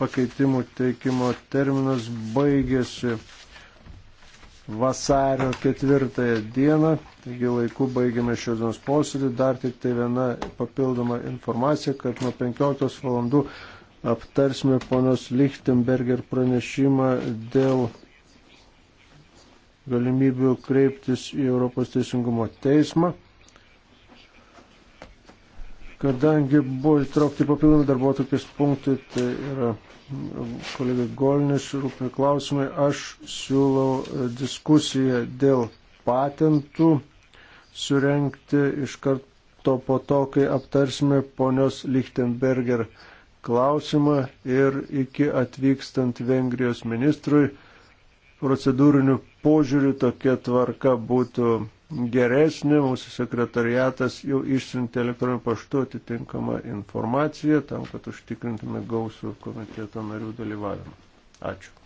S2: pakeitimų teikimo terminas baigėsi vasario ketvirtąją dieną, taigi laiku baigėme šios dienos posėdį. Dar tik tai viena papildoma informacija, kad nuo 15 valandų aptarsime ponios Lichtenberger pranešimą dėl galimybių kreiptis į Europos teisingumo teismą. Kadangi buvo įtraukti papildomi darbuotojas punktai, tai yra kolega Golnis rūpimi klausimai, aš siūlau e, diskusiją dėl patentų surenkti iš karto po to, kai aptarsime ponios Lichtenberger klausimą ir iki atvykstant Vengrijos ministrui procedūrinių požiūrių tokia tvarka būtų geresnė, mūsų sekretariatas jau išsiuntė elektroniniu paštu atitinkamą informaciją
S4: tam, kad užtikrintume gausų komiteto narių dalyvavimą. Ačiū.